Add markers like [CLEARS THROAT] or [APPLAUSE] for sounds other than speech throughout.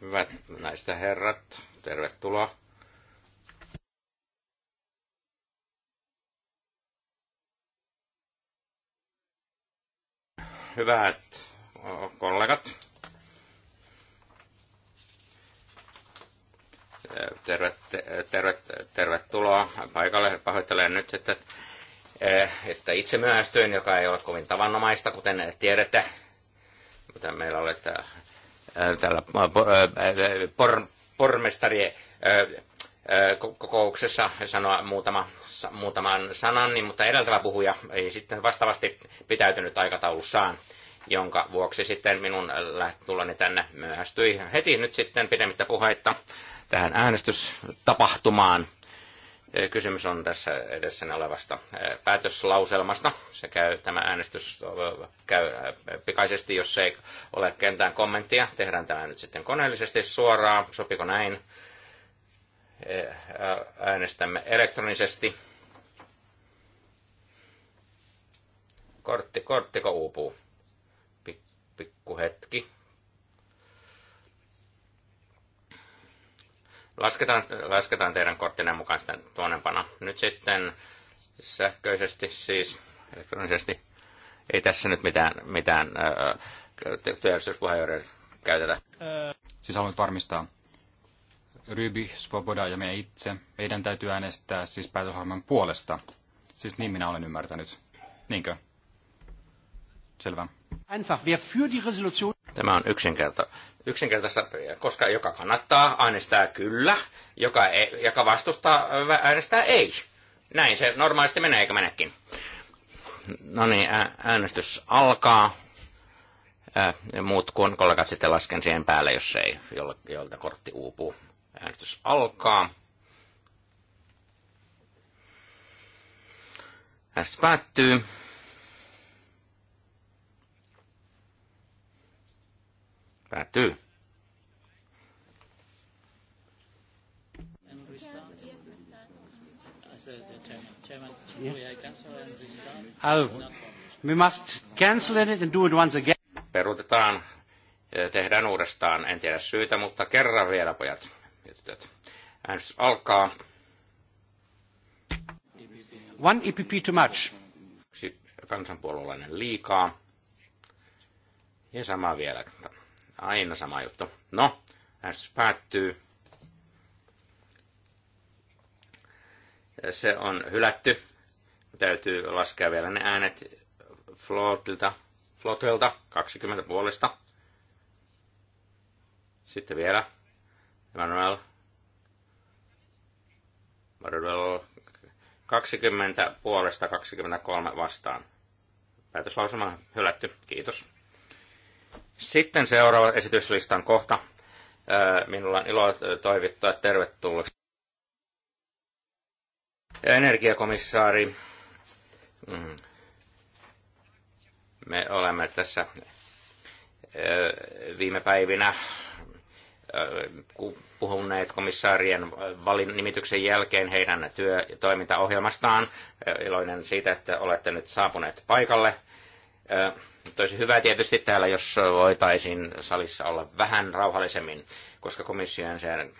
Hyvät näistä herrat, tervetuloa. Hyvät kollegat, tervet, tervet, tervetuloa paikalle. Pahoittelen nyt, että, että itse myöhästyin, joka ei ole kovin tavanomaista, kuten tiedätte. Mutta meillä oli täällä täällä por, pormestarien kokouksessa sanoa muutama, muutaman sanan, niin, mutta edeltävä puhuja ei sitten vastaavasti pitäytynyt aikataulussaan, jonka vuoksi sitten minun tullani tänne myöhästyi heti nyt sitten pidemmittä puheitta tähän äänestystapahtumaan. Kysymys on tässä edessä olevasta päätöslauselmasta. Se käy, tämä äänestys käy pikaisesti, jos ei ole kentään kommenttia. Tehdään tämä nyt sitten koneellisesti suoraan. Sopiko näin? Äänestämme elektronisesti. Kortti, korttiko uupuu? pikku hetki. Lasketaan, lasketaan teidän korttinen mukaan sitten tuonnepana. Nyt sitten sähköisesti siis, elektronisesti, ei tässä nyt mitään, mitään työjärjestyspuheenjohtajia käytetä. Siis haluan varmistaa. Ryby, Svoboda ja me itse, meidän täytyy äänestää siis päätösohjelman puolesta. Siis niin minä olen ymmärtänyt. Niinkö? Selvä. Einfach, wer für die Resolution... Tämä on yksinkerta, yksinkertaista, koska joka kannattaa äänestää kyllä, joka, ei, joka vastustaa äänestää ei. Näin se normaalisti menee, eikä menekin. No niin, äänestys alkaa. Ää, muut kun kollegat sitten lasken siihen päälle, jos ei jolta kortti uupuu. Äänestys alkaa. Äänestys päättyy. Päättyy. Perutetaan, oh, we must cancel it and do it once again. Eh, tehdään uudestaan, en tiedä syytä, mutta kerran vielä pojat. Äänestys alkaa. One EPP too much. Yksi kansanpuolueellinen liikaa. Ja sama vielä Aina sama juttu. No, tässä päättyy. Se on hylätty. Täytyy laskea vielä ne äänet Flotilta, Flotilta 20 puolesta. Sitten vielä Emmanuel Marvel 20 puolesta 23 vastaan. Päätöslausuma hylätty. Kiitos. Sitten seuraava esityslistan kohta. Minulla on ilo toivittaa tervetulleeksi energiakomissaari. Mm. Me olemme tässä viime päivinä puhuneet komissaarien valin nimityksen jälkeen heidän työ- ja toimintaohjelmastaan. Iloinen siitä, että olette nyt saapuneet paikalle. Nyt olisi hyvä tietysti täällä, jos voitaisiin salissa olla vähän rauhallisemmin, koska komission sen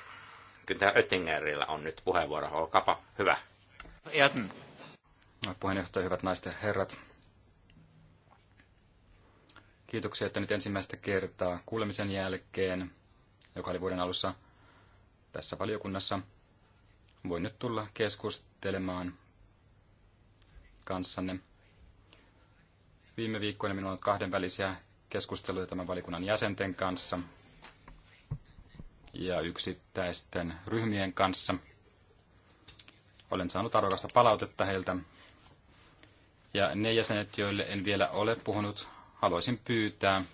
Günther Oettingerillä on nyt puheenvuoro. Olkaapa hyvä. No, Puheenjohtaja, hyvät naiset ja herrat. Kiitoksia, että nyt ensimmäistä kertaa kuulemisen jälkeen, joka oli vuoden alussa tässä valiokunnassa, voin nyt tulla keskustelemaan kanssanne Viime viikkoina minulla on ollut kahdenvälisiä keskusteluja tämän valikunnan jäsenten kanssa ja yksittäisten ryhmien kanssa. Olen saanut arvokasta palautetta heiltä. Ja ne jäsenet, joille en vielä ole puhunut, haluaisin pyytää,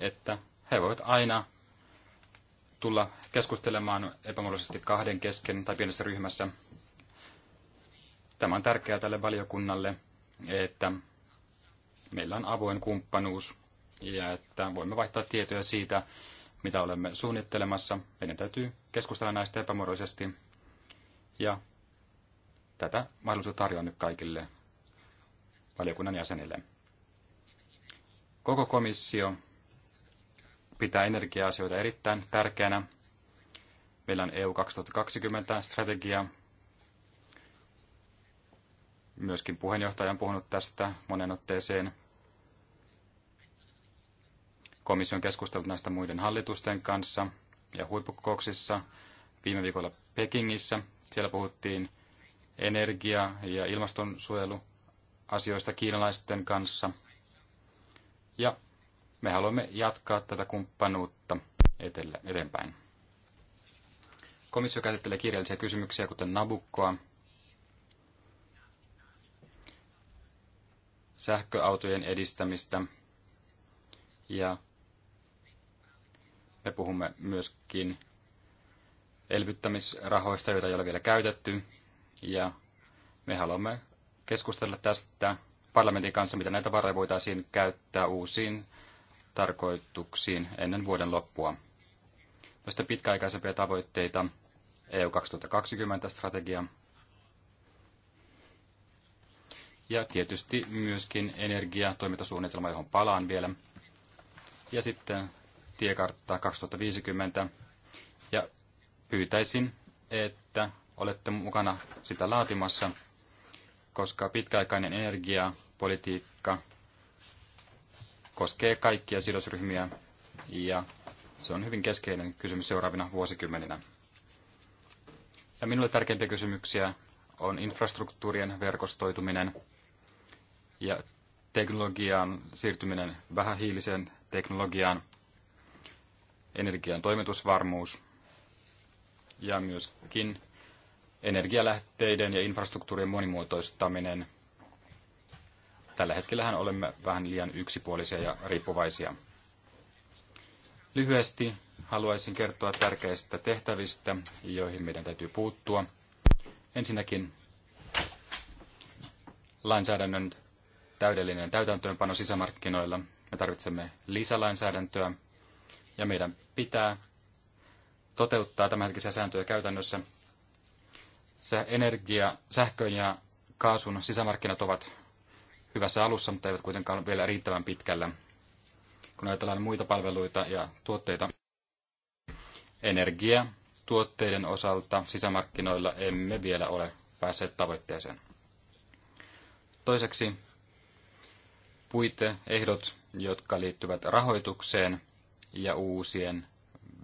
että he voivat aina tulla keskustelemaan epämuodollisesti kahden kesken tai pienessä ryhmässä. Tämä on tärkeää tälle valiokunnalle, että meillä on avoin kumppanuus ja että voimme vaihtaa tietoja siitä, mitä olemme suunnittelemassa. Meidän täytyy keskustella näistä epämuodollisesti ja tätä mahdollisuutta tarjoan nyt kaikille valiokunnan jäsenille. Koko komissio pitää energia-asioita erittäin tärkeänä. Meillä on EU 2020-strategia, Myöskin puheenjohtaja on puhunut tästä monen otteeseen. Komissio on keskustellut näistä muiden hallitusten kanssa ja huippukokouksissa viime viikolla Pekingissä. Siellä puhuttiin energia- ja ilmastonsuojeluasioista kiinalaisten kanssa. Ja me haluamme jatkaa tätä kumppanuutta eteenpäin. Komissio käsittelee kirjallisia kysymyksiä, kuten Nabukkoa, sähköautojen edistämistä ja me puhumme myöskin elvyttämisrahoista, joita ei ole vielä käytetty. Ja me haluamme keskustella tästä parlamentin kanssa, mitä näitä varoja voitaisiin käyttää uusiin tarkoituksiin ennen vuoden loppua. Tästä pitkäaikaisempia tavoitteita EU 2020-strategia ja tietysti myöskin energiatoimintasuunnitelma, johon palaan vielä. Ja sitten tiekartta 2050. Ja pyytäisin, että olette mukana sitä laatimassa, koska pitkäaikainen energiapolitiikka koskee kaikkia sidosryhmiä ja se on hyvin keskeinen kysymys seuraavina vuosikymmeninä. Ja minulle tärkeimpiä kysymyksiä on infrastruktuurien verkostoituminen, ja teknologiaan siirtyminen vähähiiliseen teknologiaan, energian toimitusvarmuus ja myöskin energialähteiden ja infrastruktuurien monimuotoistaminen. Tällä hetkellähän olemme vähän liian yksipuolisia ja riippuvaisia. Lyhyesti haluaisin kertoa tärkeistä tehtävistä, joihin meidän täytyy puuttua. Ensinnäkin lainsäädännön täydellinen täytäntöönpano sisämarkkinoilla. Me tarvitsemme lisälainsäädäntöä ja meidän pitää toteuttaa tämänhetkisiä sääntöjä käytännössä. Se energia, sähkön ja kaasun sisämarkkinat ovat hyvässä alussa, mutta eivät kuitenkaan vielä riittävän pitkällä. Kun ajatellaan muita palveluita ja tuotteita, energia tuotteiden osalta sisämarkkinoilla emme vielä ole päässeet tavoitteeseen. Toiseksi puiteehdot, jotka liittyvät rahoitukseen ja uusien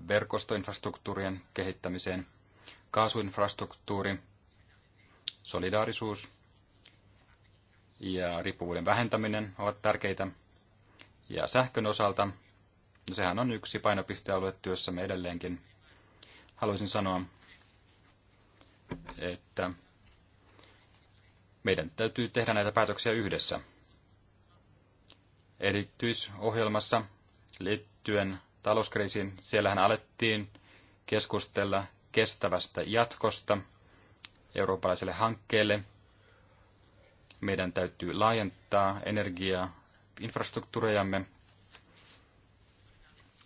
verkostoinfrastruktuurien kehittämiseen, kaasuinfrastruktuuri, solidaarisuus ja riippuvuuden vähentäminen ovat tärkeitä. Ja sähkön osalta, no sehän on yksi painopistealue työssämme edelleenkin. Haluaisin sanoa, että meidän täytyy tehdä näitä päätöksiä yhdessä erityisohjelmassa liittyen talouskriisiin. Siellähän alettiin keskustella kestävästä jatkosta eurooppalaiselle hankkeelle. Meidän täytyy laajentaa energiaa, infrastruktuurejamme.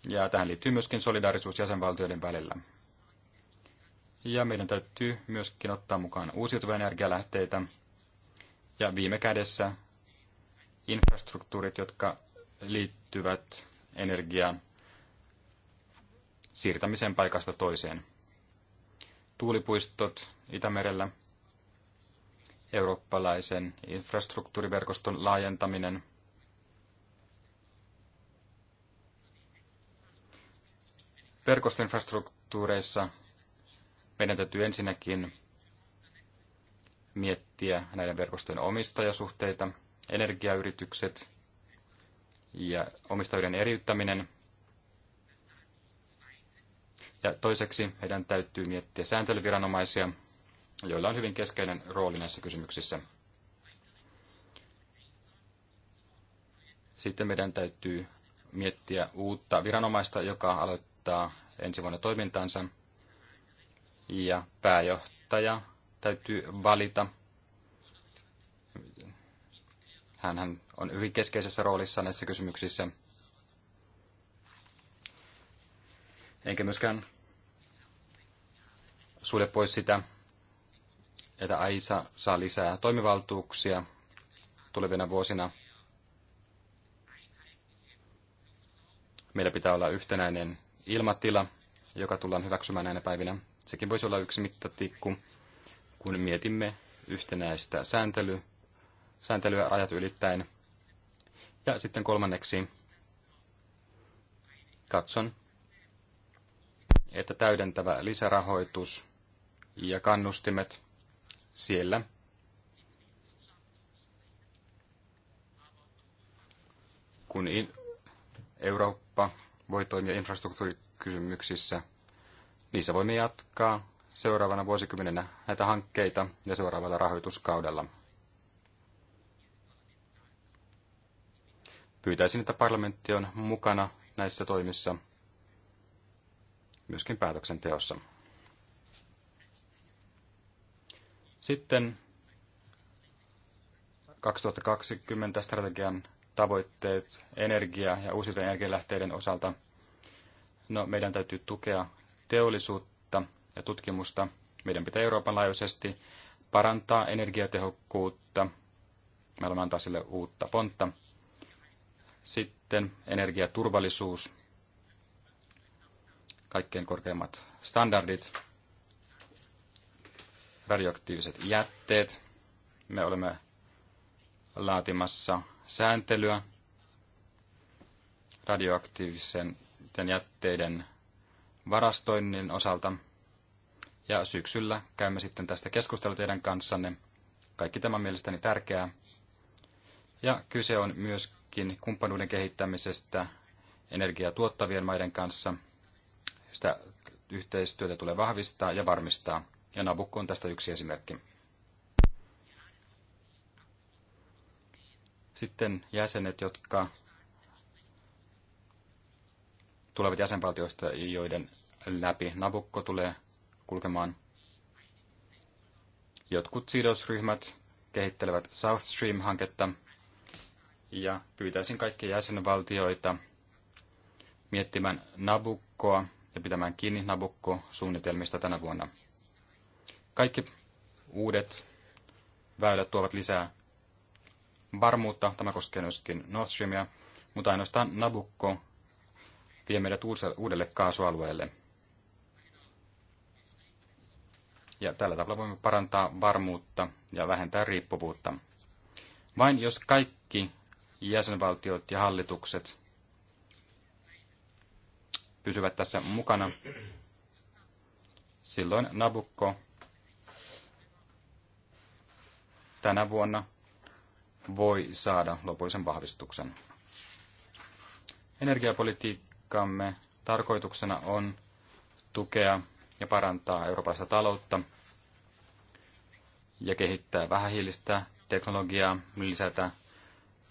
Ja tähän liittyy myöskin solidaarisuus jäsenvaltioiden välillä. Ja meidän täytyy myöskin ottaa mukaan uusiutuvia energialähteitä. Ja viime kädessä infrastruktuurit, jotka liittyvät energian siirtämiseen paikasta toiseen. Tuulipuistot Itämerellä, eurooppalaisen infrastruktuuriverkoston laajentaminen, verkostoinfrastruktuureissa meidän täytyy ensinnäkin miettiä näiden verkostojen omistajasuhteita energiayritykset ja omistajuuden eriyttäminen. Ja toiseksi heidän täytyy miettiä sääntelyviranomaisia, joilla on hyvin keskeinen rooli näissä kysymyksissä. Sitten meidän täytyy miettiä uutta viranomaista, joka aloittaa ensi vuonna toimintansa. Ja pääjohtaja täytyy valita hän on hyvin keskeisessä roolissa näissä kysymyksissä. Enkä myöskään sulje pois sitä, että AISA saa lisää toimivaltuuksia tulevina vuosina. Meillä pitää olla yhtenäinen ilmatila, joka tullaan hyväksymään näinä päivinä. Sekin voisi olla yksi mittatikku, kun mietimme yhtenäistä sääntelyä sääntelyä rajat ylittäen. Ja sitten kolmanneksi katson, että täydentävä lisärahoitus ja kannustimet siellä kun Eurooppa voi toimia infrastruktuurikysymyksissä, niissä voimme jatkaa seuraavana vuosikymmenenä näitä hankkeita ja seuraavalla rahoituskaudella. Pyytäisin, että parlamentti on mukana näissä toimissa myöskin päätöksenteossa. Sitten 2020 strategian tavoitteet energia- ja uusiutuvien energialähteiden osalta. No, meidän täytyy tukea teollisuutta ja tutkimusta. Meidän pitää Euroopan laajuisesti parantaa energiatehokkuutta. Me haluamme antaa sille uutta pontta. Sitten energiaturvallisuus, kaikkein korkeimmat standardit, radioaktiiviset jätteet. Me olemme laatimassa sääntelyä radioaktiivisen jätteiden varastoinnin osalta. Ja syksyllä käymme sitten tästä keskustelua teidän kanssanne. Kaikki tämä on mielestäni tärkeää. Ja kyse on myös myöskin kumppanuuden kehittämisestä energiaa tuottavien maiden kanssa. Sitä yhteistyötä tulee vahvistaa ja varmistaa. Ja Nabukko on tästä yksi esimerkki. Sitten jäsenet, jotka tulevat jäsenvaltioista, joiden läpi Nabukko tulee kulkemaan. Jotkut sidosryhmät kehittelevät South Stream-hanketta – ja pyytäisin kaikkia jäsenvaltioita miettimään Nabukkoa ja pitämään kiinni Nabukko-suunnitelmista tänä vuonna. Kaikki uudet väylät tuovat lisää varmuutta. Tämä koskee myöskin Nord Streamia, mutta ainoastaan Nabukko vie meidät uudelle kaasualueelle. Ja tällä tavalla voimme parantaa varmuutta ja vähentää riippuvuutta. Vain jos kaikki jäsenvaltiot ja hallitukset pysyvät tässä mukana, silloin Nabukko tänä vuonna voi saada lopullisen vahvistuksen. Energiapolitiikkamme tarkoituksena on tukea ja parantaa eurooppalaista taloutta ja kehittää vähähiilistä teknologiaa, lisätä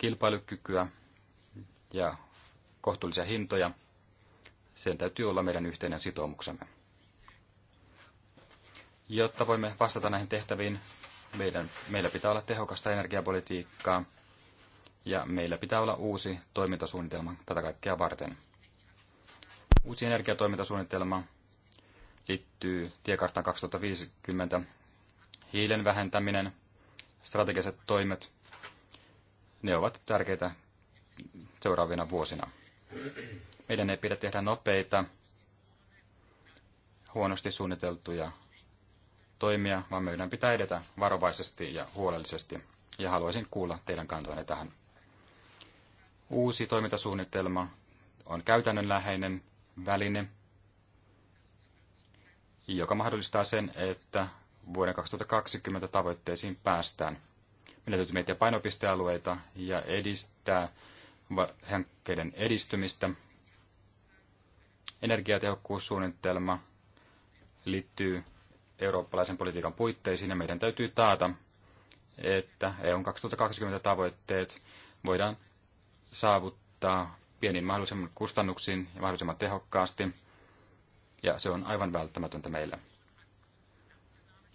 kilpailukykyä ja kohtuullisia hintoja, sen täytyy olla meidän yhteinen sitoumuksemme. Jotta voimme vastata näihin tehtäviin, meidän, meillä pitää olla tehokasta energiapolitiikkaa ja meillä pitää olla uusi toimintasuunnitelma tätä kaikkea varten. Uusi energiatoimintasuunnitelma liittyy tiekarttaan 2050, hiilen vähentäminen, strategiset toimet – ne ovat tärkeitä seuraavina vuosina. Meidän ei pidä tehdä nopeita, huonosti suunniteltuja toimia, vaan meidän pitää edetä varovaisesti ja huolellisesti. Ja haluaisin kuulla teidän kantoanne tähän. Uusi toimintasuunnitelma on käytännönläheinen väline, joka mahdollistaa sen, että vuoden 2020 tavoitteisiin päästään – meidän täytyy miettiä painopistealueita ja edistää hankkeiden edistymistä. Energiatehokkuussuunnitelma liittyy eurooppalaisen politiikan puitteisiin ja meidän täytyy taata, että EU 2020 tavoitteet voidaan saavuttaa pienin mahdollisimman kustannuksiin ja mahdollisimman tehokkaasti, ja se on aivan välttämätöntä meille.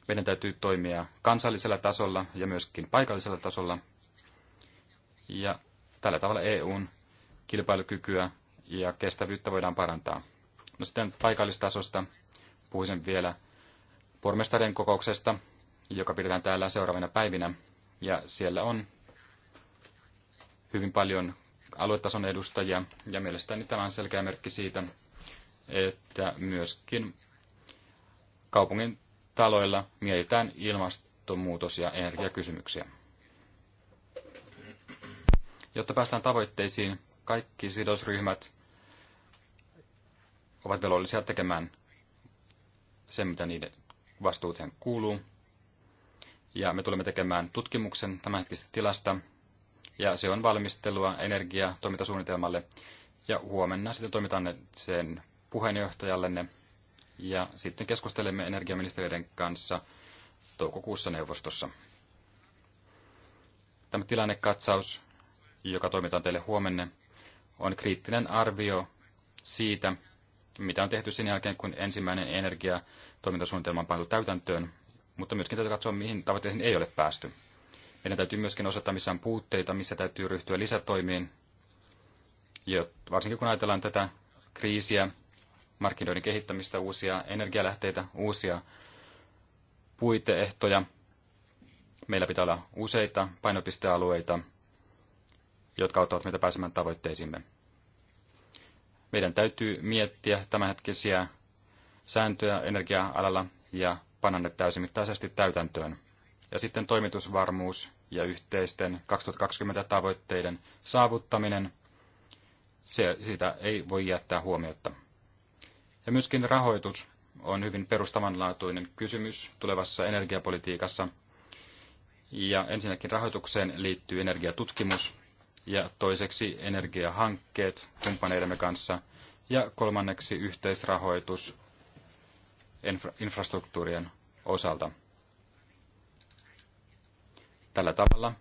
Meidän täytyy toimia kansallisella tasolla ja myöskin paikallisella tasolla. Ja tällä tavalla EUn kilpailukykyä ja kestävyyttä voidaan parantaa. No sitten paikallistasosta puhuisin vielä pormestarien kokouksesta, joka pidetään täällä seuraavina päivinä. Ja siellä on hyvin paljon aluetason edustajia, ja mielestäni tämä on selkeä merkki siitä, että myöskin kaupungin taloilla mietitään ilmastonmuutos- ja energiakysymyksiä. Jotta päästään tavoitteisiin, kaikki sidosryhmät ovat velvollisia tekemään sen, mitä niiden vastuuteen kuuluu. Ja me tulemme tekemään tutkimuksen tämänhetkisestä tilasta, ja se on valmistelua energia- ja ja huomenna sitten toimitaan sen puheenjohtajallenne ja sitten keskustelemme energiaministeriöiden kanssa toukokuussa neuvostossa. Tämä tilannekatsaus, joka toimitaan teille huomenna, on kriittinen arvio siitä, mitä on tehty sen jälkeen, kun ensimmäinen energiatoimintasuunnitelma on pantu täytäntöön, mutta myöskin täytyy katsoa, mihin tavoitteisiin ei ole päästy. Meidän täytyy myöskin osoittaa, missä on puutteita, missä täytyy ryhtyä lisätoimiin, ja varsinkin kun ajatellaan tätä kriisiä, markkinoiden kehittämistä, uusia energialähteitä, uusia puiteehtoja. Meillä pitää olla useita painopistealueita, jotka auttavat meitä pääsemään tavoitteisiimme. Meidän täytyy miettiä tämänhetkisiä sääntöjä energia-alalla ja panna ne täysimittaisesti täytäntöön. Ja sitten toimitusvarmuus ja yhteisten 2020 tavoitteiden saavuttaminen, se, sitä ei voi jättää huomiota. Ja myöskin rahoitus on hyvin perustavanlaatuinen kysymys tulevassa energiapolitiikassa. Ja ensinnäkin rahoitukseen liittyy energiatutkimus ja toiseksi energiahankkeet kumppaneidemme kanssa ja kolmanneksi yhteisrahoitus infra- infrastruktuurien osalta. Tällä tavalla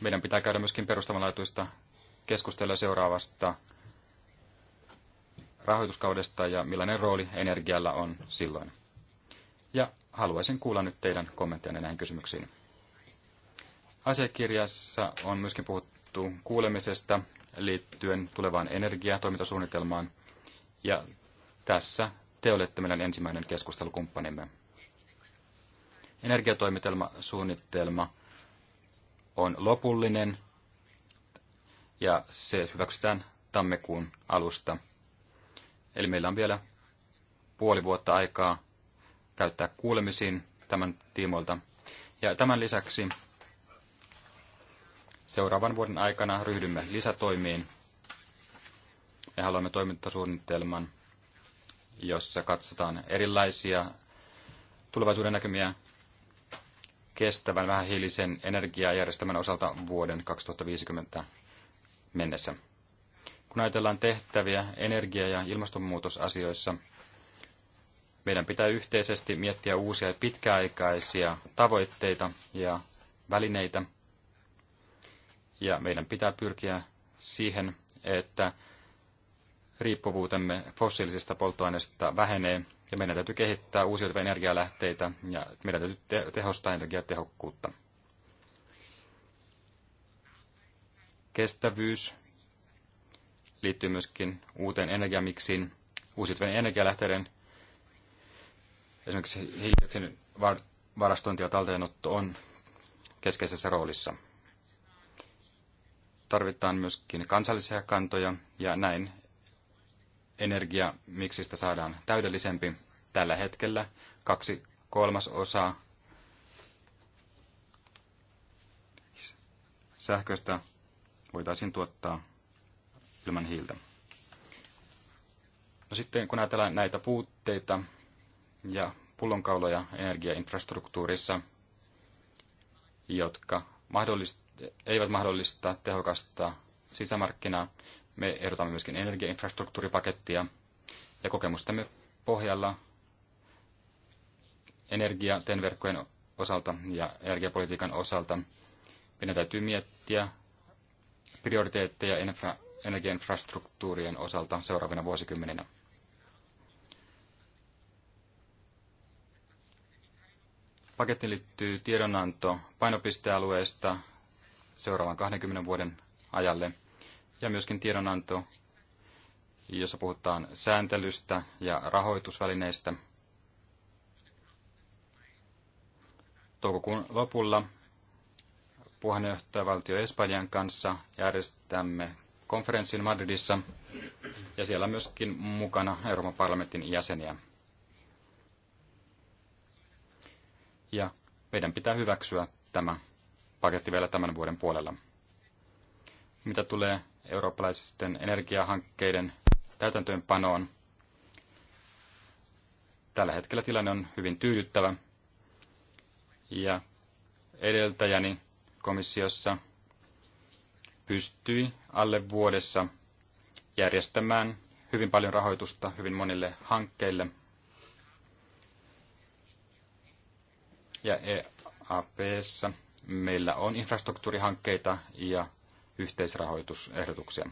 meidän pitää käydä myöskin perustavanlaatuista keskustella seuraavasta rahoituskaudesta ja millainen rooli energialla on silloin. Ja haluaisin kuulla nyt teidän kommenttianne näihin kysymyksiin. Asiakirjassa on myöskin puhuttu kuulemisesta liittyen tulevaan energiatoimintasuunnitelmaan, ja tässä te olette meidän ensimmäinen keskustelukumppanimme. Energiatoimitelmasuunnitelma on lopullinen, ja se hyväksytään tammikuun alusta – Eli meillä on vielä puoli vuotta aikaa käyttää kuulemisiin tämän tiimoilta. Ja tämän lisäksi seuraavan vuoden aikana ryhdymme lisätoimiin. Me haluamme toimintasuunnitelman, jossa katsotaan erilaisia tulevaisuuden näkymiä kestävän vähähiilisen energiajärjestelmän osalta vuoden 2050 mennessä. Kun ajatellaan tehtäviä energia- ja ilmastonmuutosasioissa, meidän pitää yhteisesti miettiä uusia pitkäaikaisia tavoitteita ja välineitä. Ja meidän pitää pyrkiä siihen, että riippuvuutemme fossiilisista polttoaineista vähenee ja meidän täytyy kehittää uusiutuvia energialähteitä ja meidän täytyy tehostaa energiatehokkuutta. Kestävyys liittyy myöskin uuteen energiamiksiin, uusiutuvien energialähteiden, esimerkiksi hiilidioksidin varastointi ja talteenotto on keskeisessä roolissa. Tarvitaan myöskin kansallisia kantoja ja näin energiamiksistä saadaan täydellisempi. Tällä hetkellä kaksi kolmasosaa sähköstä voitaisiin tuottaa ilman hiiltä. No sitten kun ajatellaan näitä puutteita ja pullonkauloja energiainfrastruktuurissa, jotka mahdollist- eivät mahdollista tehokasta sisämarkkinaa, me ehdotamme myöskin energiainfrastruktuuripakettia ja kokemustamme pohjalla energia verkkojen osalta ja energiapolitiikan osalta. Meidän täytyy miettiä prioriteetteja infra- energiainfrastruktuurien osalta seuraavina vuosikymmeninä. Paketti liittyy tiedonanto painopistealueesta seuraavan 20 vuoden ajalle ja myöskin tiedonanto, jossa puhutaan sääntelystä ja rahoitusvälineistä. Toukokuun lopulla puheenjohtajavaltio Espanjan kanssa järjestämme konferenssin Madridissa ja siellä on myöskin mukana Euroopan parlamentin jäseniä. Ja meidän pitää hyväksyä tämä paketti vielä tämän vuoden puolella. Mitä tulee eurooppalaisten energiahankkeiden täytäntöönpanoon, tällä hetkellä tilanne on hyvin tyydyttävä. Ja edeltäjäni komissiossa pystyi alle vuodessa järjestämään hyvin paljon rahoitusta hyvin monille hankkeille. Ja EAPssä meillä on infrastruktuurihankkeita ja yhteisrahoitusehdotuksia.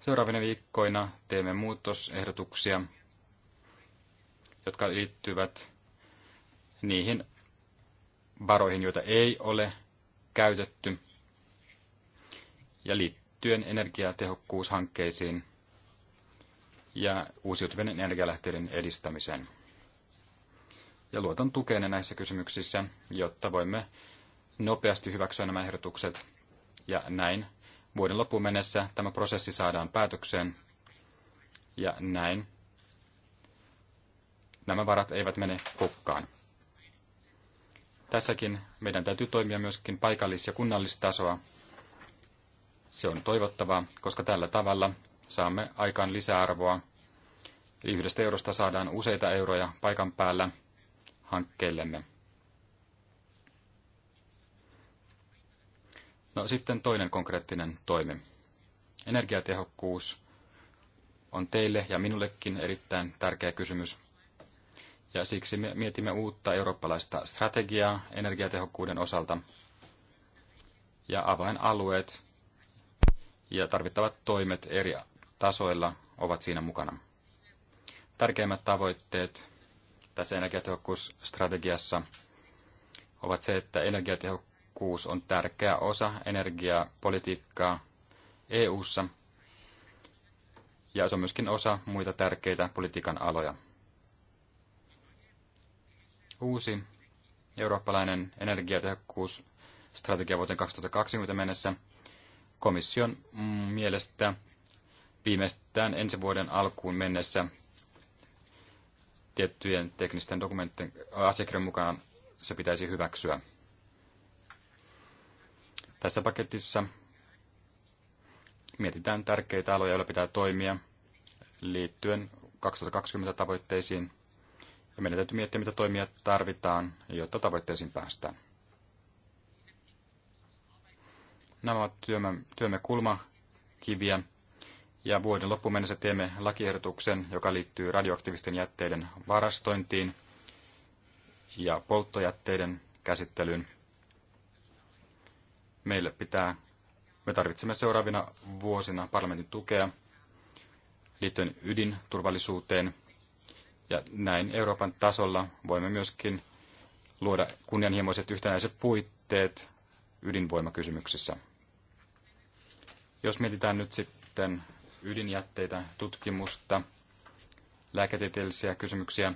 Seuraavina viikkoina teemme muutosehdotuksia, jotka liittyvät niihin varoihin, joita ei ole käytetty ja liittyen energiatehokkuushankkeisiin ja uusiutuvien energialähteiden edistämiseen. Ja luotan tukeenne näissä kysymyksissä, jotta voimme nopeasti hyväksyä nämä ehdotukset ja näin vuoden loppuun mennessä tämä prosessi saadaan päätökseen ja näin nämä varat eivät mene hukkaan. Tässäkin meidän täytyy toimia myöskin paikallis- ja kunnallistasoa se on toivottavaa, koska tällä tavalla saamme aikaan lisäarvoa. Eli yhdestä eurosta saadaan useita euroja paikan päällä hankkeillemme. No sitten toinen konkreettinen toimi. Energiatehokkuus on teille ja minullekin erittäin tärkeä kysymys. Ja siksi me mietimme uutta eurooppalaista strategiaa energiatehokkuuden osalta. Ja avainalueet ja tarvittavat toimet eri tasoilla ovat siinä mukana. Tärkeimmät tavoitteet tässä energiatehokkuusstrategiassa ovat se, että energiatehokkuus on tärkeä osa energiapolitiikkaa EU:ssa ja se on myöskin osa muita tärkeitä politiikan aloja. Uusi eurooppalainen energiatehokkuusstrategia vuoteen 2020 mennessä – komission mielestä viimeistään ensi vuoden alkuun mennessä tiettyjen teknisten dokumenttien äh, asiakirjan mukaan se pitäisi hyväksyä. Tässä paketissa mietitään tärkeitä aloja, joilla pitää toimia liittyen 2020 tavoitteisiin. Ja meidän täytyy miettiä, mitä toimia tarvitaan, jotta tavoitteisiin päästään. Nämä ovat työmme, työmme kulmakiviä. Ja vuoden loppuun mennessä teemme lakiehdotuksen, joka liittyy radioaktiivisten jätteiden varastointiin ja polttojätteiden käsittelyyn. Meille pitää, me tarvitsemme seuraavina vuosina parlamentin tukea liittyen ydinturvallisuuteen. Ja näin Euroopan tasolla voimme myöskin luoda kunnianhimoiset yhtenäiset puitteet ydinvoimakysymyksissä. Jos mietitään nyt sitten ydinjätteitä, tutkimusta, lääketieteellisiä kysymyksiä,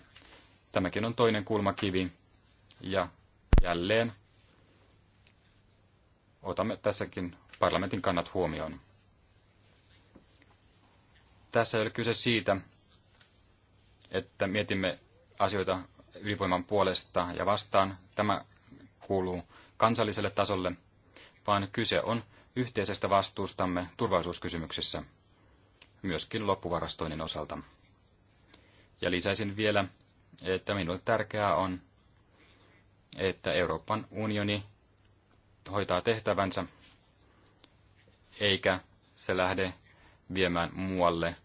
tämäkin on toinen kulmakivi. Ja jälleen otamme tässäkin parlamentin kannat huomioon. Tässä ei ole kyse siitä, että mietimme asioita ydinvoiman puolesta ja vastaan. Tämä kuuluu kansalliselle tasolle, vaan kyse on yhteisestä vastuustamme turvallisuuskysymyksissä, myöskin loppuvarastoinnin osalta. Ja lisäisin vielä, että minulle tärkeää on, että Euroopan unioni hoitaa tehtävänsä, eikä se lähde viemään muualle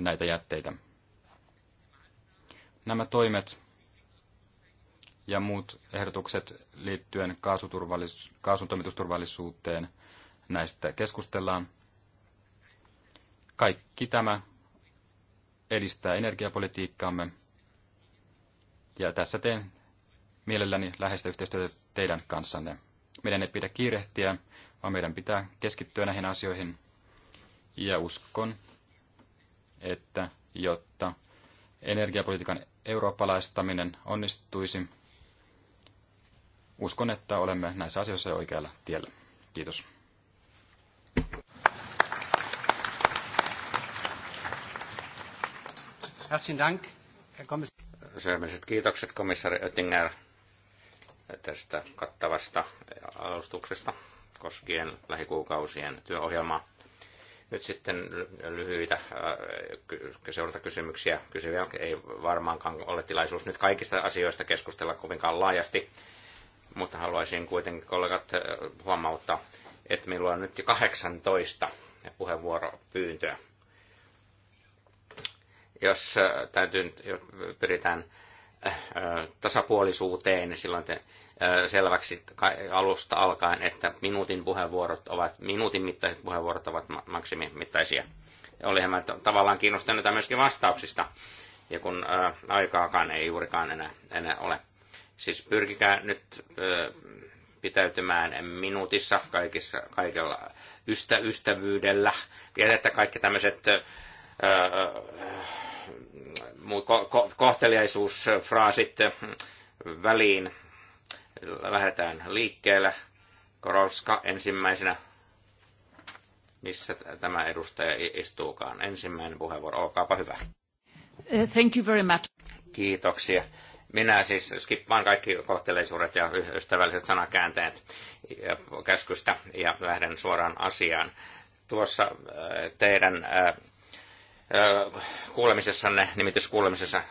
näitä jätteitä. Nämä toimet ja muut ehdotukset liittyen kaasun toimitusturvallisuuteen, näistä keskustellaan. Kaikki tämä edistää energiapolitiikkaamme ja tässä teen mielelläni läheistä yhteistyötä teidän kanssanne. Meidän ei pidä kiirehtiä, vaan meidän pitää keskittyä näihin asioihin ja uskon, että jotta energiapolitiikan eurooppalaistaminen onnistuisi, uskon, että olemme näissä asioissa oikealla tiellä. Kiitos. Herzlichen Dank, Herr Kommissar. kiitokset komissaari Oettinger tästä kattavasta alustuksesta koskien lähikuukausien työohjelmaa. Nyt sitten lyhyitä äh, seurantakysymyksiä. Kysyviä ei varmaankaan ole tilaisuus nyt kaikista asioista keskustella kovinkaan laajasti mutta haluaisin kuitenkin kollegat äh, huomauttaa, että minulla on nyt jo 18 puheenvuoropyyntöä. Jos äh, täytyy, jos pyritään äh, tasapuolisuuteen, niin silloin te selväksi alusta alkaen, että minuutin puheenvuorot ovat, minuutin mittaiset puheenvuorot ovat maksimimittaisia. Olihan mä tavallaan kiinnostunut myöskin vastauksista, ja kun aikaakaan ei juurikaan enää, enää ole. Siis pyrkikää nyt pitäytymään minuutissa kaikissa, kaikella ystä, ystävyydellä. Jätettä kaikki tämmöiset ko, ko, kohteliaisuusfraasit väliin. Lähdetään liikkeelle. Korolska ensimmäisenä. Missä tämä edustaja istuukaan? Ensimmäinen puheenvuoro, olkaapa hyvä. Thank you very much. Kiitoksia minä siis skippaan kaikki kohteleisuudet ja ystävälliset sanakäänteet ja käskystä ja lähden suoraan asiaan. Tuossa äh, teidän äh, äh, kuulemisessanne, nimityskuulemisessa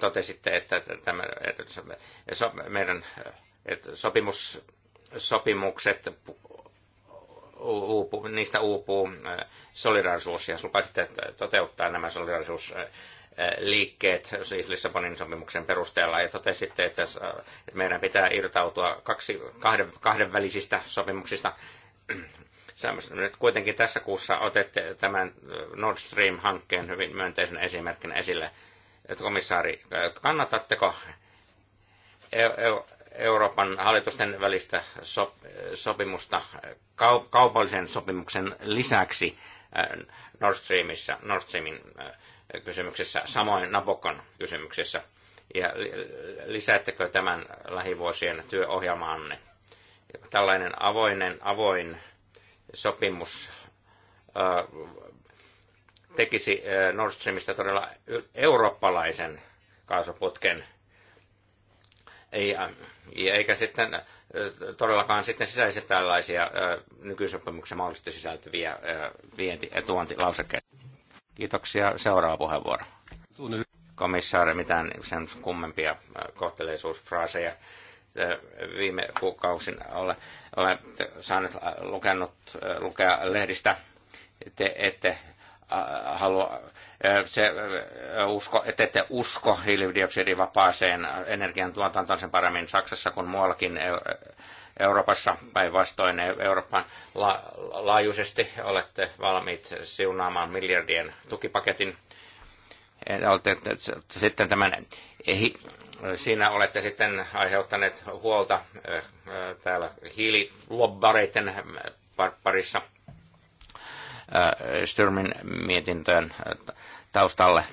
totesitte, että tämä, meidän että sopimus, sopimukset, uupu, niistä uupuu solidarisuus ja lupasitte toteuttaa nämä solidarisuus liikkeet siis Lissabonin sopimuksen perusteella ja totesitte, että, että meidän pitää irtautua kaksi, kahden, kahdenvälisistä sopimuksista. [CLEARS THROAT] Nyt kuitenkin tässä kuussa otette tämän Nord Stream-hankkeen hyvin myönteisen esimerkin esille. Että komissaari, kannatatteko e-, e-, Euroopan hallitusten välistä sopimusta kaupallisen sopimuksen lisäksi Nord Streamissa, Nord Streamin kysymyksessä, samoin Nabokon kysymyksessä. Ja lisäättekö tämän lähivuosien työohjelmaanne? Tällainen avoinen, avoin sopimus tekisi Nord Streamista todella eurooppalaisen kaasuputken, ja, eikä sitten todellakaan sitten sisäisi tällaisia nykysopimuksen mahdollisesti sisältyviä vienti- ja tuontilausekkeita. Kiitoksia. Seuraava puheenvuoro. Komissaari, mitään sen kummempia äh, kohteleisuusfraaseja äh, viime kuukausin ole, olen saanut äh, lukenut, lukea lehdistä, te ette halua, se, usko, että ette usko hiilidioksidivapaaseen energiantuotantoon sen paremmin Saksassa kuin muuallakin Euroopassa, päinvastoin Euroopan la- laajuisesti olette valmiit siunaamaan miljardien tukipaketin. Sitten tämän, siinä olette sitten aiheuttaneet huolta äh, täällä hiililobbareiden parissa äh, Styrmin mietintöön taustalle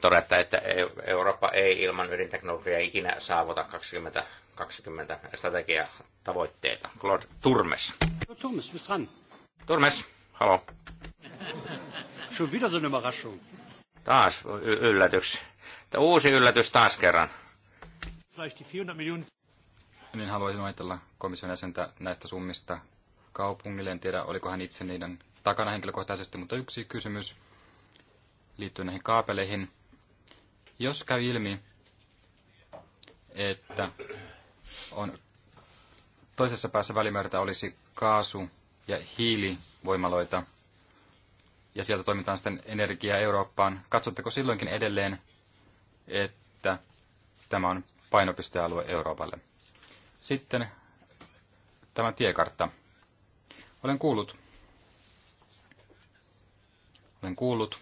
todetta, että e-, Eurooppa ei ilman ydinteknologiaa ikinä saavuta 20 2020 strategiatavoitteita. Claude Turmes. Turmes, bist dran. Turmes, halo. Schon wieder so eine Überraschung. Taas y- yllätys. Uusi yllätys taas kerran. Vielleicht die 400 Millionen. Niin haluaisin ajatella komission jäsentä näistä summista kaupungille. En tiedä, oliko hän itse niiden takana henkilökohtaisesti, mutta yksi kysymys liittyy näihin kaapeleihin. Jos käy ilmi, että on toisessa päässä välimerta olisi kaasu- ja hiilivoimaloita, ja sieltä toimitaan sitten energiaa Eurooppaan. Katsotteko silloinkin edelleen, että tämä on painopistealue Euroopalle? Sitten tämä tiekartta. Olen kuullut, olen kuullut,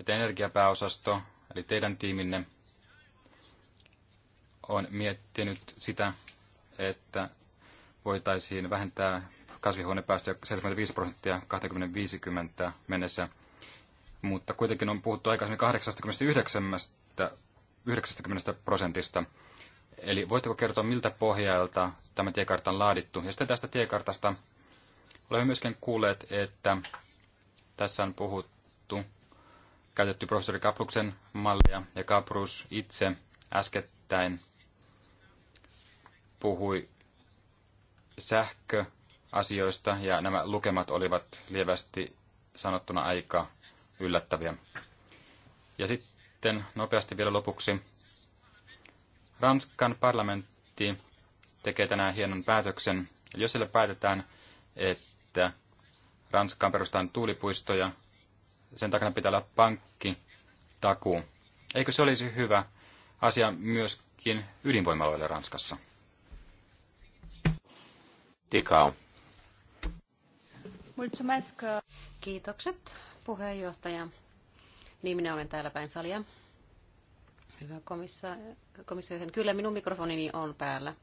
että energiapääosasto, eli teidän tiiminne, on miettinyt sitä, että voitaisiin vähentää kasvihuonepäästöjä 75 prosenttia 2050 mennessä. Mutta kuitenkin on puhuttu aikaisemmin 89 90 prosentista. Eli voitteko kertoa, miltä pohjalta tämä tiekartta on laadittu? Ja sitten tästä tiekartasta olemme myöskin kuulleet, että tässä on puhuttu, käytetty professori Kapruksen mallia, ja Kaprus itse äskettäin puhui sähköasioista ja nämä lukemat olivat lievästi sanottuna aika yllättäviä. Ja sitten nopeasti vielä lopuksi. Ranskan parlamentti tekee tänään hienon päätöksen. jos sille päätetään, että Ranskaan perustetaan tuulipuistoja, sen takana pitää olla pankki, takuu. Eikö se olisi hyvä asia myöskin ydinvoimaloille Ranskassa? Tikau. Kiitokset puheenjohtaja. Niin minä olen täällä päin salia. Hyvä komissa, komissio. Kyllä minun mikrofonini on päällä.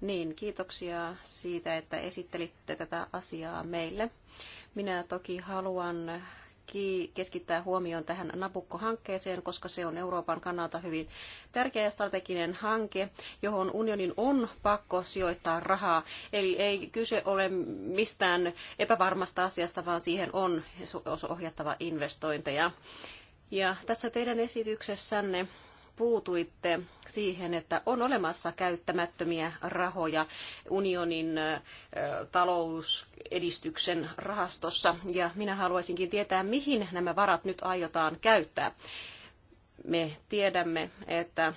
Niin, kiitoksia siitä, että esittelitte tätä asiaa meille. Minä toki haluan keskittää huomioon tähän Nabukko-hankkeeseen, koska se on Euroopan kannalta hyvin tärkeä ja strateginen hanke, johon unionin on pakko sijoittaa rahaa. Eli ei kyse ole mistään epävarmasta asiasta, vaan siihen on ohjattava investointeja. Ja tässä teidän esityksessänne puutuitte siihen, että on olemassa käyttämättömiä rahoja unionin talousedistyksen rahastossa. Ja minä haluaisinkin tietää, mihin nämä varat nyt aiotaan käyttää. Me tiedämme, että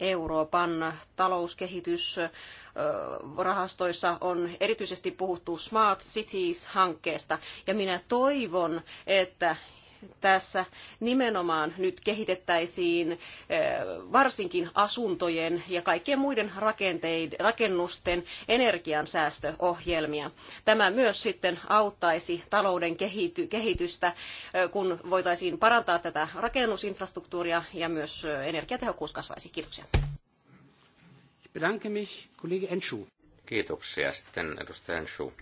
Euroopan talouskehitysrahastoissa on erityisesti puhuttu Smart Cities-hankkeesta, ja minä toivon, että tässä nimenomaan nyt kehitettäisiin eh, varsinkin asuntojen ja kaikkien muiden rakennusten energiansäästöohjelmia. Tämä myös sitten auttaisi talouden kehitystä, eh, kun voitaisiin parantaa tätä rakennusinfrastruktuuria ja myös eh, energiatehokkuus kasvaisi. Kiitoksia. Kiitoksia sitten edustaja Enschu.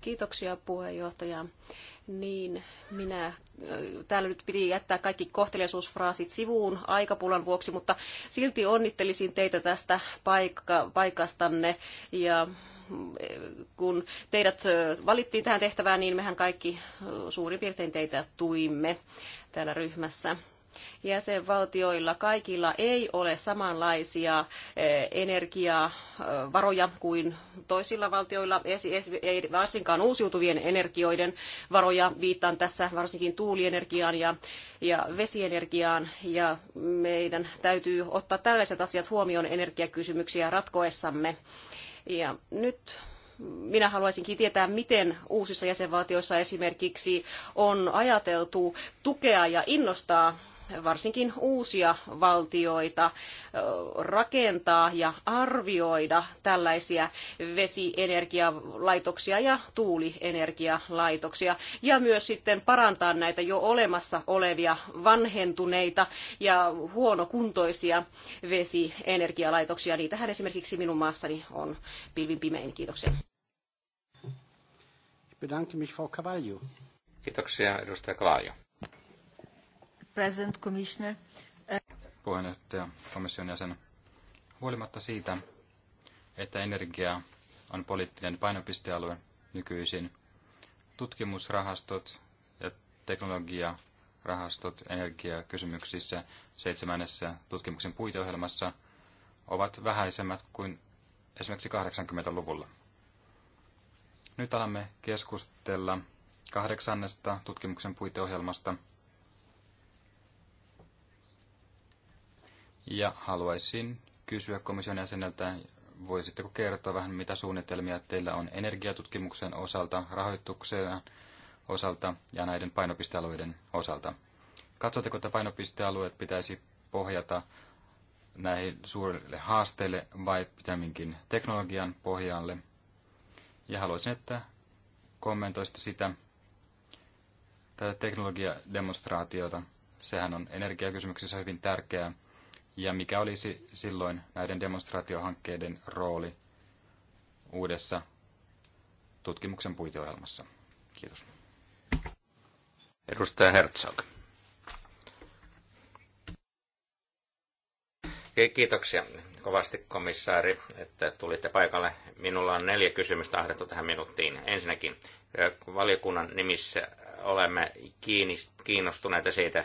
Kiitoksia puheenjohtaja niin minä, äh, täällä nyt piti jättää kaikki kohteliaisuusfraasit sivuun aikapulan vuoksi, mutta silti onnittelisin teitä tästä paikka, paikastanne ja äh, kun teidät äh, valittiin tähän tehtävään, niin mehän kaikki suurin piirtein teitä tuimme täällä ryhmässä. Jäsenvaltioilla kaikilla ei ole samanlaisia eh, energiavaroja kuin toisilla valtioilla, ei varsinkaan uusiutuvien energioiden varoja. Viittaan tässä varsinkin tuulienergiaan ja, ja vesienergiaan, ja meidän täytyy ottaa tällaiset asiat huomioon energiakysymyksiä ratkoessamme. Ja nyt minä haluaisinkin tietää, miten uusissa jäsenvaltioissa esimerkiksi on ajateltu tukea ja innostaa varsinkin uusia valtioita rakentaa ja arvioida tällaisia vesienergialaitoksia ja tuulienergialaitoksia ja myös sitten parantaa näitä jo olemassa olevia vanhentuneita ja huonokuntoisia vesienergialaitoksia. Niitähän esimerkiksi minun maassani on pilvin pimein. Kiitoksia. Bedanke mich, Frau Kiitoksia, edustaja President Commissioner. Puheenjohtaja, komission jäsen. Huolimatta siitä, että energia on poliittinen painopistealue nykyisin, tutkimusrahastot ja teknologiarahastot energiakysymyksissä seitsemännessä tutkimuksen puiteohjelmassa ovat vähäisemmät kuin esimerkiksi 80-luvulla. Nyt alamme keskustella kahdeksannesta tutkimuksen puiteohjelmasta – Ja haluaisin kysyä komission jäseneltä, voisitteko kertoa vähän, mitä suunnitelmia teillä on energiatutkimuksen osalta, rahoituksen osalta ja näiden painopistealueiden osalta? Katsotteko, että painopistealueet pitäisi pohjata näihin suurille haasteille vai pitäminkin teknologian pohjalle? Ja haluaisin, että kommentoisitte sitä, tätä teknologiademonstraatiota. Sehän on energiakysymyksissä hyvin tärkeää ja mikä olisi silloin näiden demonstraatiohankkeiden rooli uudessa tutkimuksen puiteohjelmassa? Kiitos. Edustaja Herzog. Kiitoksia kovasti komissaari, että tulitte paikalle. Minulla on neljä kysymystä ahdettu tähän minuuttiin. Ensinnäkin valiokunnan nimissä olemme kiinnostuneita siitä,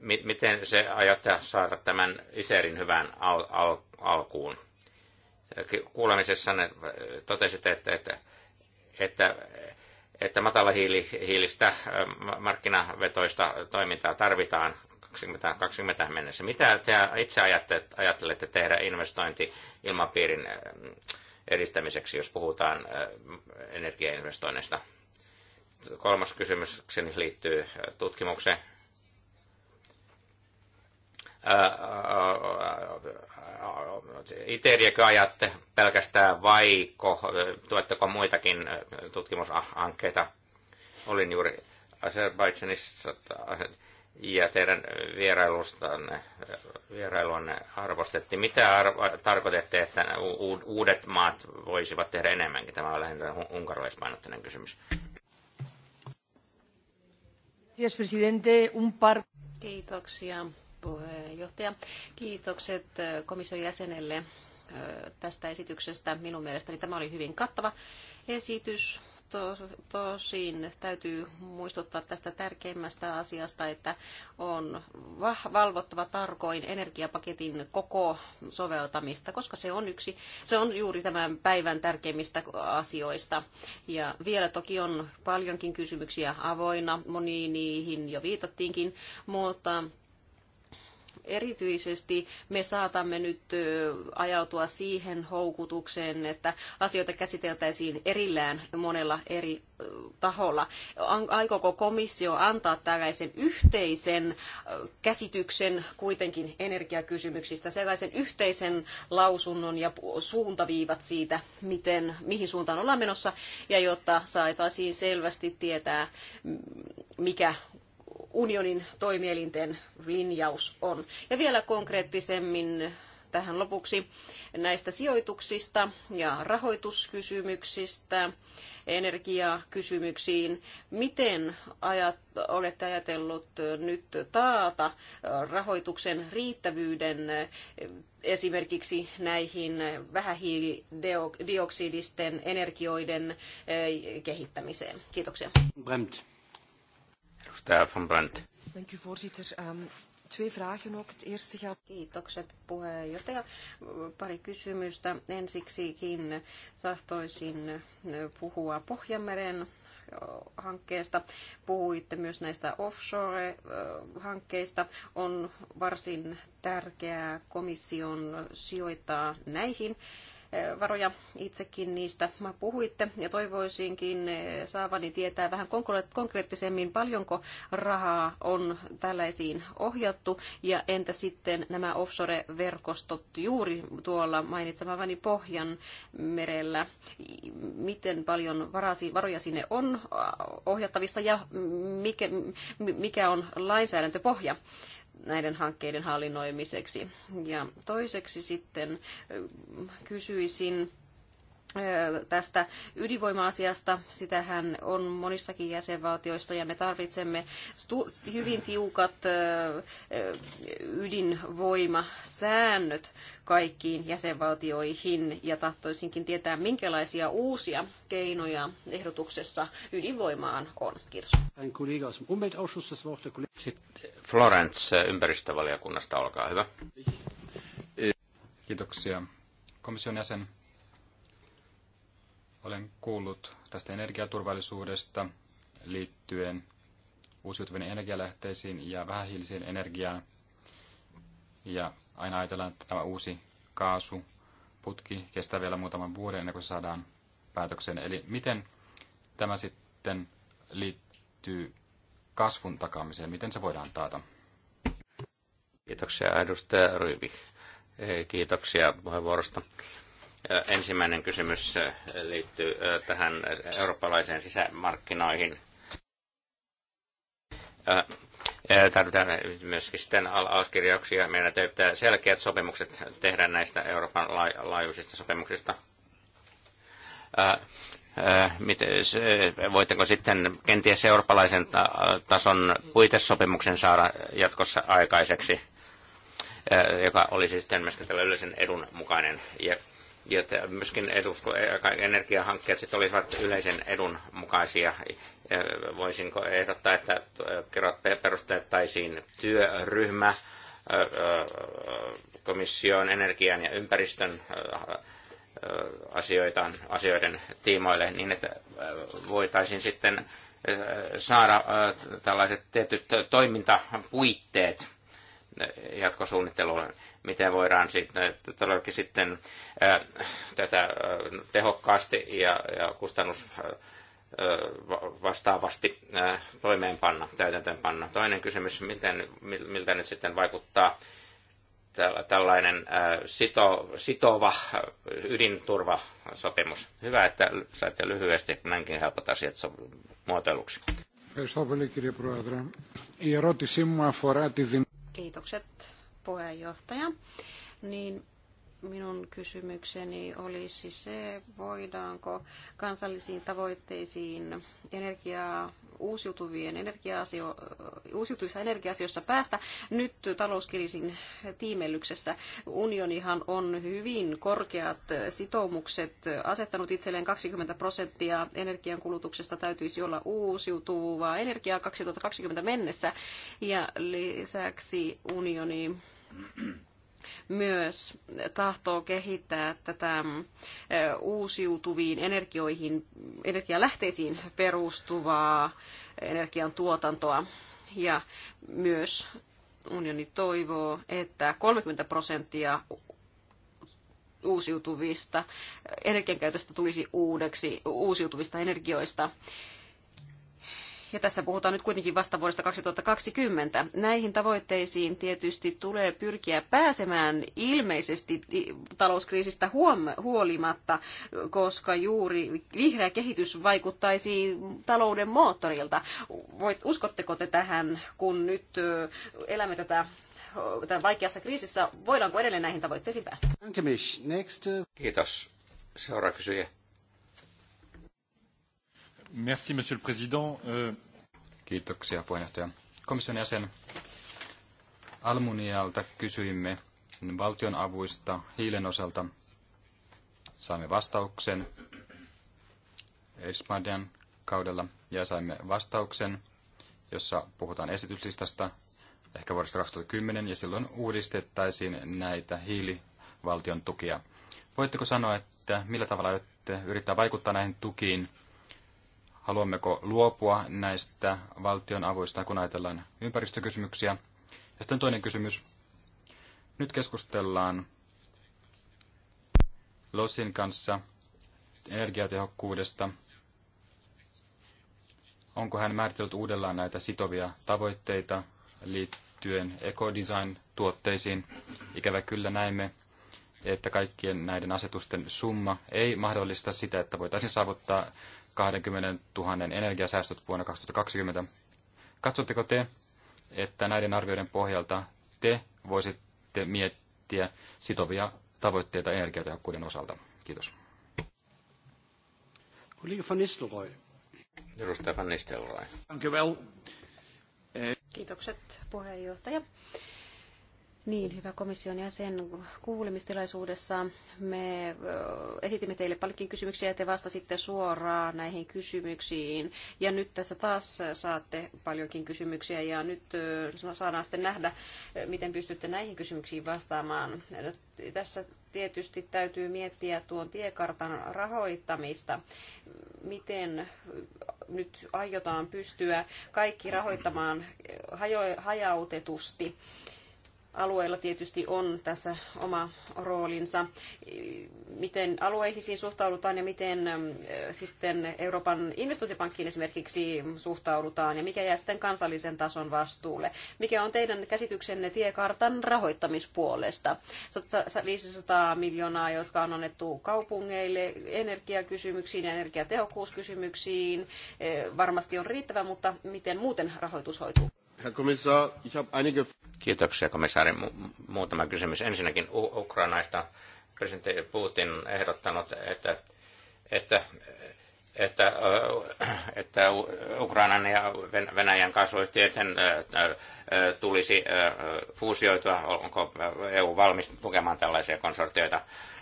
miten se aiotte saada tämän ISERin hyvään al- al- alkuun? Kuulemisessanne totesitte, että, että, että, että matala hiilistä markkinavetoista toimintaa tarvitaan 2020 mennessä. Mitä te itse ajattelette tehdä investointi ilmapiirin eh, edistämiseksi, jos puhutaan eh, energiainvestoinneista? Kolmas kysymykseni liittyy eh, tutkimukseen Iteliäkö ajatte pelkästään vai tuetteko muitakin tutkimushankkeita? Olin juuri Azerbaidžanissa ja teidän vierailustanne, vierailuanne arvostettiin. Mitä arvo, tarkoitette, että uudet maat voisivat tehdä enemmänkin? Tämä on lähinnä unkarilaispainotteinen kysymys. Kiitoksia puheenjohtaja. Kiitokset komission jäsenelle tästä esityksestä. Minun mielestäni tämä oli hyvin kattava esitys. Tosin täytyy muistuttaa tästä tärkeimmästä asiasta, että on valvottava tarkoin energiapaketin koko soveltamista, koska se on, yksi, se on juuri tämän päivän tärkeimmistä asioista. Ja vielä toki on paljonkin kysymyksiä avoinna, moniin niihin jo viitattiinkin, mutta Erityisesti me saatamme nyt ajautua siihen houkutukseen, että asioita käsiteltäisiin erillään monella eri taholla. Aikooko komissio antaa tällaisen yhteisen käsityksen kuitenkin energiakysymyksistä, sellaisen yhteisen lausunnon ja suuntaviivat siitä, miten, mihin suuntaan ollaan menossa, ja jotta saataisiin selvästi tietää, mikä unionin toimielinten linjaus on. Ja vielä konkreettisemmin tähän lopuksi näistä sijoituksista ja rahoituskysymyksistä, energiakysymyksiin. Miten ajat, olette ajatellut nyt taata rahoituksen riittävyyden esimerkiksi näihin vähähiilidioksidisten energioiden kehittämiseen? Kiitoksia. Bremt. Edustaja von Brandt. Thank you, voorzitter. Um, twee vragen ook. Het eerste gaat... Kiitokset puheenjohtaja. Pari kysymystä. Ensiksikin tahtoisin eh, puhua Pohjanmeren eh, hankkeesta. Puhuitte myös näistä offshore-hankkeista. Eh, On varsin tärkeää komission sijoittaa näihin varoja itsekin niistä puhuitte. Ja toivoisinkin eh, saavani tietää vähän konkreettisemmin, paljonko rahaa on tällaisiin ohjattu. Ja entä sitten nämä offshore-verkostot juuri tuolla mainitsemavani Pohjan merellä? Miten paljon varoja sinne on eh, ohjattavissa ja mikä, mikä on lainsäädäntöpohja? näiden hankkeiden hallinnoimiseksi. Ja toiseksi sitten kysyisin tästä ydinvoima-asiasta. Sitähän on monissakin jäsenvaltioista ja me tarvitsemme hyvin tiukat ydinvoimasäännöt kaikkiin jäsenvaltioihin ja tahtoisinkin tietää, minkälaisia uusia keinoja ehdotuksessa ydinvoimaan on. Kiitos. Florence ympäristövaliokunnasta, olkaa hyvä. Kiitoksia komission jäsen olen kuullut tästä energiaturvallisuudesta liittyen uusiutuvien energialähteisiin ja vähähiiliseen energiaan. Ja aina ajatellaan, että tämä uusi kaasuputki kestää vielä muutaman vuoden ennen kuin se saadaan päätökseen. Eli miten tämä sitten liittyy kasvun takaamiseen? Miten se voidaan taata? Kiitoksia edustaja Ryvi. Kiitoksia puheenvuorosta. Ensimmäinen kysymys liittyy tähän eurooppalaiseen sisämarkkinoihin. Tarvitaan myöskin sitten alaskirjauksia. Meidän täytyy selkeät sopimukset tehdä näistä Euroopan laajuisista sopimuksista. Voitteko sitten kenties eurooppalaisen tason puitesopimuksen saada jatkossa aikaiseksi? joka olisi sitten myöskin tällä yleisen edun mukainen. Ja ja myöskin edusko, energiahankkeet sit olisivat yleisen edun mukaisia. Voisinko ehdottaa, että perustettaisiin työryhmä komission energian ja ympäristön asioitaan, asioiden tiimoille niin, että voitaisiin sitten saada tällaiset tietyt toimintapuitteet jatkosuunnitteluun miten voidaan sitten, todellakin sitten tätä ää, tehokkaasti ja, ja kustannus vastaavasti toimeenpanna, täytäntöönpanna. Toinen kysymys, miten, miltä nyt sitten vaikuttaa tällainen sito, sitova ydinturvasopimus. Hyvä, että saitte lyhyesti näinkin helpot asiat muotoiluksi. Kiitokset puheenjohtaja, niin minun kysymykseni olisi se, voidaanko kansallisiin tavoitteisiin energiaa, uusiutuvien energiaasio, uusiutuvissa energiasioissa päästä nyt talouskriisin tiimellyksessä. Unionihan on hyvin korkeat sitoumukset asettanut itselleen 20 prosenttia energian kulutuksesta täytyisi olla uusiutuvaa energiaa 2020 mennessä ja lisäksi unioni myös tahtoo kehittää tätä uusiutuviin energioihin, energialähteisiin perustuvaa energiantuotantoa. Ja myös unioni toivoo, että 30 prosenttia uusiutuvista energiankäytöstä tulisi uudeksi uusiutuvista energioista ja tässä puhutaan nyt kuitenkin vasta vuodesta 2020. Näihin tavoitteisiin tietysti tulee pyrkiä pääsemään ilmeisesti talouskriisistä huolimatta, koska juuri vihreä kehitys vaikuttaisi talouden moottorilta. Voit, uskotteko te tähän, kun nyt elämme tätä tämän vaikeassa kriisissä, voidaanko edelleen näihin tavoitteisiin päästä? Kiitos. Seuraava kysyjä. Merci, monsieur le président. Euh, Kiitoksia puheenjohtaja. Komission jäsen Almunialta kysyimme valtion avuista hiilen osalta. Saimme vastauksen Espanjan kaudella ja saimme vastauksen, jossa puhutaan esityslistasta ehkä vuodesta 2010 ja silloin uudistettaisiin näitä hiilivaltion tukia. Voitteko sanoa, että millä tavalla yrittää vaikuttaa näihin tukiin haluammeko luopua näistä valtion avuista, kun ajatellaan ympäristökysymyksiä. Ja sitten toinen kysymys. Nyt keskustellaan Losin kanssa energiatehokkuudesta. Onko hän määritellyt uudellaan näitä sitovia tavoitteita liittyen ekodesign-tuotteisiin? Ikävä kyllä näemme, että kaikkien näiden asetusten summa ei mahdollista sitä, että voitaisiin saavuttaa 20 000 energiasäästöt vuonna 2020. Katsotteko te, että näiden arvioiden pohjalta te voisitte miettiä sitovia tavoitteita energiatehokkuuden osalta? Kiitos. Collega van Nistelrooy. Edustaja van Nistelrooy. Eh. Kiitokset puheenjohtaja. Niin, hyvä komission jäsen. Kuulemistilaisuudessa me esitimme teille paljonkin kysymyksiä ja te vastasitte suoraan näihin kysymyksiin. Ja nyt tässä taas saatte paljonkin kysymyksiä ja nyt saadaan sitten nähdä, miten pystytte näihin kysymyksiin vastaamaan. Tässä tietysti täytyy miettiä tuon tiekartan rahoittamista. Miten nyt aiotaan pystyä kaikki rahoittamaan hajautetusti? alueilla tietysti on tässä oma roolinsa. Miten alueisiin suhtaudutaan ja miten ähm, sitten Euroopan investointipankkiin esimerkiksi suhtaudutaan ja mikä jää sitten kansallisen tason vastuulle? Mikä on teidän käsityksenne tiekartan rahoittamispuolesta? 500 miljoonaa, jotka on annettu kaupungeille energiakysymyksiin ja energiatehokkuuskysymyksiin, eh, varmasti on riittävä, mutta miten muuten rahoitus hoituu? Herr Kommissar, ich habe einige... Kiitoksia komissaari. muutama kysymys. Ensinnäkin Ukrainaista presidentti Putin ehdottanut, että, että, että, äh, että Ukrainan ja Venäjän kasvuyhtiöiden äh, äh, tulisi fuusioitua. Onko EU valmis tukemaan tällaisia konsortioita?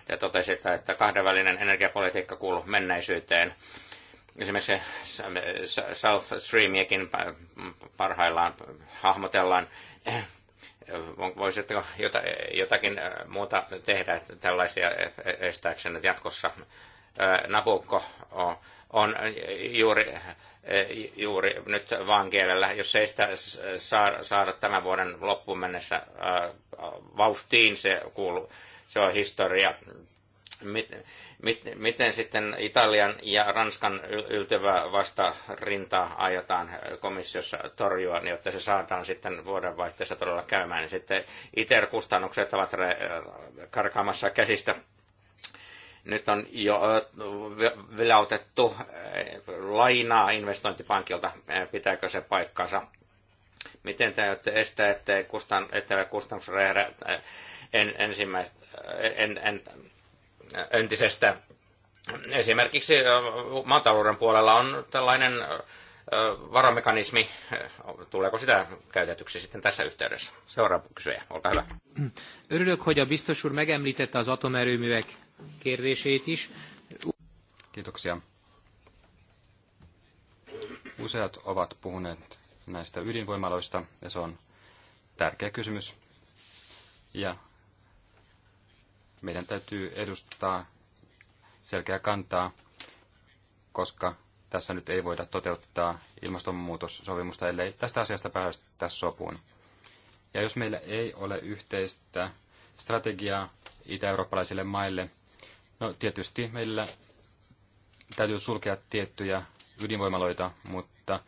Ja totesi, että kahdenvälinen energiapolitiikka kuuluu menneisyyteen Esimerkiksi South Streamiakin parhaillaan hahmotellaan. Voisitteko jotakin muuta tehdä tällaisia e, e, estääksenne jatkossa? Nabukko on juuri, juuri nyt kielellä. Jos ei sitä saada tämän vuoden loppuun mennessä vauhtiin, se, kuuluu, se on historia mit, mit, miten sitten Italian ja Ranskan yltyvä rintaa aiotaan komissiossa torjua, niin jotta se saadaan sitten vuodenvaihteessa todella käymään. Niin sitten ITER-kustannukset ovat re, karkaamassa käsistä. Nyt on jo vilautettu lainaa investointipankilta. Pitääkö se paikkansa? Miten te aiotte estää, ettei, kustan, en, ensimmäistä, en, en, en entisestä. Esimerkiksi maatalouden puolella on tällainen varamekanismi. Tuleeko sitä käytetyksi sitten tässä yhteydessä? Seuraava kysyjä, olkaa hyvä. Örülök, hogy a biztos úr megemlítette az atomerőművek kérdését is. Kiitoksia. Useat ovat puhuneet näistä ydinvoimaloista, ja se on tärkeä kysymys. Ja meidän täytyy edustaa selkeä kantaa, koska tässä nyt ei voida toteuttaa ilmastonmuutossopimusta, ellei tästä asiasta päästä sopuun. Ja jos meillä ei ole yhteistä strategiaa itä-eurooppalaisille maille, no tietysti meillä täytyy sulkea tiettyjä ydinvoimaloita, mutta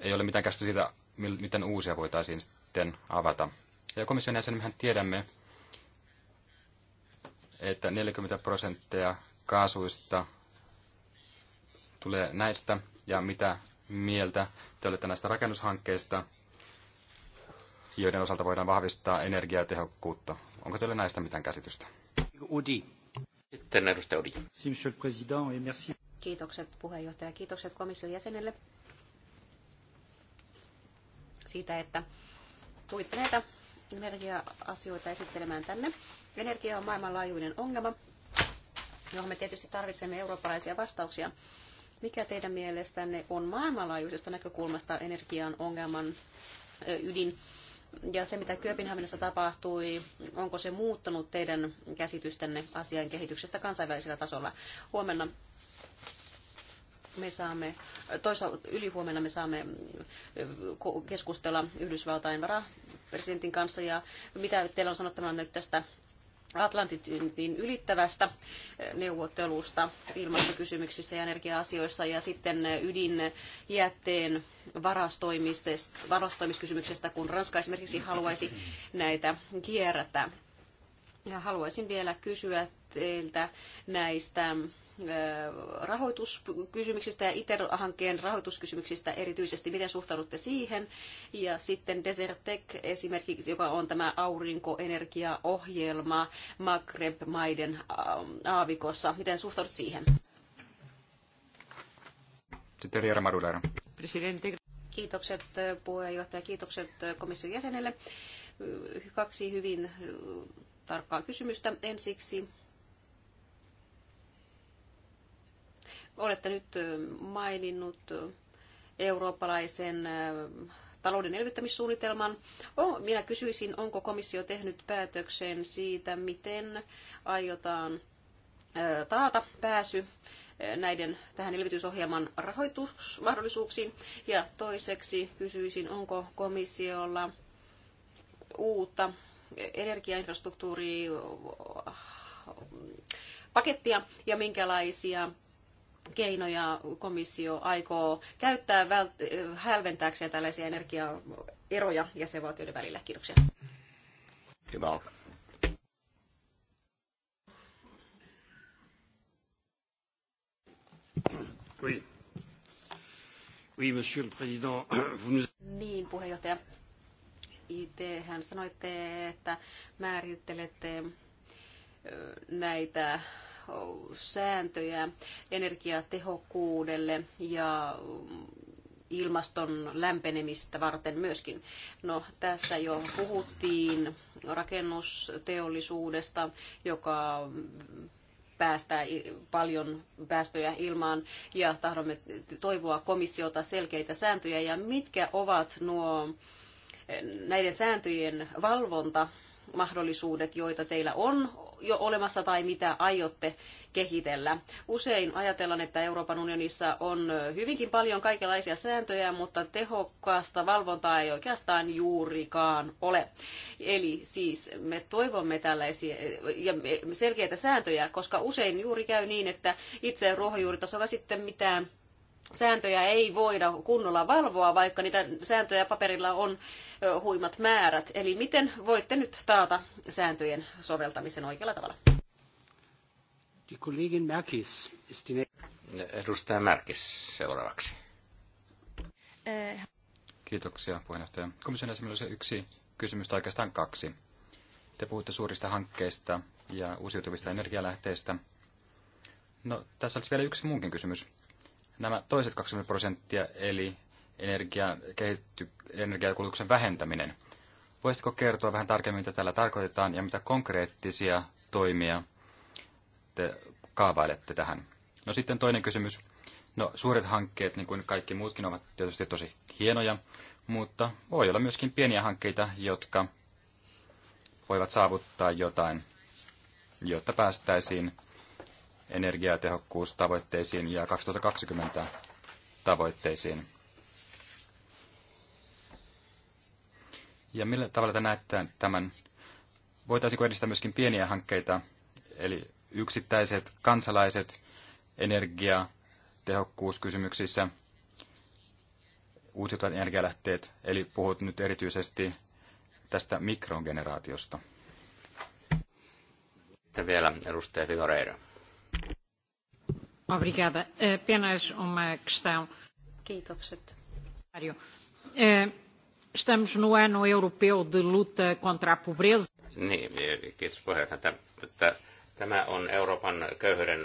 ei ole mitään käsitystä siitä, miten uusia voitaisiin sitten avata. Ja komission jäsenemmehän tiedämme, että 40 prosenttia kaasuista tulee näistä ja mitä mieltä te olette näistä rakennushankkeista, joiden osalta voidaan vahvistaa energiatehokkuutta. Onko teillä näistä mitään käsitystä? Udi. Sitten edustaja Udi. Kiitokset puheenjohtaja, kiitokset komission jäsenelle siitä, että tuitte näitä energia-asioita esittelemään tänne. Energia on maailmanlaajuinen ongelma, johon me tietysti tarvitsemme eurooppalaisia vastauksia. Mikä teidän mielestänne on maailmanlaajuisesta näkökulmasta energian ongelman ydin? Ja se, mitä Kööpenhaminassa tapahtui, onko se muuttanut teidän käsitystänne asian kehityksestä kansainvälisellä tasolla? Huomenna me saamme, toisaalta ylihuomenna me saamme keskustella Yhdysvaltain varapresidentin kanssa ja mitä teillä on sanottavana nyt tästä Atlantin ylittävästä neuvottelusta ilmastokysymyksissä ja energia-asioissa ja sitten ydinjätteen varastoimiskysymyksestä, kun Ranska esimerkiksi haluaisi näitä kierrätä. Ja haluaisin vielä kysyä teiltä näistä rahoituskysymyksistä ja ITER-hankkeen rahoituskysymyksistä erityisesti. Miten suhtaudutte siihen? Ja sitten Desertec esimerkiksi, joka on tämä aurinkoenergiaohjelma Maghreb-maiden ähm, aavikossa. Miten suhtaudut siihen? Sitten Riera Madulera. Kiitokset puheenjohtaja, kiitokset komission jäsenelle. Kaksi hyvin tarkkaa kysymystä. Ensiksi olette nyt maininnut eurooppalaisen talouden elvyttämissuunnitelman. Minä kysyisin, onko komissio tehnyt päätöksen siitä, miten aiotaan taata pääsy näiden tähän elvytysohjelman rahoitusmahdollisuuksiin. Ja toiseksi kysyisin, onko komissiolla uutta energiainfrastruktuuripakettia ja minkälaisia keinoja komissio aikoo käyttää vält- hälventääkseen tällaisia energiaeroja jäsenvaltioiden välillä? Kiitoksia. Hyvä. Oui. Oui, monsieur le président, vous nous... Niin, puheenjohtaja. Tehän sanoitte, että määrittelette näitä sääntöjä energiatehokkuudelle ja ilmaston lämpenemistä varten myöskin. No, tässä jo puhuttiin rakennusteollisuudesta, joka päästää paljon päästöjä ilmaan ja tahdomme toivoa komissiota selkeitä sääntöjä ja mitkä ovat nuo eh, näiden sääntöjen valvonta mahdollisuudet, joita teillä on jo olemassa tai mitä aiotte kehitellä. Usein ajatellaan, että Euroopan unionissa on hyvinkin paljon kaikenlaisia sääntöjä, mutta tehokkaasta valvontaa ei oikeastaan juurikaan ole. Eli siis me toivomme tällaisia ja selkeitä sääntöjä, koska usein juuri käy niin, että itse ruohonjuuritasolla sitten mitään sääntöjä ei voida kunnolla valvoa, vaikka niitä sääntöjä paperilla on huimat määrät. Eli miten voitte nyt taata sääntöjen soveltamisen oikealla tavalla? Kollegin Merkis. Edustaja Märkis seuraavaksi. Äh. Kiitoksia puheenjohtaja. Komission esimerkiksi yksi kysymys tai oikeastaan kaksi. Te puhutte suurista hankkeista ja uusiutuvista energialähteistä. No, tässä olisi vielä yksi muunkin kysymys nämä toiset 20 prosenttia, eli kehitty, energiakulutuksen vähentäminen. Voisitko kertoa vähän tarkemmin, mitä tällä tarkoitetaan ja mitä konkreettisia toimia te kaavailette tähän? No sitten toinen kysymys. No suuret hankkeet, niin kuin kaikki muutkin, ovat tietysti tosi hienoja, mutta voi olla myöskin pieniä hankkeita, jotka voivat saavuttaa jotain, jotta päästäisiin energiatehokkuustavoitteisiin ja 2020 tavoitteisiin. Ja millä tavalla te näette tämän? Voitaisiinko edistää myöskin pieniä hankkeita, eli yksittäiset kansalaiset energiatehokkuuskysymyksissä, uusiutuvat energialähteet, eli puhut nyt erityisesti tästä mikrogeneraatiosta. Sitten vielä edustaja Figoreira. Obrigada. Eh, apenas uma questão. Eh, estamos no ano europeu de luta contra a pobreza. Niin, kiitos puheenjohtaja. Tämä on Euroopan köyhyyden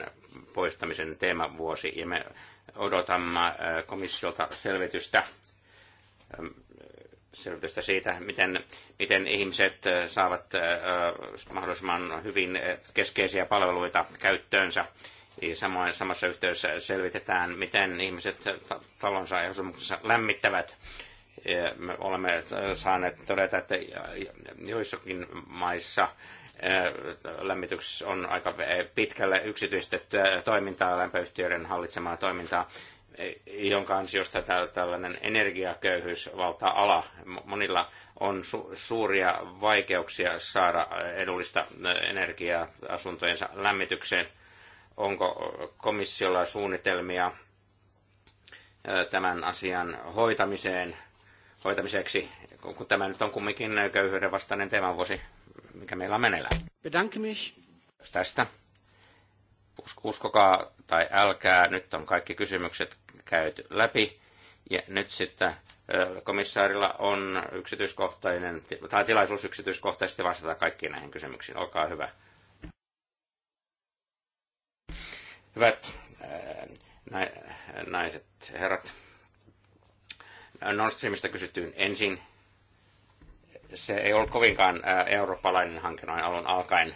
poistamisen teemavuosi ja me odotamme eh, komissiolta selvitystä, selvitystä siitä, miten, miten ihmiset saavat mahdollisimman hyvin keskeisiä palveluita käyttöönsä Samoin samassa yhteydessä selvitetään, miten ihmiset talonsa ja asumuksensa lämmittävät. Me olemme saaneet todeta, että joissakin maissa lämmityksessä on aika pitkälle yksityistettyä toimintaa, lämpöyhtiöiden hallitsemaa toimintaa, e- jonka ansiosta tällainen energiaköyhyys valtaa ala. Monilla on su- suuria vaikeuksia saada edullista energiaa asuntojensa lämmitykseen – Onko komissiolla suunnitelmia tämän asian hoitamiseen, hoitamiseksi, kun tämä nyt on kumminkin köyhyyden vastainen teemavuosi, mikä meillä on meneillään? Bedanke mich. Tästä uskokaa tai älkää, nyt on kaikki kysymykset käyty läpi. Ja nyt sitten komissaarilla on yksityiskohtainen, tai tilaisuus yksityiskohtaisesti vastata kaikkiin näihin kysymyksiin. Olkaa hyvä. Hyvät naiset, herrat, Nord Streamista kysyttyyn ensin. Se ei ollut kovinkaan eurooppalainen hanke noin alun alkaen.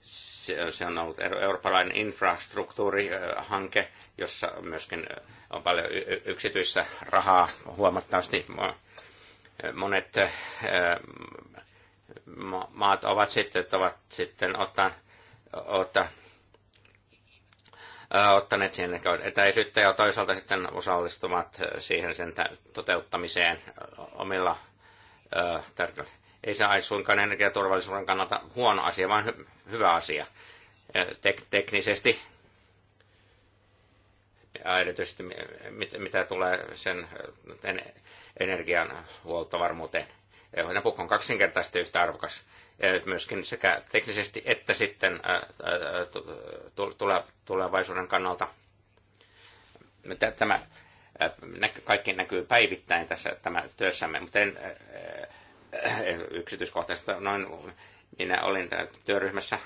Se on ollut eurooppalainen infrastruktuurihanke, jossa myöskin on paljon yksityistä rahaa huomattavasti. Monet maat ovat sitten, ovat sitten ottaa, ottaa ottaneet siihen etäisyyttä ja toisaalta sitten osallistuvat siihen sen toteuttamiseen omilla tärkeillä. Ei se ole suinkaan energiaturvallisuuden kannalta huono asia, vaan hy- hyvä asia Tek- teknisesti. Ja erityisesti mit- mitä tulee sen en- energian huoltovarmuuteen. pukko on kaksinkertaisesti yhtä arvokas myöskin sekä teknisesti että sitten tulevaisuuden kannalta. Tämä kaikki näkyy päivittäin tässä tämä työssämme, mutta en yksityiskohtaisesti noin minä olin työryhmässä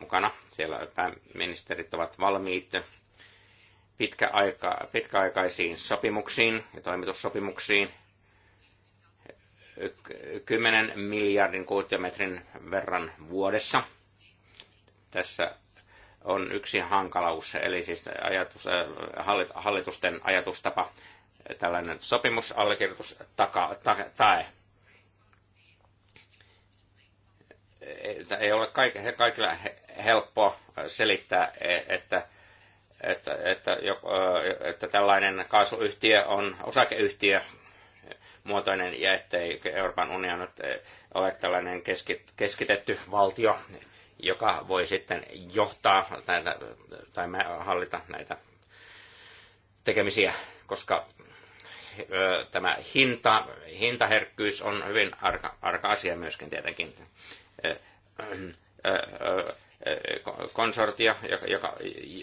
mukana. Siellä pääministerit ovat valmiit pitkäaika, pitkäaikaisiin sopimuksiin ja toimitussopimuksiin – 10 miljardin kuutiometrin verran vuodessa. Tässä on yksi hankalaus, eli siis ajatus, äh, hallitusten ajatustapa, tällainen sopimusallekirjoitus taka, ta, tae. Ei ole kaikilla helppoa selittää, e-, että, että, että, että tällainen kaasuyhtiö on osakeyhtiö muotoinen ja ettei Euroopan unioni eh, ole tällainen keskitetty valtio, joka voi sitten johtaa näitä, tai hallita näitä tekemisiä, koska eh, tämä hinta, hintaherkkyys on hyvin arka, arka asia myöskin tietenkin. Eh, konsortio, joka, joka,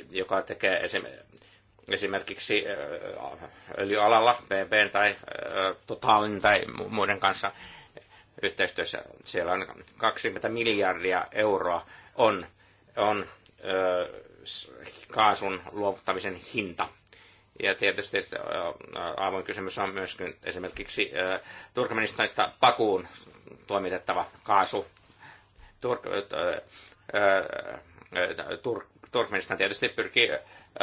joka tekee esimerkiksi esimerkiksi öljyalalla, BP tai Totalin tai muiden kanssa yhteistyössä. Siellä on 20 miljardia euroa on, on kaasun luovuttamisen hinta. Ja tietysti aivan kysymys on myöskin esimerkiksi Turkmenistanista pakuun toimitettava kaasu. Turkmenistan tietysti pyrkii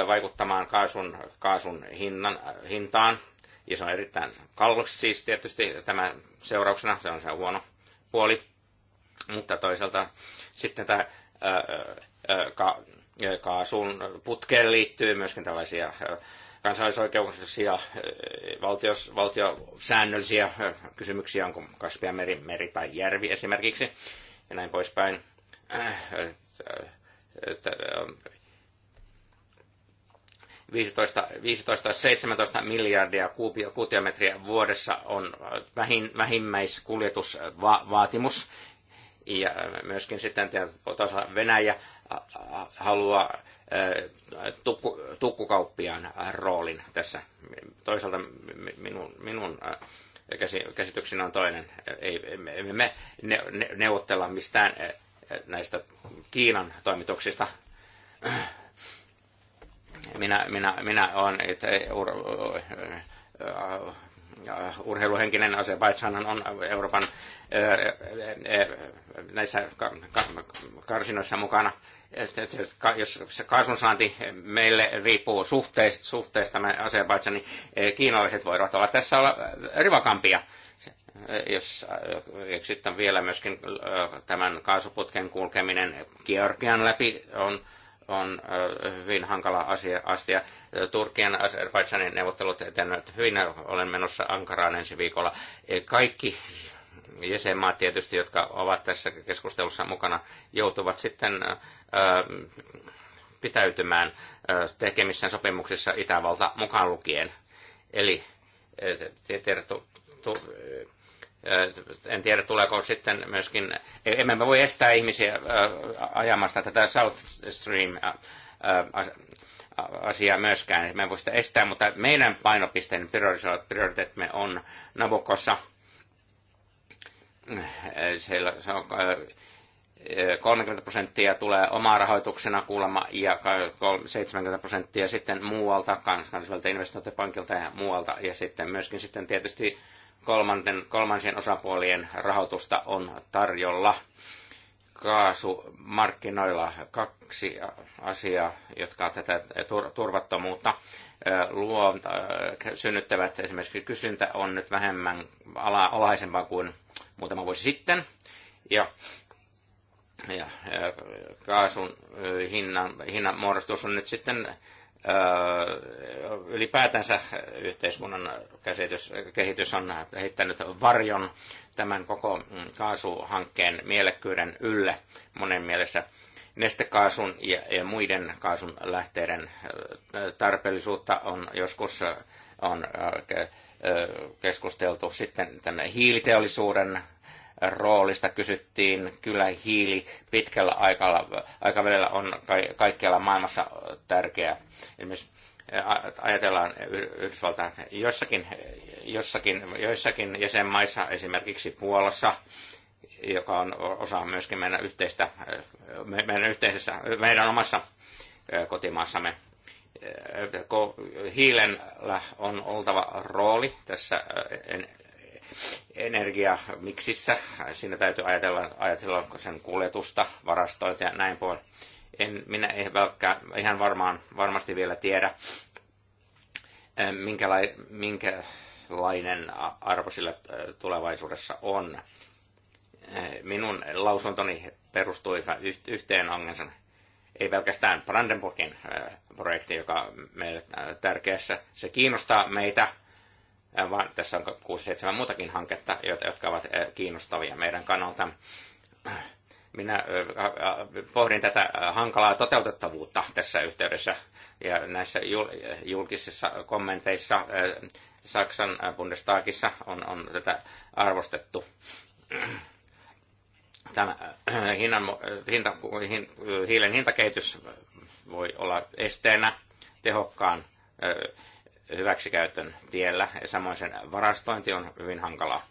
vaikuttamaan kaasun, kaasun hinnan, hintaan. Ja se on erittäin kallis siis tietysti tämän seurauksena, se on se huono puoli. Mutta toisaalta sitten tämä ka, kaasun putkeen liittyy myöskin tällaisia kansallisoikeuksia, valtios, valtiosäännöllisiä kysymyksiä, onko Kaspian meri, meri tai järvi esimerkiksi, ja näin poispäin äh, 15-17 miljardia kuutio, kuutiometriä vuodessa on vähin, vähimmäiskuljetusvaatimus. Ja myöskin sitten tasa Venäjä haluaa tukku, tukkukauppiaan roolin tässä. Toisaalta minun, minun on toinen. Ei, emme me neuvottella mistään näistä Kiinan toimituksista minä, minä, minä olen ur, äh, urheiluhenkinen Azerbaidsan on Euroopan äh, äh, näissä karsinoissa mukana. Jos se kaasun saanti meille riippuu suhteista, suhteista Azerbaidsan, niin kiinalaiset voivat olla tässä olla rivakampia jos sitten vielä myöskin tämän kaasuputken kulkeminen Georgian läpi on on hyvin hankala asia. asia. Turkien Azerbaidžanin neuvottelut etenevät hyvin, olen menossa Ankaraan ensi viikolla. E, kaikki jäsenmaat tietysti, jotka ovat tässä keskustelussa mukana, joutuvat sitten pitäytymään tekemissään sopimuksissa Itävalta mukaan lukien. Eli e, en tiedä tuleeko sitten myöskin, e, emme me voi estää ihmisiä ajamasta tätä South Stream asiaa myöskään. Me ei voi sitä estää, mutta meidän painopisteen prioriteettimme on Nabokossa. Siellä se on 30 prosenttia tulee omaa rahoituksena kuulemma ja 70 prosenttia sitten muualta, kansalliselta investointipankilta ja muualta. Ja sitten myöskin sitten tietysti kolmanten, kolmansien osapuolien rahoitusta on tarjolla. Kaasumarkkinoilla kaksi asiaa, jotka tätä turvattomuutta luo, synnyttävät. Esimerkiksi kysyntä on nyt vähemmän ala, alaisempaa kuin muutama vuosi sitten. Ja ja kaasun hinnan, hinnan muodostus on nyt sitten Öö, ylipäätänsä yhteiskunnan käsitys, kehitys on heittänyt varjon tämän koko kaasuhankkeen mielekkyyden ylle monen mielessä nestekaasun ja, ja muiden kaasun lähteiden öö, tarpeellisuutta on joskus on öö, keskusteltu sitten tämän hiiliteollisuuden roolista kysyttiin. Kyllä hiili pitkällä aikalla, aikavälillä on kaikkialla maailmassa tärkeä. Esimerkiksi ajatellaan Yhdysvaltain jossakin, jossakin, joissakin jäsenmaissa, esimerkiksi Puolassa, joka on osa myöskin meidän, yhteistä, meidän, yhteisessä, meidän omassa kotimaassamme. Hiilellä on oltava rooli tässä energiamiksissä. Siinä täytyy ajatella, ajatella sen kuljetusta, varastointia ja näin pois. En, minä ei välkkää, ihan varmaan, varmasti vielä tiedä, eh, minkälai, minkälainen arvo sillä eh, tulevaisuudessa on. Eh, minun lausuntoni perustui yhteen ongelmaan ei pelkästään Brandenburgin projekti, joka meille tärkeässä. Se kiinnostaa meitä Äh, vaan tässä on 6-7 muutakin hanketta, jotka ovat äh, kiinnostavia meidän kannalta. Minä äh, pohdin tätä hankalaa toteutettavuutta tässä yhteydessä ja näissä julkisissa kommenteissa Saksan Bundestagissa on, on tätä arvostettu. Tämä hinnan, hinta, hiilen hintakehitys voi olla esteenä tehokkaan hyväksikäytön tiellä ja samoin sen varastointi on hyvin hankalaa.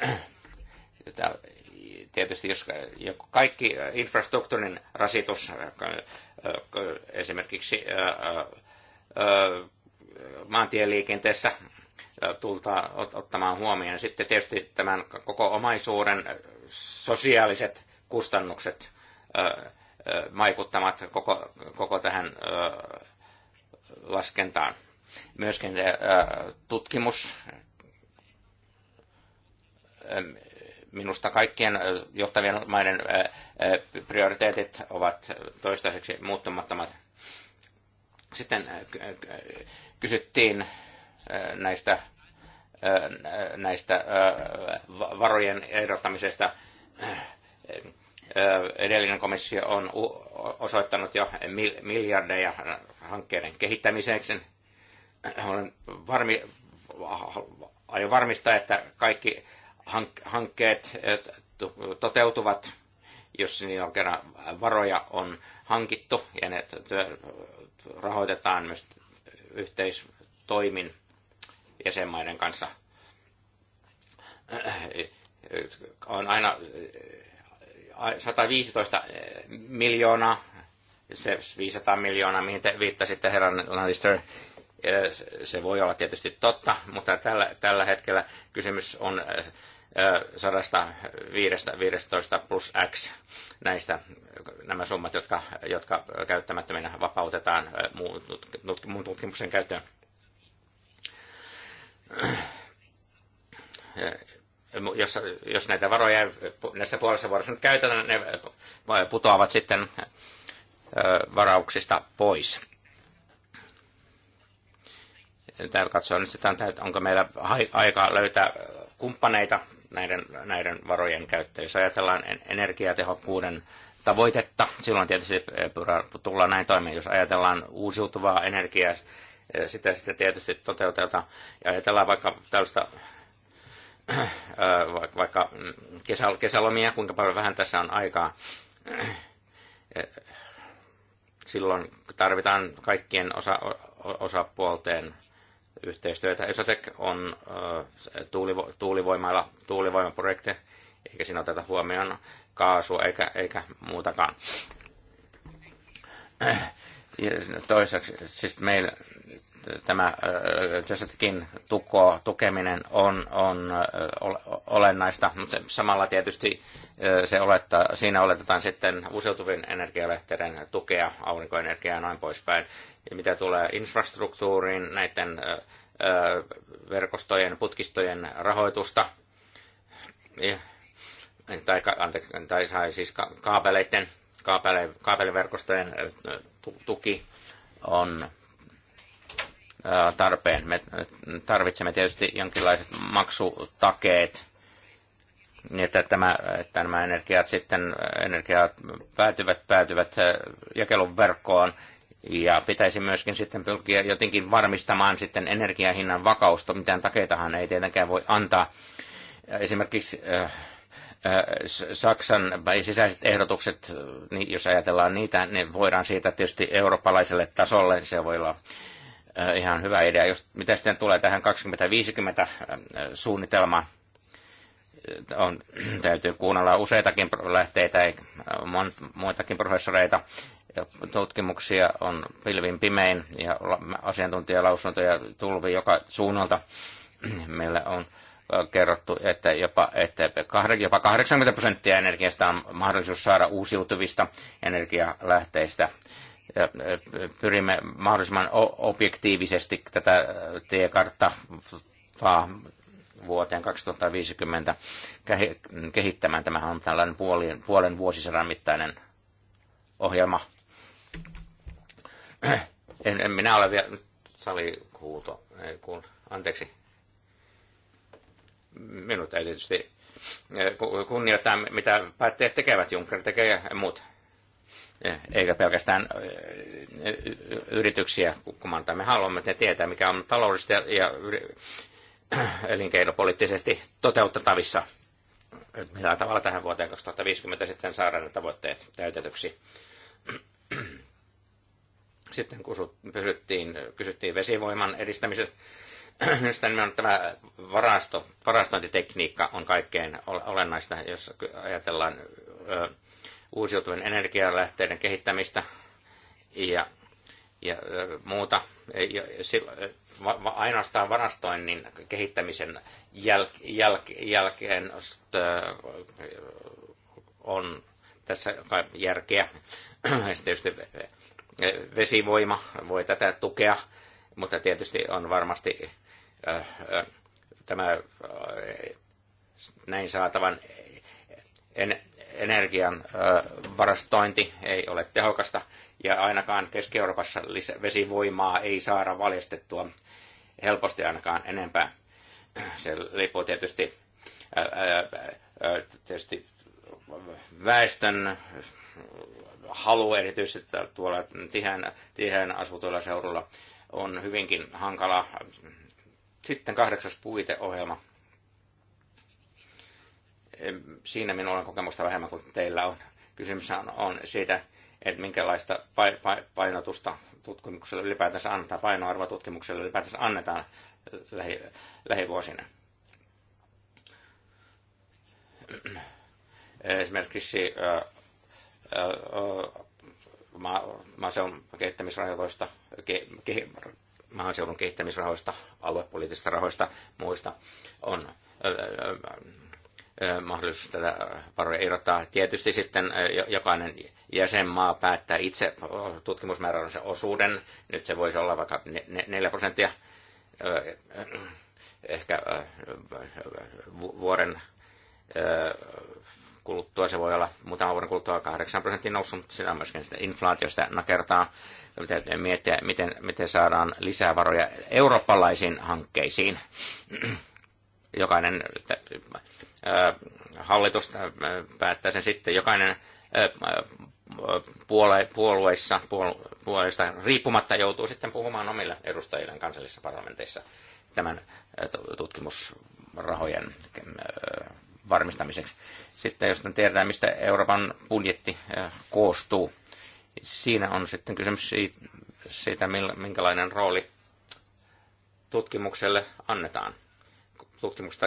[CLEARS THROAT] Tietysti jos kaikki infrastruktuurin rasitus, äh, äh, esimerkiksi äh, maantieliikenteessä tulta ottamaan huomioon. Niin sitten tietysti tämän koko omaisuuden sosiaaliset kustannukset vaikuttamat koko, koko tähän laskentaan. Myöskin äh, tutkimus ähm, minusta kaikkien äh, johtavien maiden äh, prioriteetit ovat toistaiseksi muuttumattomat. Sitten kysyttiin näistä, näistä varojen ehdottamisesta. Edellinen komissio on osoittanut jo miljardeja hankkeiden kehittämiseksi Äh, olen varmi, äh, aion varmistaa, että kaikki hankkeet äh, toteutuvat, jos niillä kerran varoja on hankittu ja ne rahoitetaan myös yhteistoimin jäsenmaiden kanssa. On aina 115 miljoonaa, se 500 miljoonaa, mihin te viittasitte, herran Lannister, se voi olla tietysti totta, mutta tällä, tällä hetkellä kysymys on 115 plus X näistä nämä summat, jotka, jotka käyttämättöminä vapautetaan muun tutkimuksen käyttöön. Jos, jos näitä varoja näissä puolessa vuodessa nyt käytetään, ne putoavat sitten varauksista pois Täällä katsoa nyt sitä, on onko meillä aikaa löytää kumppaneita näiden, näiden varojen käyttöön. Jos ajatellaan energiatehokkuuden tavoitetta, silloin tietysti eh, tullaan näin toimeen. Jos ajatellaan uusiutuvaa energiaa, eh, sitä sitten tietysti toteutetaan. Ja ajatellaan vaikka tällaista [CLEARS THROAT] eh, vaikka mm, kesä, kesälomia, kuinka paljon vähän tässä on aikaa. Silloin tarvitaan kaikkien osa, osapuolten yhteistyötä. Esotec on tuulivo, tuulivoimalla, tuulivoimaprojekti, eikä siinä oteta huomioon kaasua eikä, eikä muutakaan. Toiseksi, siis meillä tämä äh, Jessetkin tuko, tukeminen on, on äh, olennaista, mutta samalla tietysti äh, se olettaa, siinä oletetaan sitten uusiutuvien energialehteiden tukea, aurinkoenergiaa ja noin poispäin. Ja mitä tulee infrastruktuuriin, näiden verkostojen, putkistojen rahoitusta, tai, anteeksi, tai sai siis kaapeleiden, kaapele, kaapeliverkostojen tuki on tarpeen. Me tarvitsemme tietysti jonkinlaiset maksutakeet, niin että, tämä, että nämä energiat sitten energiat päätyvät, päätyvät jakelun verkkoon ja pitäisi myöskin sitten pyrkiä jotenkin varmistamaan sitten energiahinnan vakausta. Mitään takeitahan ei tietenkään voi antaa. Esimerkiksi äh, äh, Saksan sisäiset ehdotukset, niin jos ajatellaan niitä, ne voidaan siitä tietysti eurooppalaiselle tasolle, se voi olla Äh, ihan hyvä idea. Jos, mitä sitten tulee tähän 2050 äh, suunnitelmaan? Äh, on, [CLEARS THROAT] täytyy kuunnella useitakin lähteitä, ei, mon, muitakin professoreita. Tutkimuksia on pilvin pimein ja asiantuntijalausuntoja tulvi joka suunnalta. [CLEARS THROAT] Meillä on kerrottu, että jopa, että jopa 80 prosenttia energiasta on mahdollisuus saada uusiutuvista energialähteistä pyrimme mahdollisimman objektiivisesti tätä tiekartta vuoteen 2050 kehittämään. Tämähän on tällainen puolen, puolen vuosisadan mittainen ohjelma. En, en minä ole vielä... Sali huuto, ei kun, anteeksi. Minut ei tietysti eh, kunnioittaa, mitä päättäjät tekevät. Juncker tekee ja muut Eh, eikä pelkästään eh, yrityksiä kun Me haluamme, että ne tietää, mikä on taloudellisesti ja [CLEARS THROAT] elinkeinopoliittisesti toteutettavissa. Millä tavalla tähän vuoteen 2050 sitten saadaan ne tavoitteet täytetyksi. [CLEARS THROAT] Sitten kysyttiin, kysyttiin vesivoiman edistämisestä. [CLEARS THROAT] Minusta niin on tämä varasto, varastointitekniikka on kaikkein olennaista, jos ajatellaan uusiutuvien energialähteiden kehittämistä ja, ja muuta. Ja, ainoastaan varastoinnin kehittämisen jäl, jäl, jälkeen on tässä järkeä. Tietysti vesivoima voi tätä tukea, mutta tietysti on varmasti tämä näin saatavan energian varastointi ei ole tehokasta ja ainakaan Keski-Euroopassa vesivoimaa ei saada valjastettua helposti ainakaan enempää. Se riippuu tietysti, tietysti väestön halu erityisesti tuolla tiheän, tiheän asutuilla seudulla on hyvinkin hankala. Sitten kahdeksas puiteohjelma siinä minulla on kokemusta vähemmän kuin teillä on. Kysymys on siitä, että minkälaista painotusta tutkimukselle ylipäätänsä annetaan, painoarvo tutkimukselle ylipäätänsä annetaan lähi, lähivuosina. Esimerkiksi maaseudun kehittämisrahoista, ke, ke, maaseudun kehittämisrahoista, aluepoliittisista rahoista, muista on mahdollisuus tätä varoja irrottaa. Tietysti sitten jokainen jäsenmaa päättää itse tutkimusmäärärahansa osuuden. Nyt se voisi olla vaikka 4 prosenttia ehkä vuoden kuluttua, se voi olla muutaman vuoden kuluttua 8 prosenttia noussut, mutta sitä on myöskin sitä inflaatiosta nakertaa. Täytyy miettiä, miten, miten saadaan lisää varoja eurooppalaisiin hankkeisiin jokainen hallitus päättää sen sitten, jokainen puole, puolueissa, puolueista riippumatta joutuu sitten puhumaan omille edustajilleen kansallisissa parlamenteissa tämän tutkimusrahojen varmistamiseksi. Sitten jos tiedetään, mistä Euroopan budjetti koostuu, siinä on sitten kysymys siitä, minkälainen rooli tutkimukselle annetaan – tutkimusta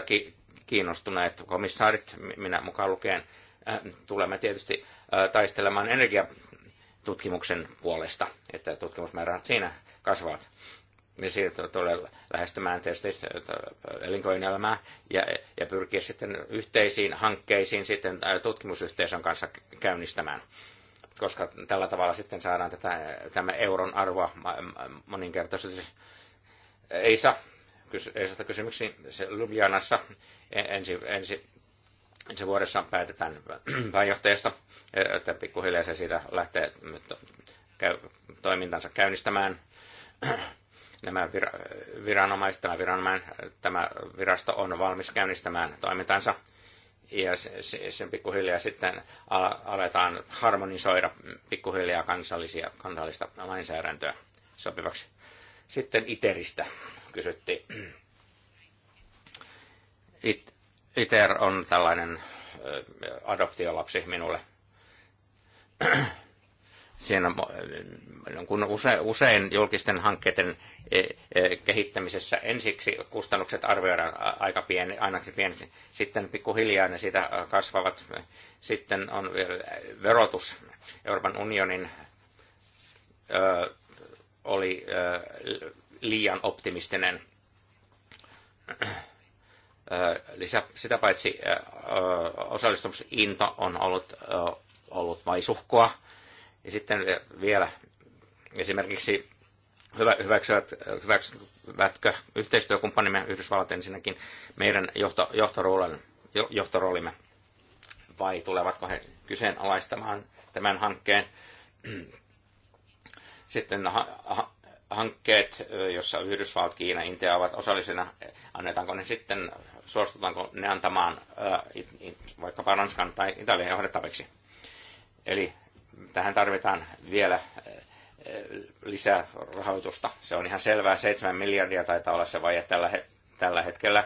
kiinnostuneet komissaarit, minä mukaan lukien, äh, tulemme tietysti äh, taistelemaan energiatutkimuksen puolesta, että tutkimusmäärät siinä kasvavat. Niin siitä tulee lähestymään tietysti äh, elinkeinoelämää ja, ja pyrkiä sitten yhteisiin hankkeisiin sitten tutkimusyhteisön kanssa käynnistämään koska tällä tavalla sitten saadaan tätä, tämä euron arvoa moninkertaisesti. Ei saa esitä kysymyksiin Se Ljubljanassa ensi, ensi, ensi vuodessa päätetään [CLEARS THROAT] pääjohtajasta, että pikkuhiljaa se siitä lähtee käy, toimintansa käynnistämään. [CLEARS THROAT] Nämä viranomaiset, tämä, viranomainen, tämä virasto on valmis käynnistämään toimintansa ja sen pikkuhiljaa sitten aletaan harmonisoida pikkuhiljaa kansallisia, kansallista lainsäädäntöä sopivaksi. Sitten ITERistä kysyttiin. It, ITER on tällainen adoptiolapsi minulle. Siinä kun use, usein julkisten hankkeiden e, e, kehittämisessä ensiksi kustannukset arvioidaan aika pieni, ainakin pieni, sitten pikkuhiljaa ne siitä kasvavat. Sitten on vielä verotus Euroopan unionin ö, oli ö, liian optimistinen. Lisä, sitä paitsi osallistumisinto on ollut, ollut vaisuhkoa. Ja sitten vielä esimerkiksi hyväksyvät, hyväksyvätkö yhteistyökumppanimme Yhdysvallat ensinnäkin meidän johto, johtoroolimme, vai tulevatko he kyseenalaistamaan tämän hankkeen. Sitten hankkeet, jossa Yhdysvallat, Kiina, Intia ovat osallisena, annetaanko ne sitten, suostutaanko ne antamaan vaikkapa Ranskan tai Italian johdettaviksi. Eli tähän tarvitaan vielä lisää rahoitusta. Se on ihan selvää, 7 miljardia taitaa olla se vaje tällä, tällä hetkellä.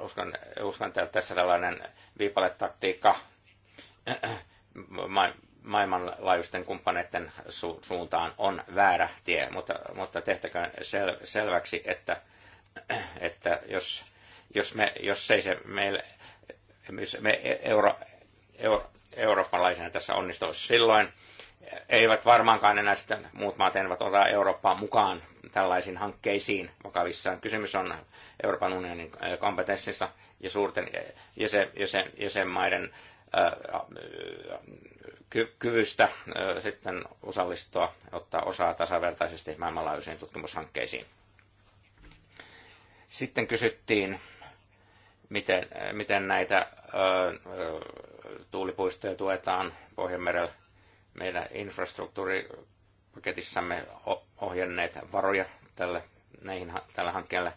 Uskon, uskon että tässä tällainen viipaletaktiikka maailmanlaajuisten kumppaneiden su- suuntaan on väärä tie, mutta, mutta tehtäköön sel- selväksi, että, että jos, jos, me, jos ei se meille, me euro, euro, eurooppalaisena tässä onnistu silloin, eivät varmaankaan enää sitten muut maat eivät ota Eurooppaa mukaan tällaisiin hankkeisiin vakavissaan. Kysymys on Euroopan unionin kompetenssissa ja suurten jäsen, jäsen, jäsenmaiden kyvystä sitten osallistua, ottaa osaa tasavertaisesti maailmanlaajuisiin tutkimushankkeisiin. Sitten kysyttiin, miten, miten näitä tuulipuistoja tuetaan Pohjanmerellä. Meidän infrastruktuuripaketissamme ohjanneet varoja tälle, näihin, tällä hankkeelle.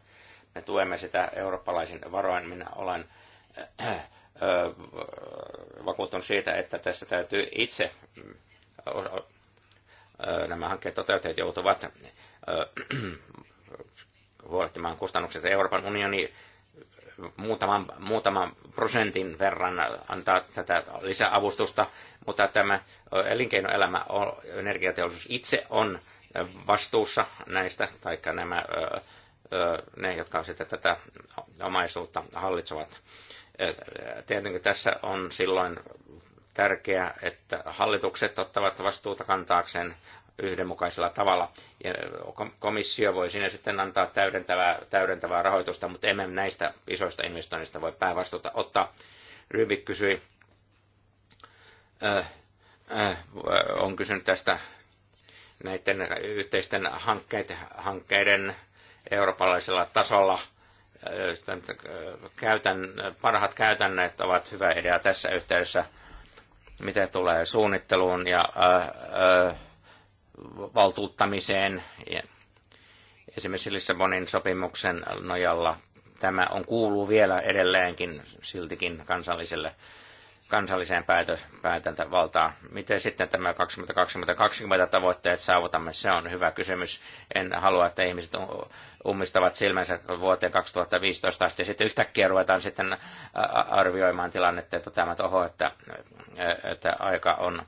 Me tuemme sitä eurooppalaisin varoin. Minä olen äh, vakuuttunut siitä, että tässä täytyy itse mm, nämä hankkeet toteuttajat joutuvat huolehtimaan kustannukset. Euroopan unioni muutaman, muutaman prosentin verran antaa tätä lisäavustusta, mutta tämä elinkeinoelämä, energiateollisuus itse on vastuussa näistä, tai nämä, ne, jotka sitten tätä omaisuutta hallitsevat. Tietenkin tässä on silloin tärkeää, että hallitukset ottavat vastuuta kantaakseen yhdenmukaisella tavalla. Ja komissio voi sinne sitten antaa täydentävää, täydentävää rahoitusta, mutta emme näistä isoista investoinnista voi päävastuuta ottaa. Rybik kysyi, äh, äh, on kysynyt tästä näiden yhteisten hankkeiden, hankkeiden eurooppalaisella tasolla – käytän, parhaat käytännöt ovat hyvä idea tässä yhteydessä, mitä tulee suunnitteluun ja ää, ää, valtuuttamiseen. Ja esimerkiksi Lissabonin sopimuksen nojalla tämä on kuuluu vielä edelleenkin siltikin kansalliselle kansalliseen päätös, päätäntävaltaan. Miten sitten tämä 2020-2020 tavoitteet saavutamme, se on hyvä kysymys. En halua, että ihmiset ummistavat silmänsä vuoteen 2015 asti. Sitten yhtäkkiä ruvetaan sitten arvioimaan tilannetta, että tämä toho, että, että aika on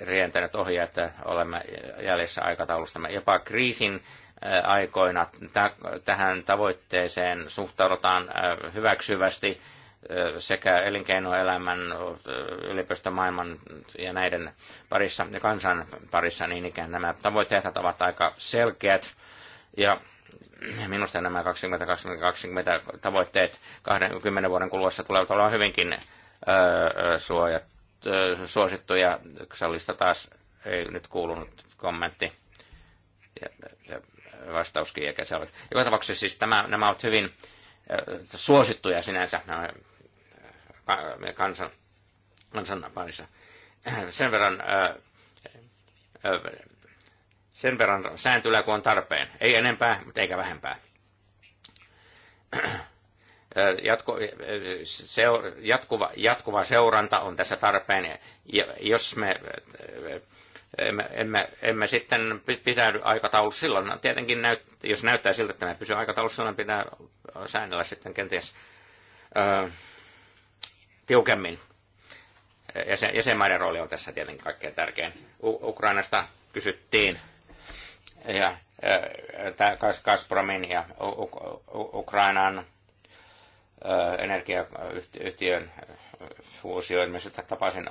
rientänyt ohi, että olemme jäljessä aikataulustamme. Jopa kriisin aikoina tähän tavoitteeseen suhtaudutaan hyväksyvästi sekä elinkeinoelämän, yliopistomaailman ja näiden parissa ja kansan parissa, niin ikään nämä tavoitteet ovat aika selkeät. Ja minusta nämä 2020 tavoitteet 20 vuoden kuluessa tulevat olla hyvinkin suojat, suosittuja. Salista taas ei nyt kuulunut kommentti ja, ja vastauskin, eikä se ole. Joka tapauksessa siis tämä, nämä ovat hyvin suosittuja sinänsä nämä kansan, kansan parissa. Sen verran, sen verran sääntöllä kuin on tarpeen. Ei enempää, mutta eikä vähempää. Jatku, seur, jatkuva, jatkuva seuranta on tässä tarpeen. Jos me emme, emme, emme sitten pitäydy aikataulussa silloin. Tietenkin näyt, jos näyttää siltä, että me pysyy aikataulussa, silloin pitää säännellä sitten kenties tiukemmin. Jäsen, jäsenmaiden rooli on tässä tietenkin kaikkein tärkein. U- Ukrainasta kysyttiin ja äh, Gazpromin ja Ukrainan äh, energiayhtiön että äh, tapasin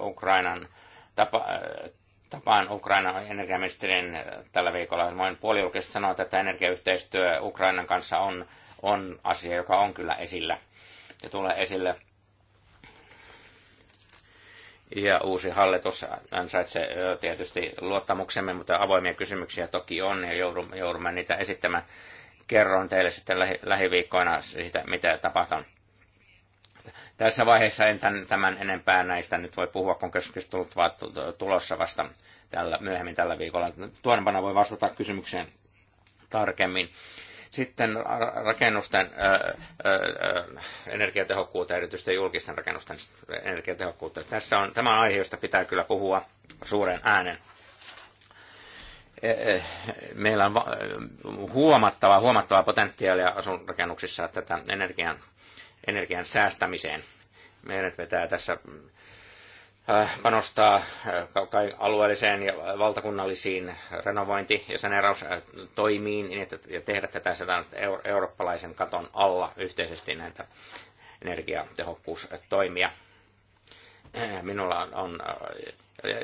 Ukrainan tapa, tapaan Ukrainan energiaministerin tällä viikolla. Voin puolijulkisesti sanoa, että energiayhteistyö Ukrainan kanssa on, on asia, joka on kyllä esillä ja tulee esille ja uusi hallitus ansaitsee tietysti luottamuksemme, mutta avoimia kysymyksiä toki on ja joudumme, joudumme niitä esittämään. Kerron teille sitten lähi, lähiviikkoina siitä, mitä tapahtuu. Tässä vaiheessa en tämän, tämän enempää näistä nyt voi puhua, kun keskustelut ovat tulossa vasta tällä, myöhemmin tällä viikolla. Tuonempana voi vastata kysymykseen tarkemmin. Sitten rakennusten energiatehokkuutta, erityisesti julkisten rakennusten energiatehokkuutta. Tässä on tämä aihe, josta pitää kyllä puhua suuren äänen. E, e, meillä on huomattava, huomattava potentiaalia asunrakennuksissa tätä energian, energian säästämiseen. Meidät vetää tässä Äh, panostaa äh, alueelliseen ja valtakunnallisiin renovointi- ja saneeraustoimiin niin, ja tehdä tätä eurooppalaisen katon alla yhteisesti näitä energiatehokkuustoimia. Äh, minulla on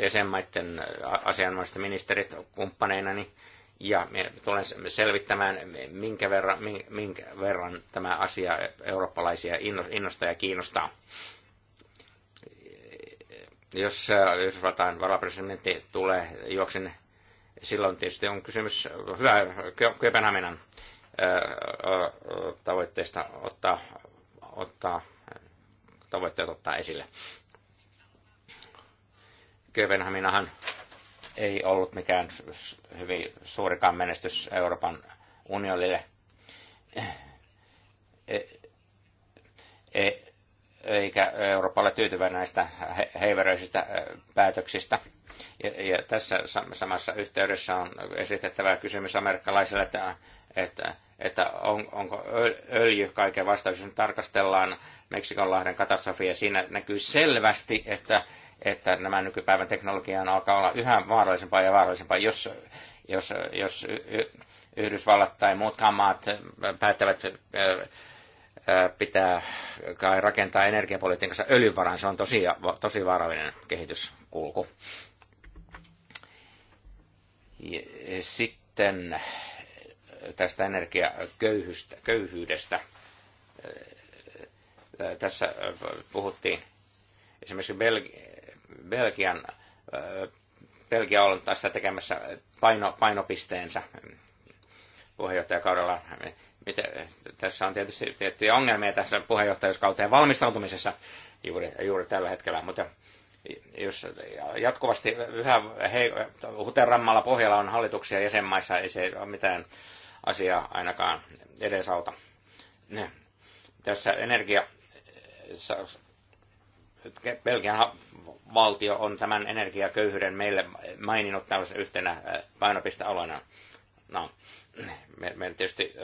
jäsenmaiden asianomaiset ministerit kumppaneinani niin, ja tulen selvittämään, minkä verran, minkä verran tämä asia e-, eurooppalaisia innostaa ja kiinnostaa jos äh, Yhdysvaltain varapresidentti tulee juoksen, silloin tietysti on kysymys hyvä Kööpenhaminan äh, äh, tavoitteista ottaa, ottaa, tavoitteet ottaa esille. Kööpenhaminahan ei ollut mikään hyvin suurikaan menestys Euroopan unionille. E, e, eikä Euroopalle tyytyväinen näistä heiveröisistä päätöksistä. Ja, ja tässä samassa yhteydessä on esitettävä kysymys amerikkalaisille, että, että, että on, onko öljy kaiken vastaus, jos tarkastellaan Meksikonlahden katastrofia, siinä näkyy selvästi, että, että nämä nykypäivän teknologian alkaa olla yhä vaarallisempaa ja vaarallisempaa, jos, jos, jos Yhdysvallat tai muutkaan maat päättävät pitää kai rakentaa energiapolitiikassa öljyvaran. Se on tosi, tosi vaarallinen kehityskulku. Sitten tästä energiaköyhyydestä. Tässä puhuttiin esimerkiksi Belgi- Belgian, Belgia on tässä tekemässä paino, painopisteensä puheenjohtajakaudella mitä, tässä on tietysti tiettyjä ongelmia tässä puheenjohtajuuskauteen valmistautumisessa juuri, juuri tällä hetkellä, mutta jos jatkuvasti yhä hei, huterammalla pohjalla on hallituksia jäsenmaissa, ei se ole mitään asiaa ainakaan edesauta. Tässä energia, Belgian valtio on tämän energiaköyhyyden meille maininnut tällaisen yhtenä painopistealueena. No, meidän tietysti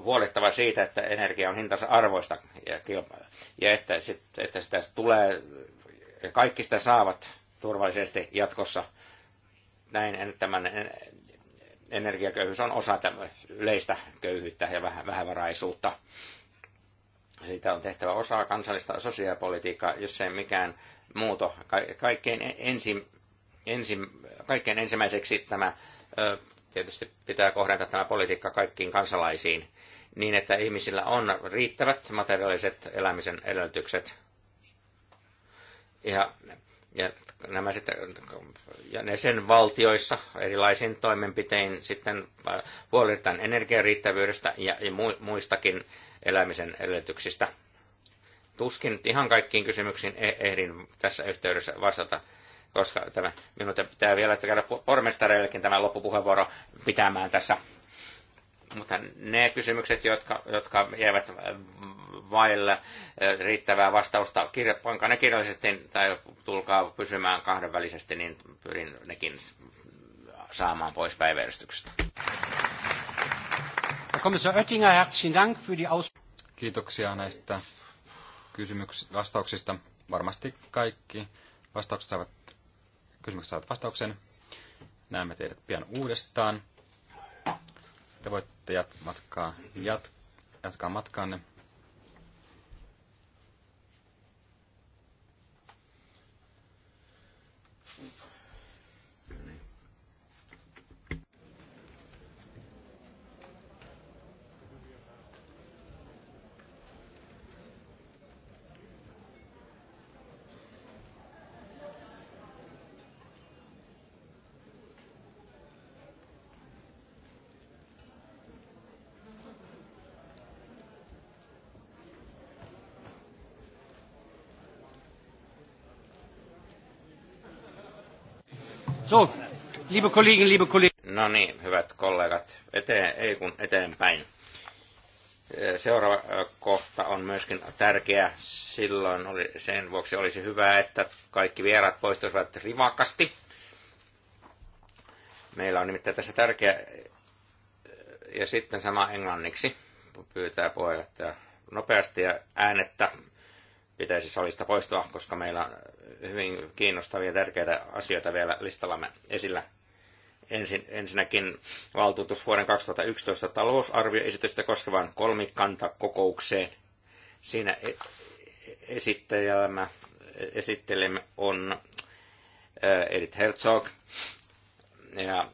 huolittava siitä, että energia on hintansa arvoista ja, ja että, sit, että sitä tulee, kaikki sitä saavat turvallisesti jatkossa. Näin tämän energiaköyhyys on osa yleistä köyhyyttä ja vähävaraisuutta. Siitä on tehtävä osa kansallista sosiaalipolitiikkaa, jos ei mikään muuto. Kaikkein, ensi, ensi, kaikkein ensimmäiseksi tämä tietysti pitää kohdentaa tämä politiikka kaikkiin kansalaisiin niin, että ihmisillä on riittävät materiaaliset elämisen edellytykset. Ja, ja nämä sitten, ja ne sen valtioissa erilaisiin toimenpitein sitten äh, huolehditaan energiariittävyydestä ja, ja muistakin elämisen edellytyksistä. Tuskin ihan kaikkiin kysymyksiin e-, ehdin tässä yhteydessä vastata koska tämä, minun pitää vielä käydä pormestareillekin tämä loppupuheenvuoro pitämään tässä. Mutta ne kysymykset, jotka, jotka jäävät vaille riittävää vastausta, kirja, pankaa ne kirjallisesti tai tulkaa pysymään kahdenvälisesti, niin pyrin nekin saamaan pois päiväjärjestyksestä. herzlichen Dank für die Aus Kiitoksia näistä kysymyksistä, vastauksista. Varmasti kaikki vastaukset saavat kysymykset saavat vastauksen. Näemme teidät pian uudestaan. Te voitte jat- matkaa, jat- jatkaa matkaanne. So, liebe Kollegen, liebe Kollegen. No niin, hyvät kollegat, eteen, ei kun eteenpäin. Seuraava kohta on myöskin tärkeä. Silloin oli, sen vuoksi olisi hyvä, että kaikki vieraat poistuisivat rivakasti. Meillä on nimittäin tässä tärkeä, ja sitten sama englanniksi, pyytää puheenjohtaja nopeasti ja äänettä pitäisi salista poistua, koska meillä on hyvin kiinnostavia ja tärkeitä asioita vielä listallamme esillä. Ensin, ensinnäkin valtuutus vuoden 2011 talousarvioesitystä koskevan kolmikantakokoukseen. Siinä e-, esittelijämme, esittelemme on äh, Edith Herzog, ja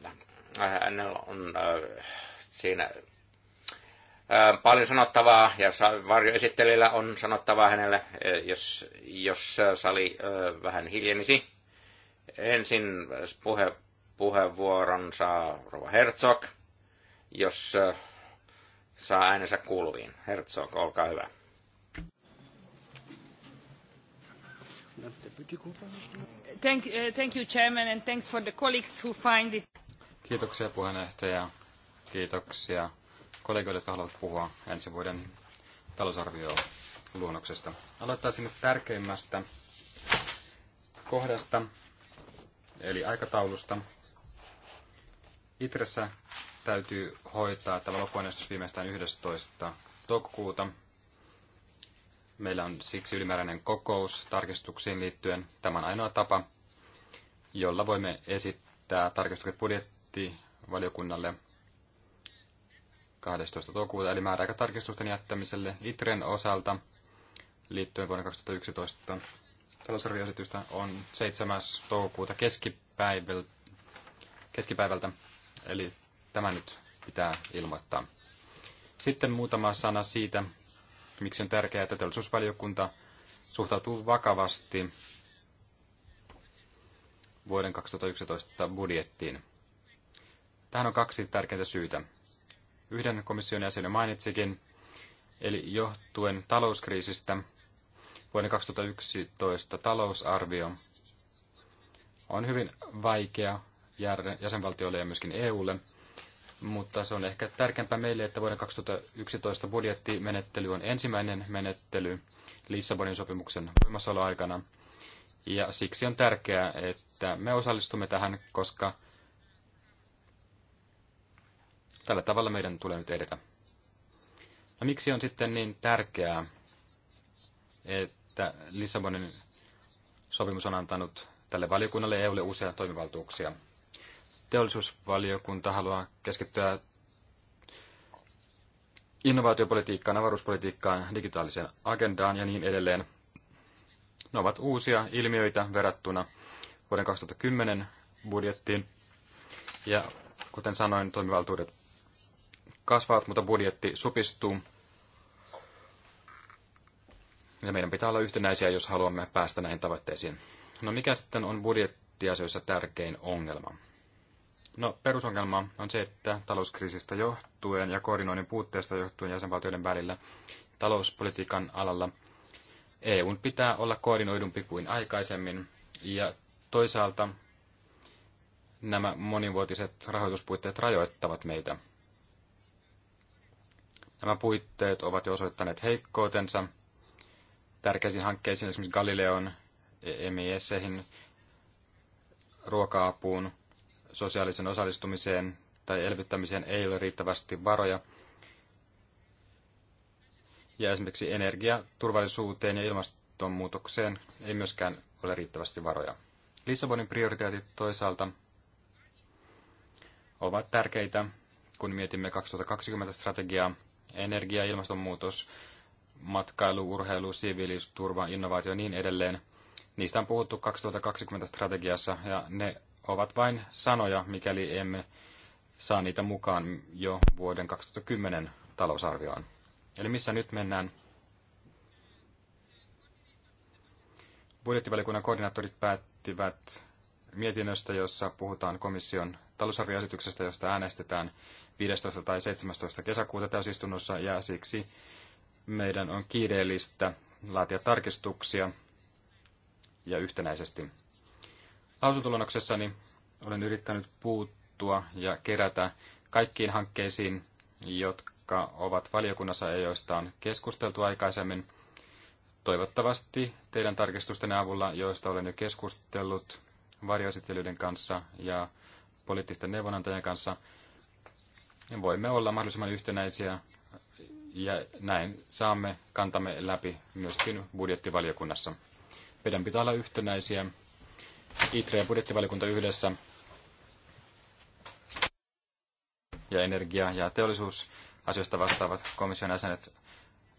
hänellä on äh, siinä paljon sanottavaa ja varjoesittelijällä on sanottavaa hänelle, jos, jos sali vähän hiljenisi. Ensin puhe, puheenvuoron saa Rova Herzog, jos saa äänensä kuuluviin. Herzog, olkaa hyvä. Thank, uh, thank you, Chairman, and thanks for the colleagues who find it. Kiitoksia puheenjohtaja. Kiitoksia kollegoille, jotka haluavat puhua ensi vuoden talousarvioluonnoksesta. Aloittaisin nyt tärkeimmästä kohdasta, eli aikataulusta. Itressä täytyy hoitaa tämä loppuaineistus viimeistään 11. toukokuuta. Meillä on siksi ylimääräinen kokous tarkistuksiin liittyen. Tämä on ainoa tapa, jolla voimme esittää tarkistukset budjettivaliokunnalle 12. toukokuuta, eli määräaikatarkistusten jättämiselle ITREN osalta liittyen vuonna 2011 talousarvioesitystä on 7. toukokuuta keskipäivältä, keskipäivältä, eli tämä nyt pitää ilmoittaa. Sitten muutama sana siitä, miksi on tärkeää, että teollisuusvaliokunta suhtautuu vakavasti vuoden 2011 budjettiin. Tähän on kaksi tärkeintä syytä yhden komission jäsenen mainitsikin, eli johtuen talouskriisistä vuoden 2011 talousarvio on hyvin vaikea jäsenvaltioille ja myöskin EUlle, mutta se on ehkä tärkeämpää meille, että vuoden 2011 budjettimenettely on ensimmäinen menettely Lissabonin sopimuksen voimassaoloaikana. Ja siksi on tärkeää, että me osallistumme tähän, koska Tällä tavalla meidän tulee nyt edetä. No miksi on sitten niin tärkeää, että Lissabonin sopimus on antanut tälle valiokunnalle ja EUlle uusia toimivaltuuksia? Teollisuusvaliokunta haluaa keskittyä innovaatiopolitiikkaan, avaruuspolitiikkaan, digitaaliseen agendaan ja niin edelleen. Ne ovat uusia ilmiöitä verrattuna vuoden 2010 budjettiin. Ja kuten sanoin, toimivaltuudet kasvavat, mutta budjetti supistuu. Ja meidän pitää olla yhtenäisiä, jos haluamme päästä näihin tavoitteisiin. No mikä sitten on budjettiasioissa tärkein ongelma? No perusongelma on se, että talouskriisistä johtuen ja koordinoinnin puutteesta johtuen jäsenvaltioiden välillä talouspolitiikan alalla EUn pitää olla koordinoidumpi kuin aikaisemmin ja toisaalta nämä monivuotiset rahoituspuitteet rajoittavat meitä. Nämä puitteet ovat jo osoittaneet heikkoutensa. Tärkeisiin hankkeisiin, esimerkiksi Galileon, EMISEihin, ruoka-apuun, sosiaalisen osallistumiseen tai elvyttämiseen ei ole riittävästi varoja. Ja esimerkiksi energiaturvallisuuteen ja ilmastonmuutokseen ei myöskään ole riittävästi varoja. Lissabonin prioriteetit toisaalta ovat tärkeitä, kun mietimme 2020 strategiaa energia, ilmastonmuutos, matkailu, urheilu, siviiliturva, innovaatio ja niin edelleen. Niistä on puhuttu 2020 strategiassa ja ne ovat vain sanoja, mikäli emme saa niitä mukaan jo vuoden 2010 talousarvioon. Eli missä nyt mennään? Budjettivaliokunnan koordinaattorit päättivät mietinnöstä, jossa puhutaan komission talousarvioesityksestä, josta äänestetään 15. tai 17. kesäkuuta täysistunnossa, ja siksi meidän on kiireellistä laatia tarkistuksia ja yhtenäisesti. Lausuntolonnoksessani olen yrittänyt puuttua ja kerätä kaikkiin hankkeisiin, jotka ovat valiokunnassa ja joista on keskusteltu aikaisemmin. Toivottavasti teidän tarkistusten avulla, joista olen jo keskustellut varjoesittelyiden kanssa ja poliittisten neuvonantajien kanssa niin voimme olla mahdollisimman yhtenäisiä ja näin saamme kantamme läpi myöskin budjettivaliokunnassa. Meidän pitää olla yhtenäisiä. ITRE ja budjettivaliokunta yhdessä ja energia- ja teollisuusasioista vastaavat komission jäsenet.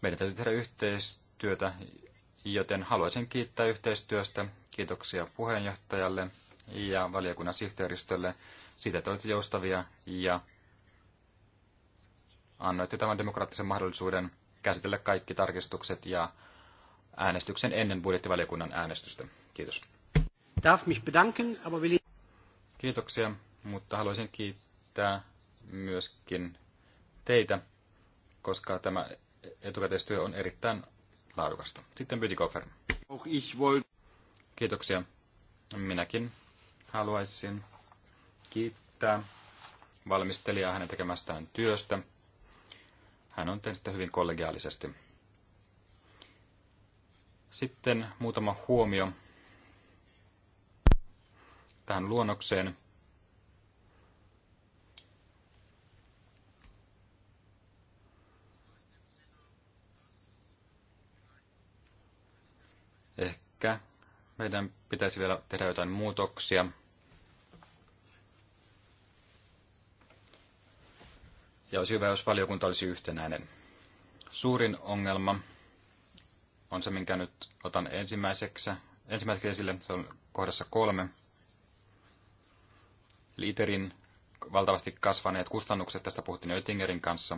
Meidän täytyy tehdä yhteistyötä, joten haluaisin kiittää yhteistyöstä. Kiitoksia puheenjohtajalle ja valiokunnan sihteeristölle siitä, te olette joustavia ja annoitte tämän demokraattisen mahdollisuuden käsitellä kaikki tarkistukset ja äänestyksen ennen budjettivaliokunnan äänestystä. Kiitos. Darf mich bedanken, aber will... Kiitoksia, mutta haluaisin kiittää myöskin teitä, koska tämä etukäteistyö on erittäin laadukasta. Sitten Bytikofer. Kiitoksia. Minäkin haluaisin kiittää valmistelijaa hänen tekemästään työstä. Hän on tehnyt sitä hyvin kollegiaalisesti. Sitten muutama huomio tähän luonnokseen. Ehkä meidän pitäisi vielä tehdä jotain muutoksia Ja olisi hyvä, jos valiokunta olisi yhtenäinen. Suurin ongelma on se, minkä nyt otan ensimmäiseksi, ensimmäiseksi esille. Se on kohdassa kolme. Eli ITERin valtavasti kasvaneet kustannukset, tästä puhuttiin Oettingerin kanssa.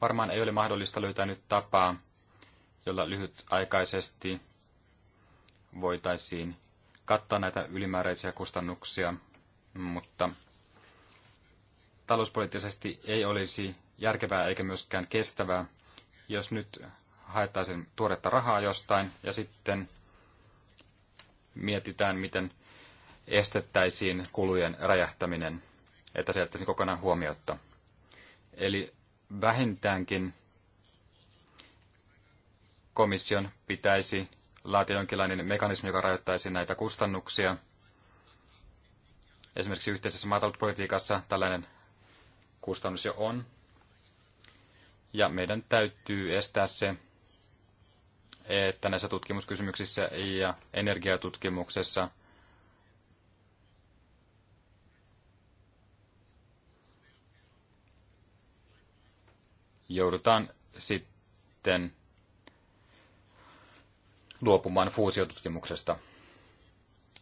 Varmaan ei ole mahdollista löytää nyt tapaa, jolla lyhytaikaisesti voitaisiin kattaa näitä ylimääräisiä kustannuksia, mutta talouspoliittisesti ei olisi järkevää eikä myöskään kestävää, jos nyt haettaisiin tuoretta rahaa jostain ja sitten mietitään, miten estettäisiin kulujen räjähtäminen, että se jättäisiin kokonaan huomiotta. Eli vähintäänkin komission pitäisi laatia jonkinlainen mekanismi, joka rajoittaisi näitä kustannuksia. Esimerkiksi yhteisessä maatalouspolitiikassa tällainen kustannus jo on. Ja meidän täytyy estää se, että näissä tutkimuskysymyksissä ja energiatutkimuksessa joudutaan sitten luopumaan fuusiotutkimuksesta.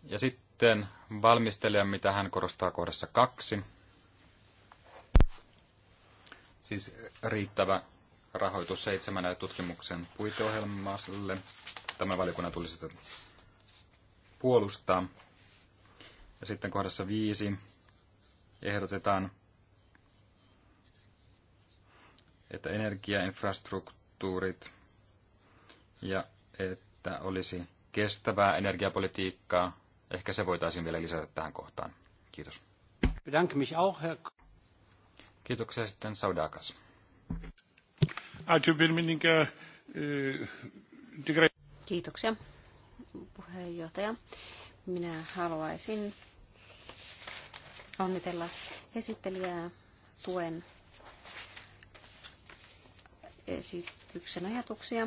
Ja sitten valmistelija, mitä hän korostaa kohdassa kaksi, siis riittävä rahoitus seitsemän tutkimuksen puiteohjelmalle. Tämä valiokunnan tulisi sitä puolustaa. Ja sitten kohdassa viisi ehdotetaan, että energiainfrastruktuurit ja että että olisi kestävää energiapolitiikkaa. Ehkä se voitaisiin vielä lisätä tähän kohtaan. Kiitos. Bedanke mich auch, Herr... Kiitoksia sitten Saudakas. E, Kiitoksia puheenjohtaja. Minä haluaisin onnitella esittelijää tuen esityksen ajatuksia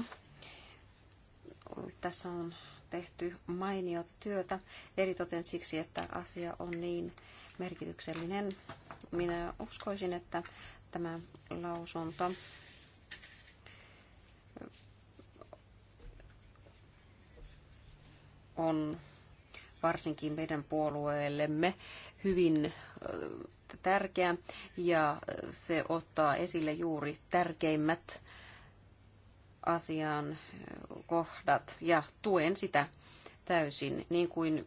tässä on tehty mainiota työtä, eritoten siksi, että asia on niin merkityksellinen. Minä uskoisin, että tämä lausunto on varsinkin meidän puolueellemme hyvin tärkeä ja se ottaa esille juuri tärkeimmät asian kohdat ja tuen sitä täysin, niin kuin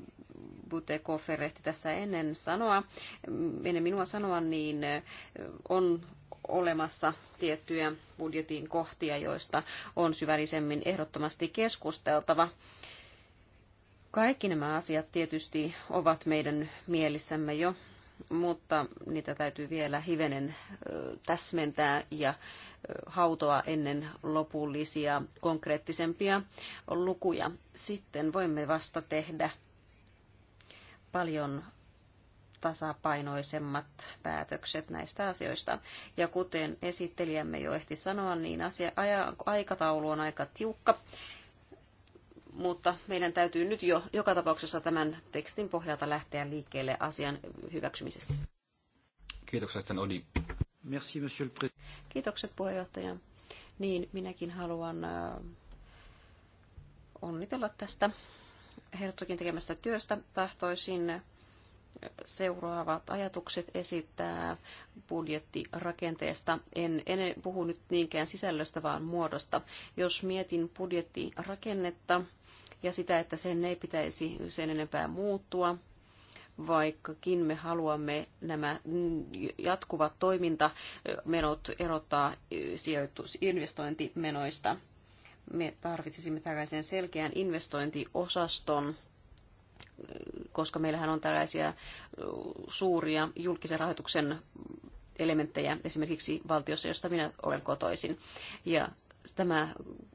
Buteko Ferrehti tässä ennen sanoa, ennen minua sanoa, niin on olemassa tiettyjä budjetin kohtia, joista on syvällisemmin ehdottomasti keskusteltava. Kaikki nämä asiat tietysti ovat meidän mielissämme jo mutta niitä täytyy vielä hivenen täsmentää ja hautoa ennen lopullisia konkreettisempia lukuja. Sitten voimme vasta tehdä paljon tasapainoisemmat päätökset näistä asioista. Ja kuten esittelijämme jo ehti sanoa, niin asia, aikataulu on aika tiukka mutta meidän täytyy nyt jo joka tapauksessa tämän tekstin pohjalta lähteä liikkeelle asian hyväksymisessä. Kiitoksia sitten Odi. Merci, monsieur le Kiitokset puheenjohtaja. Niin, minäkin haluan äh, onnitella tästä Herzogin tekemästä työstä. Tahtoisin äh, seuraavat ajatukset esittää budjettirakenteesta. En, en puhu nyt niinkään sisällöstä, vaan muodosta. Jos mietin budjettirakennetta, ja sitä, että sen ei pitäisi sen enempää muuttua, vaikkakin me haluamme nämä jatkuvat toimintamenot erottaa sijoitusinvestointimenoista. Me tarvitsisimme tällaisen selkeän investointiosaston, koska meillähän on tällaisia suuria julkisen rahoituksen elementtejä esimerkiksi valtiossa, josta minä olen kotoisin. Ja tämä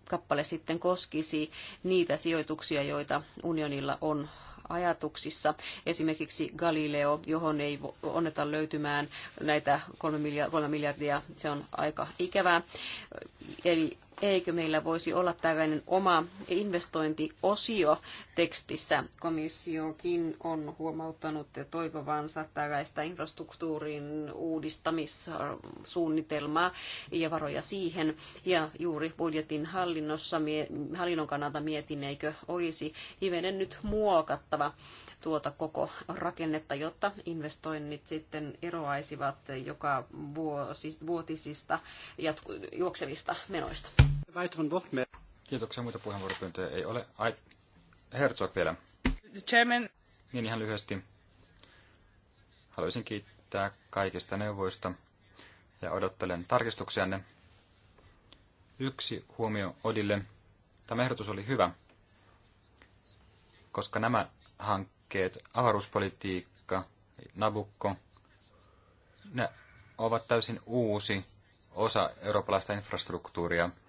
kappale sitten koskisi niitä sijoituksia, joita unionilla on ajatuksissa. Esimerkiksi Galileo, johon ei onneta löytymään näitä kolme miljardia, miljardia se on aika ikävää. Eli Eikö meillä voisi olla tällainen oma investointiosio tekstissä? Komissiokin on huomauttanut toivovansa tällaista infrastruktuurin uudistamissuunnitelmaa ja varoja siihen. Ja juuri budjetin hallinnossa, hallinnon kannalta mietin, eikö olisi hivenen nyt muokattava tuota koko rakennetta, jotta investoinnit sitten eroaisivat joka vuosi, vuotisista jatku, juoksevista menoista weiteren Wortmeldungen. Kiitoksia, muita puheenvuoropyyntöjä ei ole. Ai, Herzog vielä. The chairman. Niin ihan lyhyesti. Haluaisin kiittää kaikista neuvoista ja odottelen tarkistuksianne. Yksi huomio Odille. Tämä ehdotus oli hyvä, koska nämä hankkeet, avaruuspolitiikka, Nabukko, ne ovat täysin uusi osa eurooppalaista infrastruktuuria –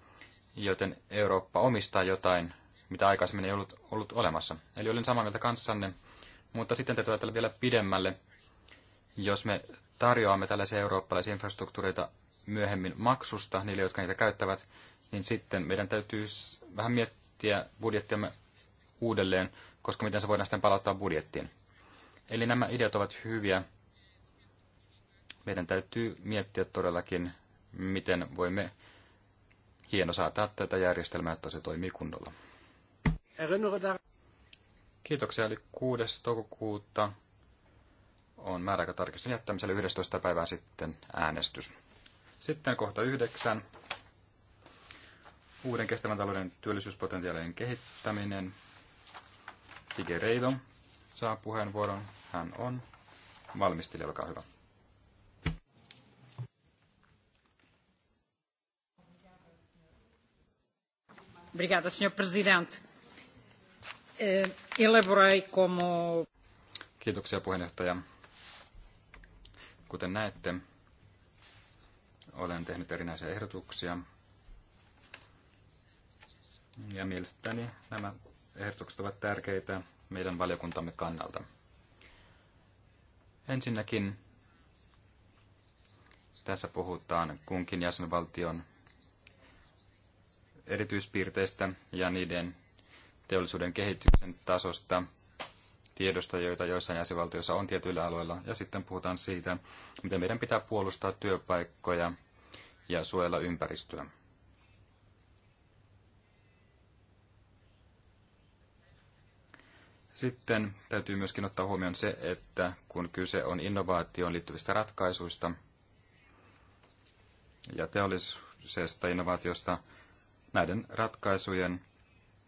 joten Eurooppa omistaa jotain, mitä aikaisemmin ei ollut, ollut olemassa. Eli olen samaa mieltä kanssanne, mutta sitten täytyy ajatella vielä pidemmälle. Jos me tarjoamme tällaisia eurooppalaisia infrastruktuureita myöhemmin maksusta niille, jotka niitä käyttävät, niin sitten meidän täytyy vähän miettiä budjettiamme uudelleen, koska miten se voidaan sitten palauttaa budjettiin. Eli nämä ideat ovat hyviä. Meidän täytyy miettiä todellakin, miten voimme hieno säätää tätä järjestelmää, että se toimii kunnolla. Kiitoksia, eli 6. toukokuuta on määräaikatarkistuksen jättämiselle 11. päivää sitten äänestys. Sitten kohta 9. Uuden kestävän talouden työllisyyspotentiaalien kehittäminen. Figueiredo saa puheenvuoron. Hän on valmistelija, olkaa hyvä. arvoisa eh, puhemies Kuten näette, olen tehnyt erinäisiä ehdotuksia. Ja mielestäni nämä ehdotukset ovat tärkeitä meidän valiokuntamme kannalta. Ensinnäkin tässä puhutaan kunkin jäsenvaltion erityispiirteistä ja niiden teollisuuden kehityksen tasosta, tiedosta, joita joissain jäsenvaltioissa on tietyillä alueilla, ja sitten puhutaan siitä, miten meidän pitää puolustaa työpaikkoja ja suojella ympäristöä. Sitten täytyy myöskin ottaa huomioon se, että kun kyse on innovaatioon liittyvistä ratkaisuista ja teollisesta innovaatiosta, Näiden ratkaisujen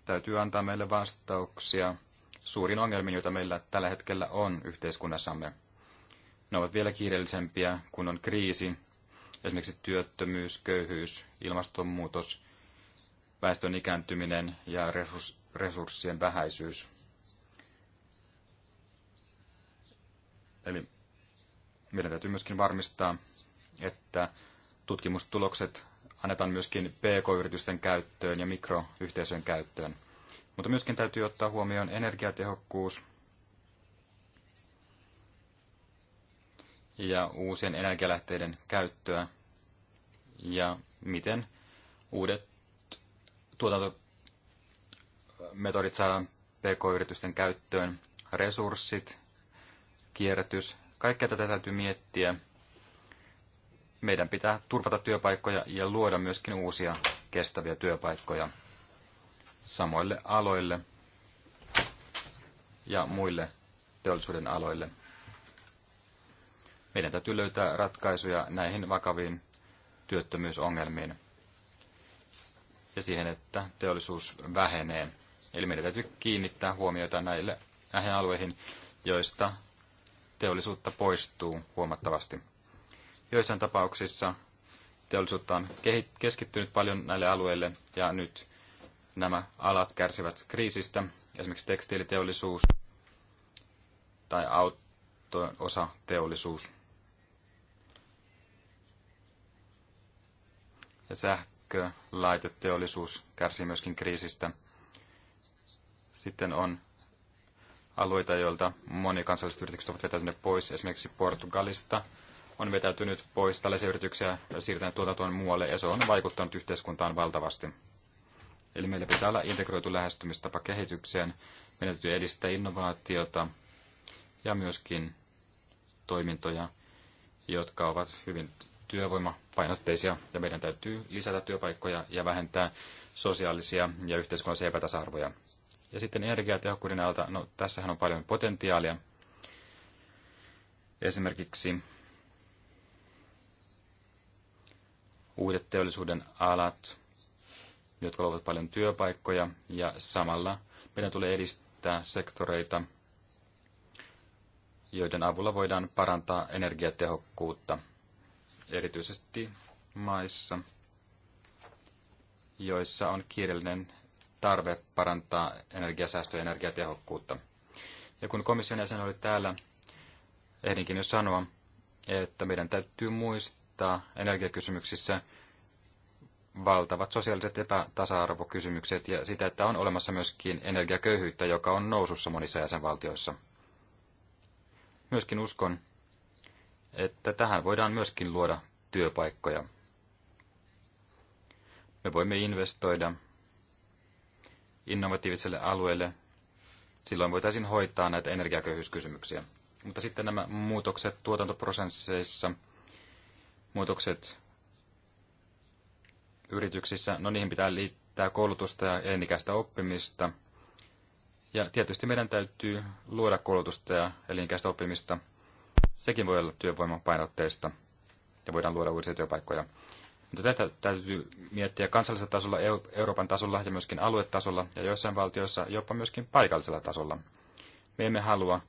täytyy antaa meille vastauksia suurin ongelmiin, joita meillä tällä hetkellä on yhteiskunnassamme. Ne ovat vielä kiireellisempiä, kun on kriisi, esimerkiksi työttömyys, köyhyys, ilmastonmuutos, väestön ikääntyminen ja resurssien vähäisyys. Eli meidän täytyy myöskin varmistaa, että tutkimustulokset annetaan myöskin PK-yritysten käyttöön ja mikroyhteisön käyttöön. Mutta myöskin täytyy ottaa huomioon energiatehokkuus ja uusien energialähteiden käyttöä ja miten uudet tuotantometodit saadaan PK-yritysten käyttöön, resurssit, kierrätys, kaikkea tätä täytyy miettiä meidän pitää turvata työpaikkoja ja luoda myöskin uusia kestäviä työpaikkoja samoille aloille ja muille teollisuuden aloille. Meidän täytyy löytää ratkaisuja näihin vakaviin työttömyysongelmiin ja siihen, että teollisuus vähenee. Eli meidän täytyy kiinnittää huomiota näille, näihin alueihin, joista teollisuutta poistuu huomattavasti. Joissain tapauksissa teollisuutta on keskittynyt paljon näille alueille ja nyt nämä alat kärsivät kriisistä, esimerkiksi tekstiiliteollisuus tai osa teollisuus Ja sähkölaiteteollisuus kärsii myöskin kriisistä. Sitten on alueita, joilta monikansalliset yritykset ovat vetäytyneet pois, esimerkiksi Portugalista – on vetäytynyt pois tällaisia yrityksiä ja siirtänyt tuotantoon muualle, ja se on vaikuttanut yhteiskuntaan valtavasti. Eli meillä pitää olla integroitu lähestymistapa kehitykseen, meidän täytyy edistää innovaatiota ja myöskin toimintoja, jotka ovat hyvin työvoimapainotteisia, ja meidän täytyy lisätä työpaikkoja ja vähentää sosiaalisia ja yhteiskunnallisia epätasa-arvoja. Ja sitten energiatehokkuuden alta, no tässähän on paljon potentiaalia. Esimerkiksi uudet teollisuuden alat, jotka luovat paljon työpaikkoja, ja samalla meidän tulee edistää sektoreita, joiden avulla voidaan parantaa energiatehokkuutta, erityisesti maissa, joissa on kiireellinen tarve parantaa energiasäästöä ja energiatehokkuutta. Ja kun komission jäsen oli täällä, ehdinkin jo sanoa, että meidän täytyy muistaa, kohtaa energiakysymyksissä valtavat sosiaaliset epätasa-arvokysymykset ja sitä, että on olemassa myöskin energiaköyhyyttä, joka on nousussa monissa jäsenvaltioissa. Myöskin uskon, että tähän voidaan myöskin luoda työpaikkoja. Me voimme investoida innovatiiviselle alueelle. Silloin voitaisiin hoitaa näitä energiaköyhyyskysymyksiä. Mutta sitten nämä muutokset tuotantoprosesseissa – muutokset yrityksissä, no niihin pitää liittää koulutusta ja elinikäistä oppimista. Ja tietysti meidän täytyy luoda koulutusta ja elinikäistä oppimista. Sekin voi olla työvoiman painotteista ja voidaan luoda uusia työpaikkoja. Mutta tätä täytyy miettiä kansallisella tasolla, Euroopan tasolla ja myöskin aluetasolla ja joissain valtioissa jopa myöskin paikallisella tasolla. Me emme halua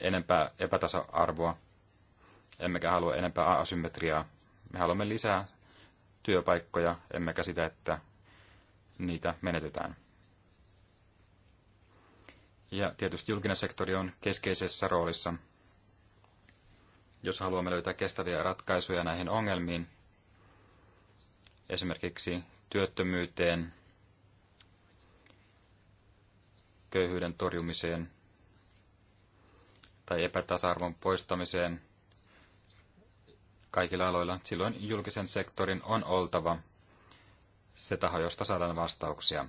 enempää epätasa-arvoa emmekä halua enempää asymmetriaa. Me haluamme lisää työpaikkoja, emmekä sitä, että niitä menetetään. Ja tietysti julkinen sektori on keskeisessä roolissa. Jos haluamme löytää kestäviä ratkaisuja näihin ongelmiin, esimerkiksi työttömyyteen, köyhyyden torjumiseen tai epätasa-arvon poistamiseen – kaikilla aloilla, silloin julkisen sektorin on oltava se taho, josta saadaan vastauksia.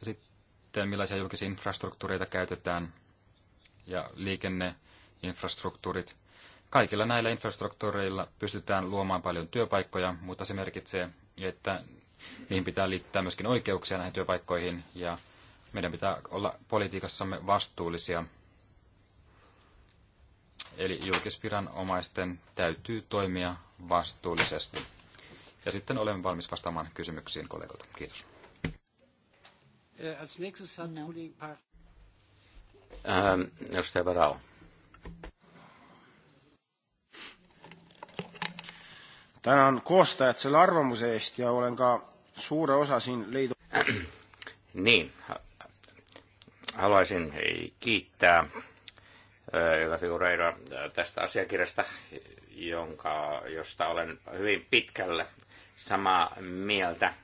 Ja sitten millaisia julkisia infrastruktuureita käytetään ja liikenneinfrastruktuurit. Kaikilla näillä infrastruktuureilla pystytään luomaan paljon työpaikkoja, mutta se merkitsee, että niihin pitää liittää myöskin oikeuksia näihin työpaikkoihin ja meidän pitää olla politiikassamme vastuullisia Eli julkisviranomaisten täytyy toimia vastuullisesti. Ja sitten olen valmis vastaamaan kysymyksiin kollegoilta. Kiitos. Als nächstes Tänään koostajat selle arvamuse eest ja olen ka suure osa siin leidu... niin, haluaisin kiittää Äh, joka figureidua äh, tästä asiakirjasta, jonka, josta olen hyvin pitkälle samaa mieltä.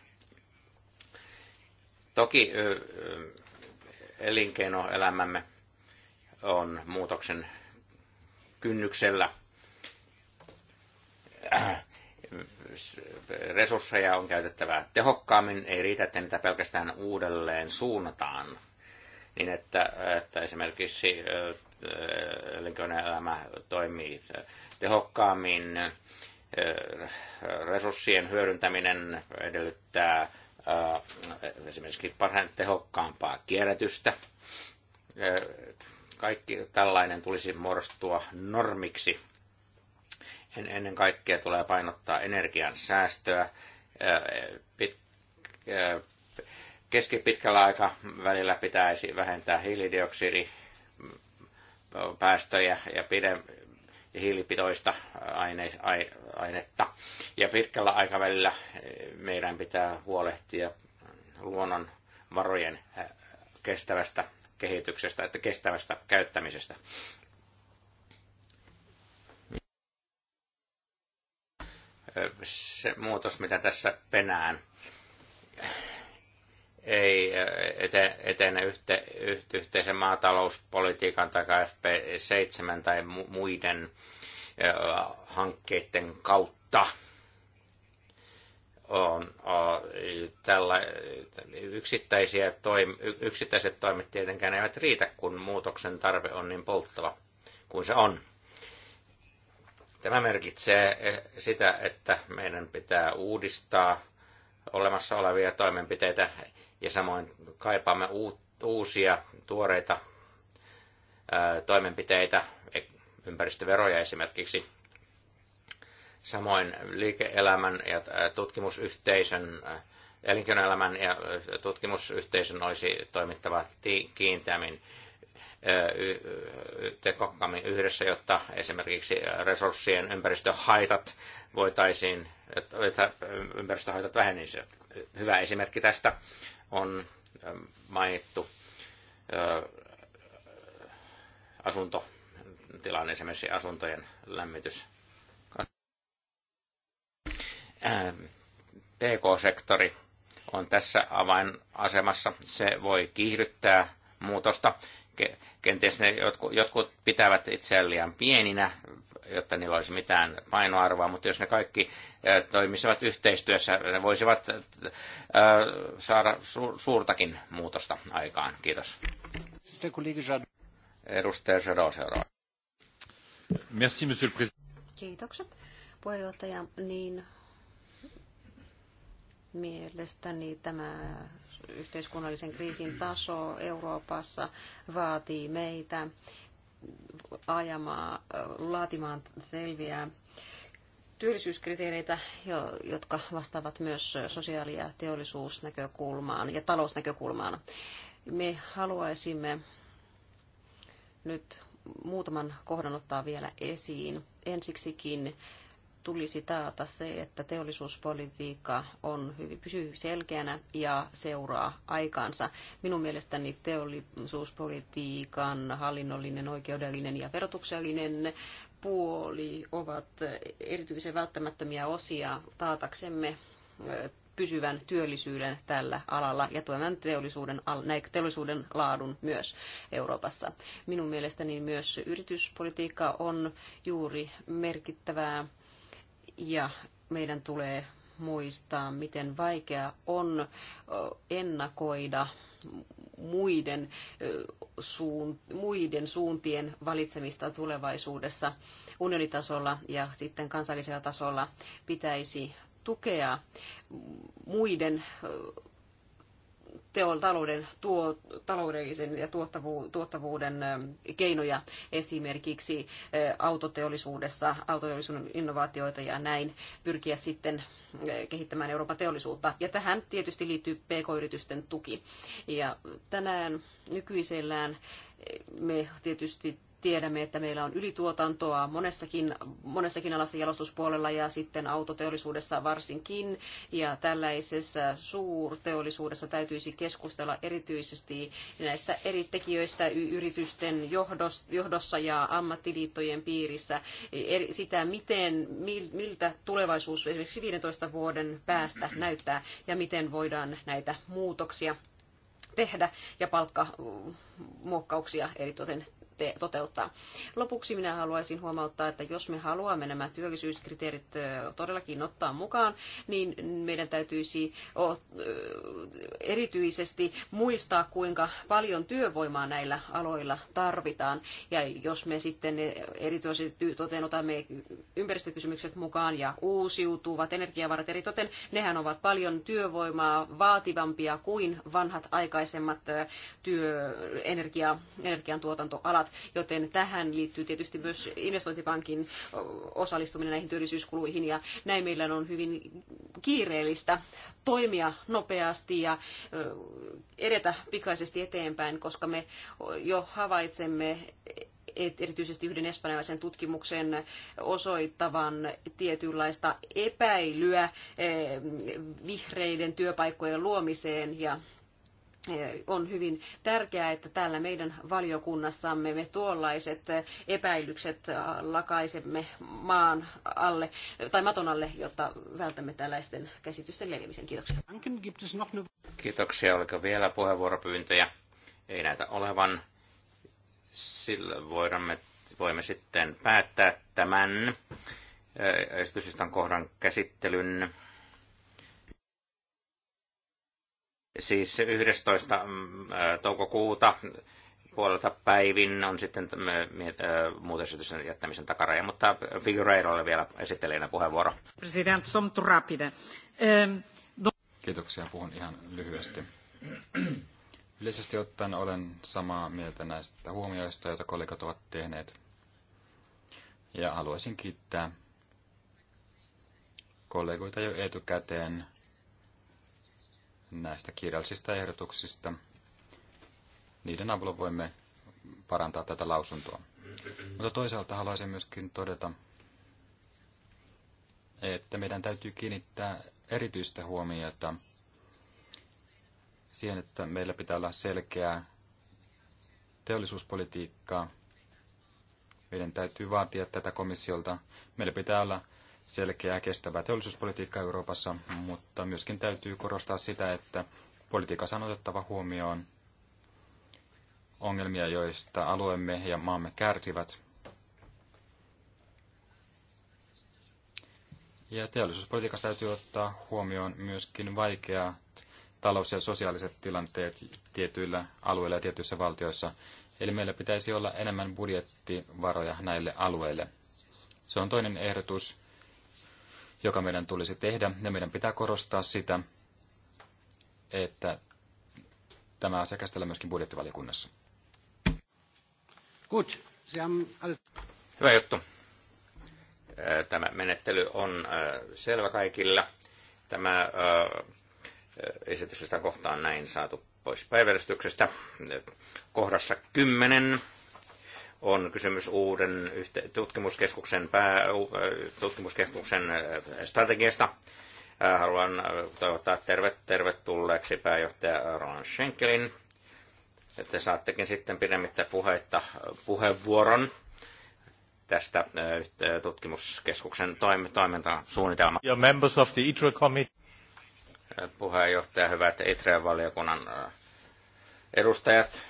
Toki elinkeinoelämämme on muutoksen kynnyksellä. Äh, resursseja on käytettävä tehokkaammin, ei riitä, että niitä pelkästään uudelleen suunnataan. Niin että, että esimerkiksi elinkeinoelämä toimii tehokkaammin. Resurssien hyödyntäminen edellyttää esimerkiksi parhain tehokkaampaa kierrätystä. Kaikki tällainen tulisi muodostua normiksi. Ennen kaikkea tulee painottaa energian säästöä. Keskipitkällä aikavälillä pitäisi vähentää hiilidioksidi päästöjä ja pide, hiilipitoista aine, ainetta. Ja pitkällä aikavälillä eh, meidän pitää huolehtia luonnon varojen eh, kestävästä kehityksestä, että kestävästä käyttämisestä. Eh, se muutos, mitä tässä penään, ei äh, etene yhte, yhteisen maatalouspolitiikan tai FP7 tai muiden äh, hankkeiden kautta. On, on, äh, tällä, yksittäisiä toim, yksittäiset toimet tietenkään eivät riitä, kun muutoksen tarve on niin polttava kuin se on. Tämä merkitsee eh, sitä, että meidän pitää uudistaa olemassa olevia toimenpiteitä ja samoin kaipaamme uusia tuoreita toimenpiteitä, e, ympäristöveroja esimerkiksi. Samoin liike-elämän ja tutkimusyhteisön, elinkeinoelämän ja tutkimusyhteisön olisi toimittava kiinteämmin tekokkaammin yhdessä, jotta esimerkiksi resurssien ympäristöhaitat voitaisiin, että ympäristöhaitat vähenisivät. Hyvä esimerkki tästä on mainittu asuntotilanne, esimerkiksi asuntojen lämmitys. PK-sektori on tässä avainasemassa. Se voi kiihdyttää muutosta kenties ne jotkut, jotkut pitävät itseään liian pieninä, jotta niillä olisi mitään painoarvoa, mutta jos ne kaikki toimisivat yhteistyössä, ne voisivat saada suurtakin muutosta aikaan. Kiitos. Edustaja Jadot seuraava. Merci, monsieur le Kiitokset puheenjohtaja. Niin Mielestäni tämä yhteiskunnallisen kriisin taso Euroopassa vaatii meitä ajamaan, laatimaan selviä työllisyyskriteereitä, jotka vastaavat myös sosiaali- ja teollisuusnäkökulmaan ja talousnäkökulmaan. Me haluaisimme nyt muutaman kohdan ottaa vielä esiin. Ensiksikin tulisi taata se, että teollisuuspolitiikka on hyvin pysyy selkeänä ja seuraa aikaansa. Minun mielestäni teollisuuspolitiikan hallinnollinen, oikeudellinen ja verotuksellinen puoli ovat erityisen välttämättömiä osia taataksemme pysyvän työllisyyden tällä alalla ja tuemaan teollisuuden, teollisuuden laadun myös Euroopassa. Minun mielestäni myös yrityspolitiikka on juuri merkittävää ja meidän tulee muistaa, miten vaikea on ennakoida muiden, suun, muiden suuntien valitsemista tulevaisuudessa unionitasolla ja sitten kansallisella tasolla pitäisi tukea muiden teon talouden, tuo, taloudellisen ja tuottavu, tuottavuuden keinoja esimerkiksi autoteollisuudessa, autoteollisuuden innovaatioita ja näin pyrkiä sitten kehittämään Euroopan teollisuutta. Ja tähän tietysti liittyy PK-yritysten tuki. Ja tänään nykyisellään me tietysti tiedämme, että meillä on ylituotantoa monessakin, monessakin alassa jalostuspuolella ja sitten autoteollisuudessa varsinkin. Ja tällaisessa suurteollisuudessa täytyisi keskustella erityisesti näistä eri tekijöistä yritysten johdossa ja ammattiliittojen piirissä sitä, miten, miltä tulevaisuus esimerkiksi 15 vuoden päästä näyttää ja miten voidaan näitä muutoksia tehdä ja palkkamuokkauksia eritoten toteuttaa. Lopuksi minä haluaisin huomauttaa, että jos me haluamme nämä työllisyyskriteerit todellakin ottaa mukaan, niin meidän täytyisi erityisesti muistaa, kuinka paljon työvoimaa näillä aloilla tarvitaan. Ja jos me sitten erityisesti toteen otamme ympäristökysymykset mukaan ja uusiutuvat energiavarat eri toten, nehän ovat paljon työvoimaa vaativampia kuin vanhat aikaisemmat työ, energia, energiantuotantoalat ovat, joten tähän liittyy tietysti myös investointipankin osallistuminen näihin työllisyyskuluihin ja näin meillä on hyvin kiireellistä toimia nopeasti ja edetä pikaisesti eteenpäin, koska me jo havaitsemme erityisesti yhden espanjalaisen tutkimuksen osoittavan tietynlaista epäilyä vihreiden työpaikkojen luomiseen ja on hyvin tärkeää, että täällä meidän valiokunnassamme me tuollaiset epäilykset lakaisemme maan alle tai maton alle, jotta vältämme tällaisten käsitysten leviämisen. Kiitoksia. Kiitoksia. Oliko vielä puheenvuoropyyntöjä? Ei näitä olevan. Sillä voimme, voimme sitten päättää tämän esitysistan kohdan käsittelyn. Siis 11. Mm, toukokuuta puolelta päivin on sitten muutosesityksen jättämisen takaraja, mutta Figureidolle vielä esittelijänä puheenvuoro. President, som tu rapide. Kiitoksia, puhun ihan lyhyesti. Yleisesti ottaen olen samaa mieltä näistä huomioista, joita kollegat ovat tehneet. Ja haluaisin kiittää kollegoita jo etukäteen näistä kirjallisista ehdotuksista. Niiden avulla voimme parantaa tätä lausuntoa. Mutta toisaalta haluaisin myöskin todeta, että meidän täytyy kiinnittää erityistä huomiota siihen, että meillä pitää olla selkeää teollisuuspolitiikkaa. Meidän täytyy vaatia tätä komissiolta. Meillä pitää olla selkeää kestävää teollisuuspolitiikkaa Euroopassa, mutta myöskin täytyy korostaa sitä, että politiikassa on otettava huomioon ongelmia, joista alueemme ja maamme kärsivät. Ja teollisuuspolitiikassa täytyy ottaa huomioon myöskin vaikeat talous- ja sosiaaliset tilanteet tietyillä alueilla ja tietyissä valtioissa. Eli meillä pitäisi olla enemmän budjettivaroja näille alueille. Se on toinen ehdotus, joka meidän tulisi tehdä, ja meidän pitää korostaa sitä, että tämä asia käsitellään myöskin budjettivaliokunnassa. Good. Hyvä juttu. Tämä menettely on selvä kaikilla. Tämä esityslistan kohtaan näin saatu pois päiväjärjestyksestä. Kohdassa 10 on kysymys uuden tutkimuskeskuksen, pää, tutkimuskeskuksen strategiasta. Haluan toivottaa tervet, tervetulleeksi pääjohtaja Ron Schenkelin. Te saattekin sitten pidemmittä puheitta puheenvuoron tästä tutkimuskeskuksen toimintasuunnitelma. Your members of the ITRE committee. Puheenjohtaja, hyvät ITRE-valiokunnan edustajat,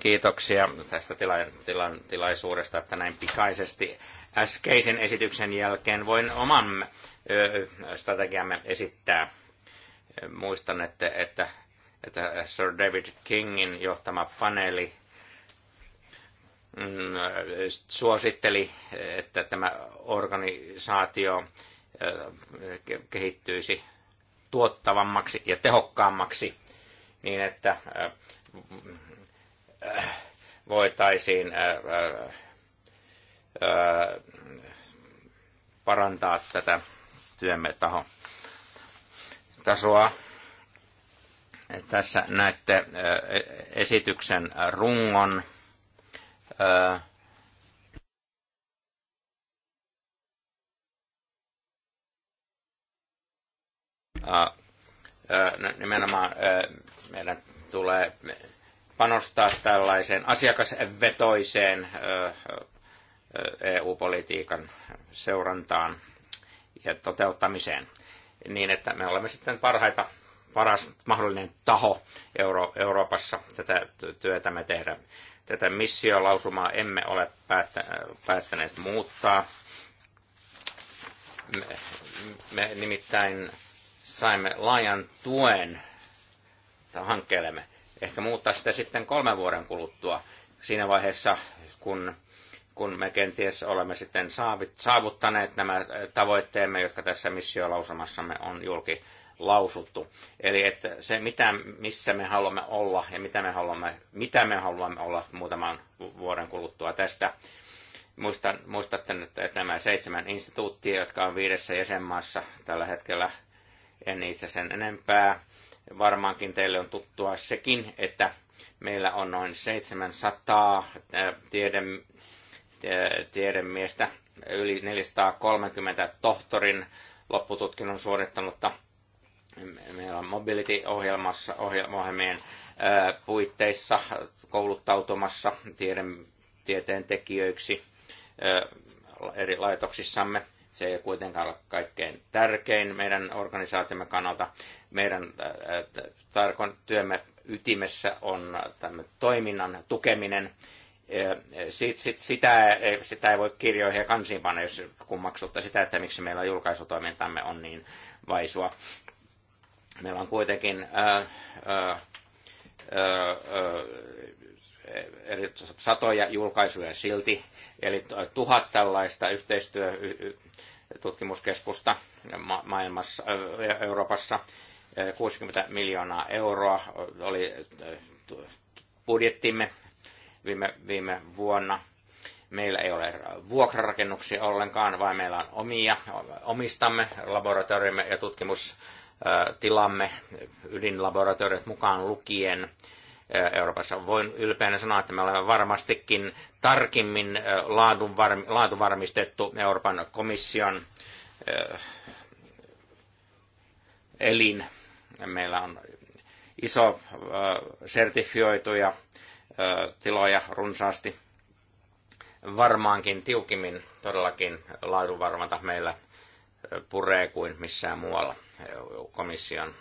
Kiitoksia tästä tila- tila- tilaisuudesta, että näin pikaisesti äskeisen esityksen jälkeen voin oman strategiamme esittää. Muistan, että, että, että Sir David Kingin johtama paneeli mm, suositteli, että tämä organisaatio kehittyisi tuottavammaksi ja tehokkaammaksi niin, että voitaisiin äh, äh, parantaa tätä työmme taho tasoa. Tässä näette äh, esityksen rungon. Nimenomaan meidän tulee panostaa tällaiseen asiakasvetoiseen EU-politiikan seurantaan ja toteuttamiseen niin, että me olemme sitten parhaita, paras mahdollinen taho Euro- Euroopassa tätä työtä me tehdä. Tätä missiolausumaa emme ole päättäneet muuttaa. Me, me nimittäin saimme laajan tuen hankkeellemme ehkä muuttaa sitä sitten kolmen vuoden kuluttua siinä vaiheessa, kun, kun me kenties olemme sitten saavuttaneet nämä tavoitteemme, jotka tässä missiolausumassamme on julki lausuttu. Eli että se, mitä, missä me haluamme olla ja mitä me haluamme, mitä me haluamme olla muutaman vuoden kuluttua tästä. Muistan, muistatte nyt, että nämä seitsemän instituuttia, jotka on viidessä jäsenmaassa tällä hetkellä, en itse sen enempää, Varmaankin teille on tuttua sekin, että meillä on noin 700 tiede, tiedemiestä, yli 430 tohtorin loppututkinnon suorittanutta. Meillä on mobility-ohjelmassa, ohjelmien puitteissa kouluttautumassa tieden, tieteen tekijöiksi eri laitoksissamme – se ei kuitenkaan ole kaikkein tärkein meidän organisaatiomme kannalta. Meidän äh, äh, tarkon työmme ytimessä on toiminnan tukeminen. Äh, sit, sit, sitä, sitä ei voi kirjoihin ja kansiin panna, jos kummaksutta sitä, että miksi meillä julkaisutoimintamme on niin vaisua. Meillä on kuitenkin ää, ää, ää, eri satoja julkaisuja silti, eli tuhat tällaista yhteistyötutkimuskeskusta maailmassa, Euroopassa, 60 miljoonaa euroa oli budjettimme viime, viime vuonna. Meillä ei ole vuokrarakennuksia ollenkaan, vaan meillä on omia, omistamme laboratoriomme ja tutkimustilamme, ydinlaboratoriot mukaan lukien Euroopassa. Voin ylpeänä sanoa, että me olemme varmastikin tarkimmin laatuvarmistettu Euroopan komission elin. Meillä on iso sertifioituja tiloja runsaasti. Varmaankin tiukimmin todellakin laadunvarmata meillä puree kuin missään muualla komission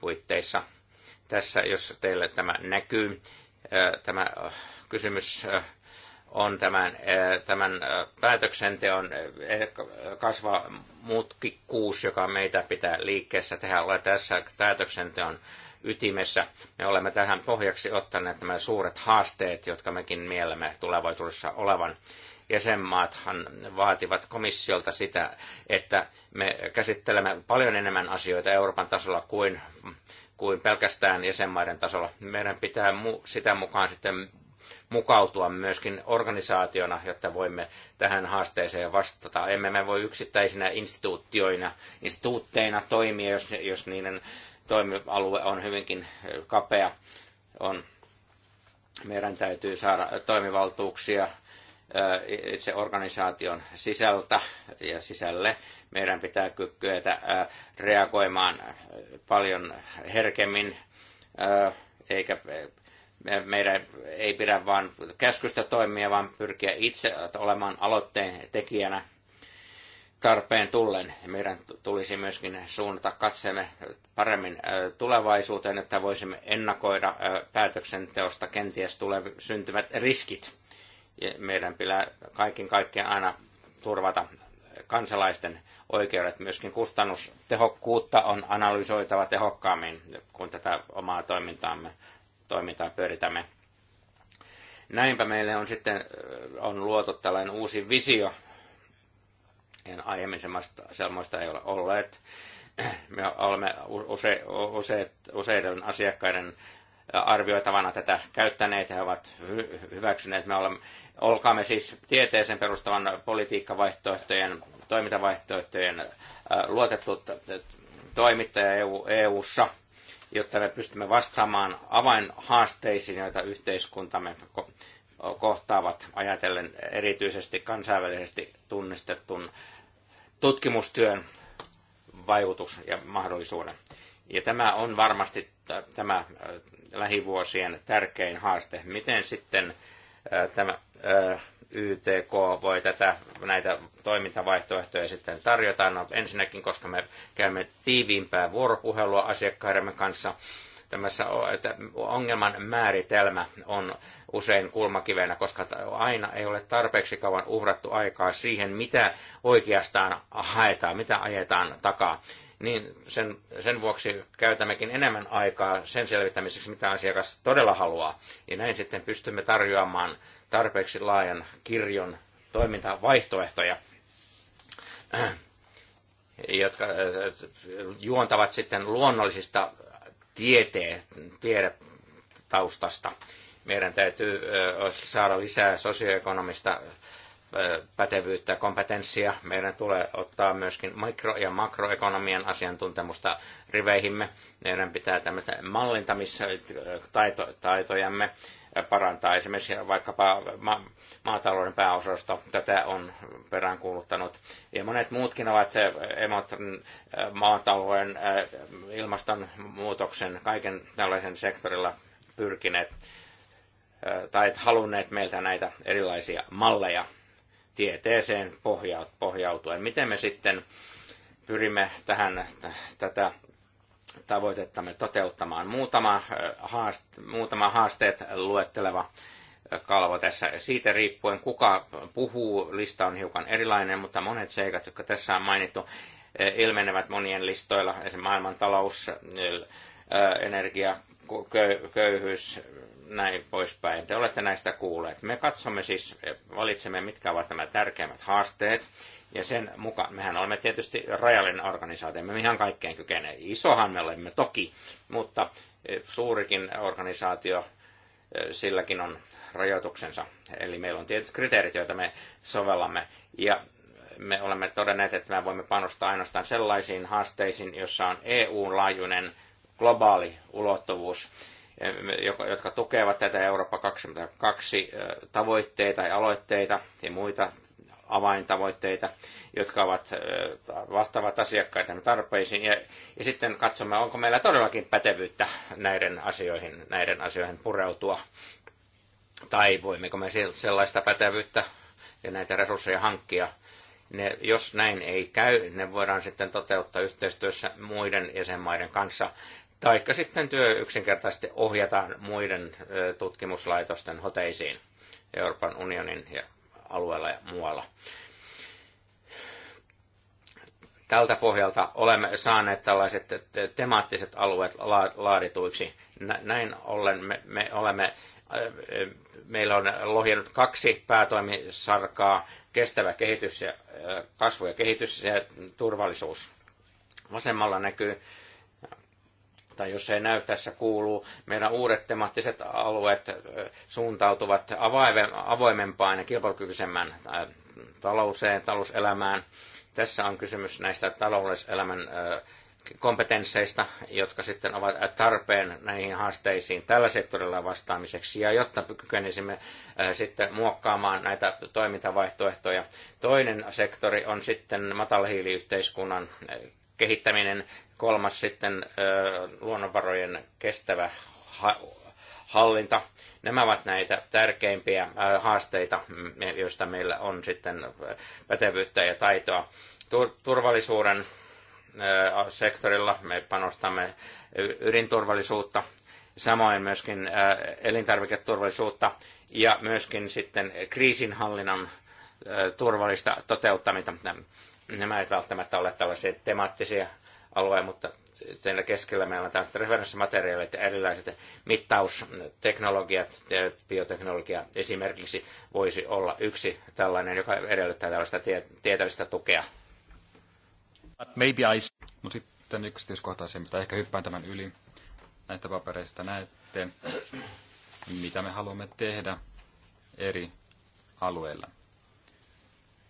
puitteissa – tässä, jos teille tämä näkyy, tämä kysymys on tämän, tämän päätöksenteon e, kasva mutkikkuus, joka meitä pitää liikkeessä tehdä. Olla tässä päätöksenteon ytimessä. Me olemme tähän pohjaksi ottaneet nämä suuret haasteet, jotka mekin mielemme tulevaisuudessa olevan. Jäsenmaathan vaativat komissiolta sitä, että me käsittelemme paljon enemmän asioita Euroopan tasolla kuin kuin pelkästään jäsenmaiden tasolla. Meidän pitää sitä mukaan sitten mukautua myöskin organisaationa, jotta voimme tähän haasteeseen vastata. Emme me voi yksittäisinä instituutioina, instituutteina toimia, jos, jos niiden toimialue on hyvinkin kapea. On, meidän täytyy saada toimivaltuuksia itse organisaation sisältä ja sisälle. Meidän pitää kykyä reagoimaan paljon herkemmin, eikä meidän ei pidä vain käskystä toimia, vaan pyrkiä itse olemaan aloitteen tekijänä tarpeen tullen. Meidän tulisi myöskin suunnata katseemme paremmin tulevaisuuteen, että voisimme ennakoida päätöksenteosta kenties tulevat syntyvät riskit meidän pitää kaiken kaikkiaan aina turvata kansalaisten oikeudet. Myöskin kustannustehokkuutta on analysoitava tehokkaammin, kun tätä omaa toimintaamme, toimintaa pyöritämme. Näinpä meille on sitten äh, on luotu tällainen uusi visio. En aiemmin semmoista, semmoista ei ole olleet. [CLEARS THROAT] Me olemme use, useiden asiakkaiden arvioitavana tätä käyttäneet ja he ovat hyväksyneet. Me olemme, olkaamme siis tieteeseen perustavan politiikkavaihtoehtojen, toimintavaihtoehtojen luotettu toimittaja EU, EU-ssa, jotta me pystymme vastaamaan avainhaasteisiin, joita yhteiskuntamme kohtaavat ajatellen erityisesti kansainvälisesti tunnistetun tutkimustyön vaikutus ja mahdollisuuden. Ja tämä on varmasti tämä äh, lähivuosien tärkein haaste. Miten sitten äh, tämä äh, YTK voi tätä, näitä toimintavaihtoehtoja sitten tarjota? No, ensinnäkin, koska me käymme tiiviimpää vuoropuhelua asiakkaidemme kanssa, tämässä ongelman määritelmä on usein kulmakivenä, koska aina ei ole tarpeeksi kauan uhrattu aikaa siihen, mitä oikeastaan haetaan, mitä ajetaan takaa niin sen, sen vuoksi käytämmekin enemmän aikaa sen selvittämiseksi, mitä asiakas todella haluaa. Ja näin sitten pystymme tarjoamaan tarpeeksi laajan kirjon toimintavaihtoehtoja, [CLEARS THROAT] jotka äh, juontavat sitten luonnollisista tiete, tiedetaustasta. Meidän täytyy äh, saada lisää sosioekonomista pätevyyttä, ja kompetenssia. Meidän tulee ottaa myöskin mikro- ja makroekonomian asiantuntemusta riveihimme. Meidän pitää tämmöistä mallintamistaitojamme parantaa. Esimerkiksi vaikkapa ma- maatalouden pääosasto tätä on peräänkuuluttanut. Ja monet muutkin ovat emot maatalouden, ilmastonmuutoksen, kaiken tällaisen sektorilla pyrkineet tai halunneet meiltä näitä erilaisia malleja tieteeseen pohjautuen. Miten me sitten pyrimme tähän tätä tavoitettamme toteuttamaan. Muutama, haast, muutama haasteet luetteleva kalvo tässä. Siitä riippuen, kuka puhuu, lista on hiukan erilainen, mutta monet seikat, jotka tässä on mainittu, ilmenevät monien listoilla, esimerkiksi maailmantalous, energia, köyhyys, näin poispäin. Te olette näistä kuulleet. Me katsomme siis, valitsemme mitkä ovat nämä tärkeimmät haasteet. Ja sen mukaan, mehän olemme tietysti rajallinen organisaatio, me ihan kaikkeen kykene. Isohan me olemme toki, mutta e, suurikin organisaatio, e, silläkin on rajoituksensa. Eli meillä on tietyt kriteerit, joita me sovellamme. Ja me olemme todenneet, että me voimme panostaa ainoastaan sellaisiin haasteisiin, jossa on EU-laajuinen globaali ulottuvuus, eh, jotka tukevat tätä Eurooppa 22 eh, tavoitteita ja aloitteita ja muita avaintavoitteita, jotka ovat eh, vastaavat asiakkaiden tarpeisiin. Ja, ja sitten katsomme, onko meillä todellakin pätevyyttä näiden asioihin, näiden asioihin pureutua. Tai voimmeko me sellaista pätevyyttä ja näitä resursseja hankkia. Ne, jos näin ei käy, ne voidaan sitten toteuttaa yhteistyössä muiden jäsenmaiden kanssa taikka sitten työ yksinkertaisesti ohjataan muiden tutkimuslaitosten hoteisiin Euroopan unionin ja alueella ja muualla. Tältä pohjalta olemme saaneet tällaiset temaattiset alueet laadituiksi. Näin ollen me, me olemme, meillä on lohjennut kaksi päätoimisarkaa, kestävä kehitys ja kasvu ja kehitys ja turvallisuus. Vasemmalla näkyy tai jos ei näy tässä kuuluu, meidän uudet temaattiset alueet suuntautuvat avoimempaan ja kilpailukykyisemmän talouseen, talouselämään. Tässä on kysymys näistä talouselämän kompetensseista, jotka sitten ovat tarpeen näihin haasteisiin tällä sektorilla vastaamiseksi ja jotta kykenisimme sitten muokkaamaan näitä toimintavaihtoehtoja. Toinen sektori on sitten matalahiiliyhteiskunnan kehittäminen. Kolmas sitten luonnonvarojen kestävä hallinta. Nämä ovat näitä tärkeimpiä haasteita, joista meillä on sitten pätevyyttä ja taitoa. Turvallisuuden sektorilla me panostamme ydinturvallisuutta, samoin myöskin elintarviketurvallisuutta ja myöskin sitten kriisinhallinnan turvallista toteuttamista. Nämä eivät välttämättä ole tällaisia temaattisia alue, mutta sen keskellä meillä on tällaiset referenssimateriaalit ja erilaiset mittausteknologiat, bioteknologia esimerkiksi voisi olla yksi tällainen, joka edellyttää tällaista tie- tieteellistä tukea. But maybe I... No sitten yksityiskohtaisia, mutta ehkä hyppään tämän yli. Näistä papereista näette, mitä me haluamme tehdä eri alueilla.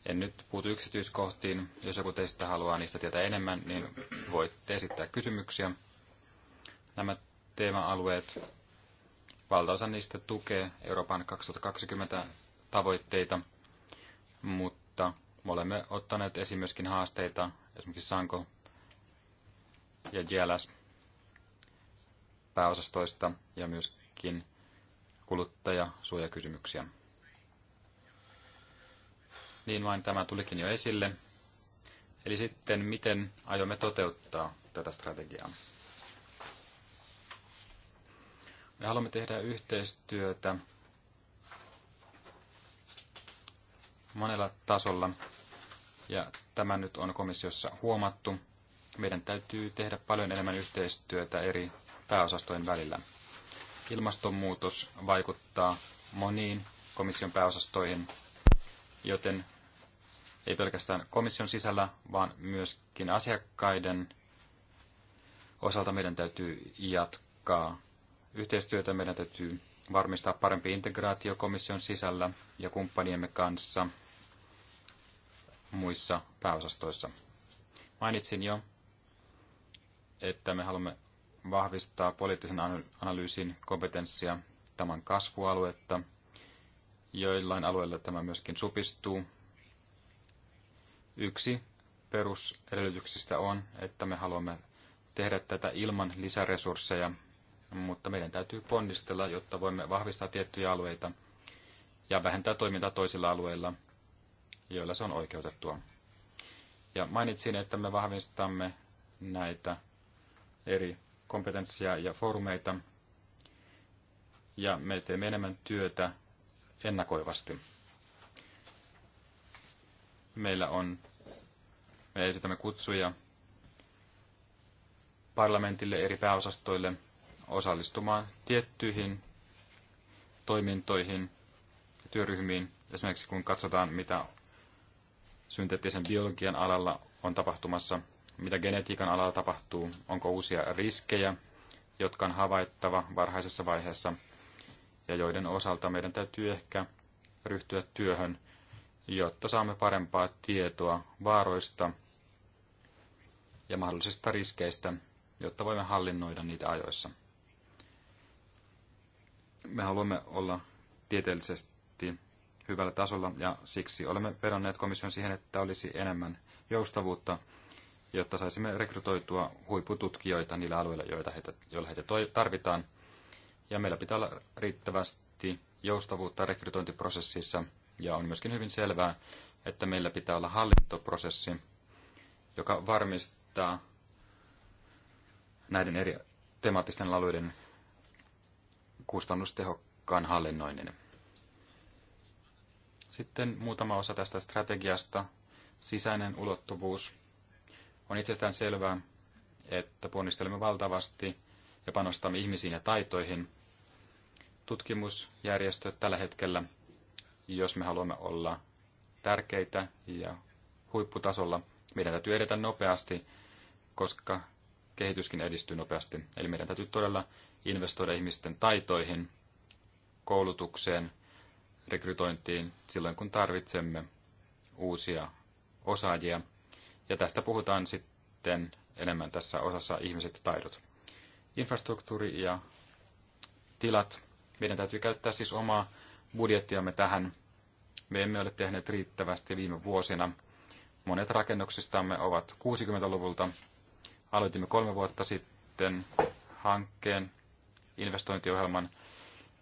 En nyt puutu yksityiskohtiin. Jos joku teistä haluaa niistä tietää enemmän, niin voitte esittää kysymyksiä. Nämä teema-alueet, valtaosa niistä tukee Euroopan 2020 tavoitteita, mutta me olemme ottaneet esiin myöskin haasteita, esimerkiksi Sanko ja JLS pääosastoista ja myöskin kuluttajasuojakysymyksiä. Niin vain tämä tulikin jo esille. Eli sitten, miten aiomme toteuttaa tätä strategiaa? Me haluamme tehdä yhteistyötä monella tasolla, ja tämä nyt on komissiossa huomattu. Meidän täytyy tehdä paljon enemmän yhteistyötä eri pääosastojen välillä. Ilmastonmuutos vaikuttaa moniin komission pääosastoihin, joten ei pelkästään komission sisällä, vaan myöskin asiakkaiden osalta meidän täytyy jatkaa yhteistyötä. Meidän täytyy varmistaa parempi integraatio komission sisällä ja kumppaniemme kanssa muissa pääosastoissa. Mainitsin jo, että me haluamme vahvistaa poliittisen analyysin kompetenssia tämän kasvualuetta. Joillain alueilla tämä myöskin supistuu, Yksi perusedellytyksistä on, että me haluamme tehdä tätä ilman lisäresursseja, mutta meidän täytyy ponnistella, jotta voimme vahvistaa tiettyjä alueita ja vähentää toimintaa toisilla alueilla, joilla se on oikeutettua. Ja mainitsin, että me vahvistamme näitä eri kompetenssia ja foorumeita, ja me teemme enemmän työtä ennakoivasti meillä on, me esitämme kutsuja parlamentille eri pääosastoille osallistumaan tiettyihin toimintoihin, työryhmiin, esimerkiksi kun katsotaan, mitä synteettisen biologian alalla on tapahtumassa, mitä genetiikan alalla tapahtuu, onko uusia riskejä, jotka on havaittava varhaisessa vaiheessa ja joiden osalta meidän täytyy ehkä ryhtyä työhön jotta saamme parempaa tietoa vaaroista ja mahdollisista riskeistä, jotta voimme hallinnoida niitä ajoissa. Me haluamme olla tieteellisesti hyvällä tasolla ja siksi olemme vedonneet komission siihen, että olisi enemmän joustavuutta, jotta saisimme rekrytoitua huippututkijoita niillä alueilla, joita heitä, joilla heitä tarvitaan. Ja meillä pitää olla riittävästi joustavuutta rekrytointiprosessissa – ja on myöskin hyvin selvää, että meillä pitää olla hallintoprosessi, joka varmistaa näiden eri temaattisten alueiden kustannustehokkaan hallinnoinnin. Sitten muutama osa tästä strategiasta. Sisäinen ulottuvuus. On itsestään selvää, että ponnistelemme valtavasti ja panostamme ihmisiin ja taitoihin. Tutkimusjärjestöt tällä hetkellä jos me haluamme olla tärkeitä ja huipputasolla, meidän täytyy edetä nopeasti, koska kehityskin edistyy nopeasti. Eli meidän täytyy todella investoida ihmisten taitoihin, koulutukseen, rekrytointiin silloin, kun tarvitsemme uusia osaajia. Ja tästä puhutaan sitten enemmän tässä osassa ihmiset ja taidot. Infrastruktuuri ja tilat. Meidän täytyy käyttää siis omaa budjettiamme tähän. Me emme ole tehneet riittävästi viime vuosina. Monet rakennuksistamme ovat 60-luvulta. Aloitimme kolme vuotta sitten hankkeen, investointiohjelman,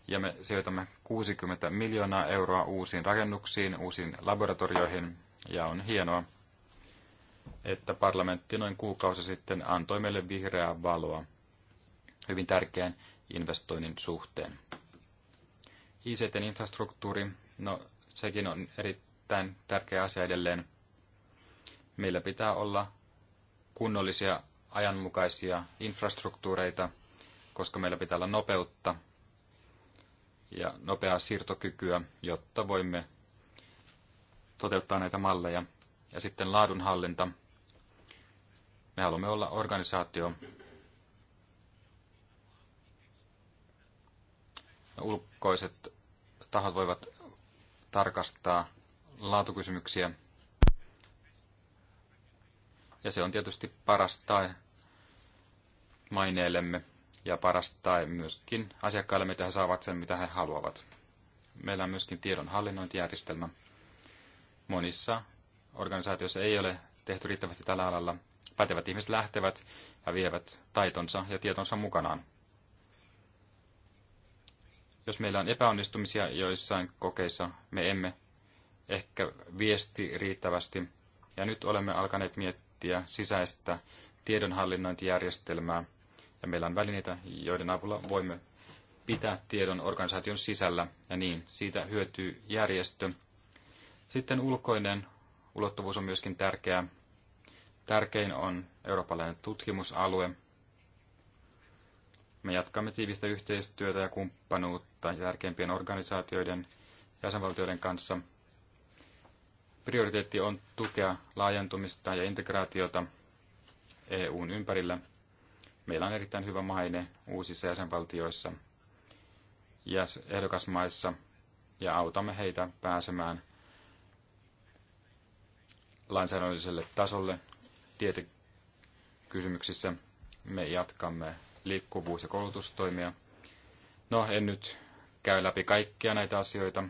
ja me sijoitamme 60 miljoonaa euroa uusiin rakennuksiin, uusiin laboratorioihin, ja on hienoa, että parlamentti noin kuukausi sitten antoi meille vihreää valoa hyvin tärkeän investoinnin suhteen. ICT-infrastruktuuri, no sekin on erittäin tärkeä asia edelleen. Meillä pitää olla kunnollisia ajanmukaisia infrastruktuureita, koska meillä pitää olla nopeutta ja nopeaa siirtokykyä, jotta voimme toteuttaa näitä malleja. Ja sitten laadunhallinta. Me haluamme olla organisaatio, no, ulkoiset tahot voivat tarkastaa laatukysymyksiä. Ja se on tietysti paras tae maineellemme ja paras tae myöskin asiakkaille, mitä he saavat sen, mitä he haluavat. Meillä on myöskin tiedonhallinnointijärjestelmä. Monissa organisaatioissa ei ole tehty riittävästi tällä alalla. Pätevät ihmiset lähtevät ja vievät taitonsa ja tietonsa mukanaan. Jos meillä on epäonnistumisia joissain kokeissa, me emme ehkä viesti riittävästi. Ja nyt olemme alkaneet miettiä sisäistä tiedonhallinnointijärjestelmää. Ja meillä on välineitä, joiden avulla voimme pitää tiedon organisaation sisällä ja niin siitä hyötyy järjestö. Sitten ulkoinen ulottuvuus on myöskin tärkeä. Tärkein on eurooppalainen tutkimusalue. Me jatkamme tiivistä yhteistyötä ja kumppanuutta tärkeimpien organisaatioiden jäsenvaltioiden kanssa. Prioriteetti on tukea laajentumista ja integraatiota EUn ympärillä. Meillä on erittäin hyvä maine uusissa jäsenvaltioissa ja ehdokasmaissa ja autamme heitä pääsemään lainsäädännölliselle tasolle tietekysymyksissä. Me jatkamme liikkuvuus- ja koulutustoimia. No, en nyt käy läpi kaikkia näitä asioita.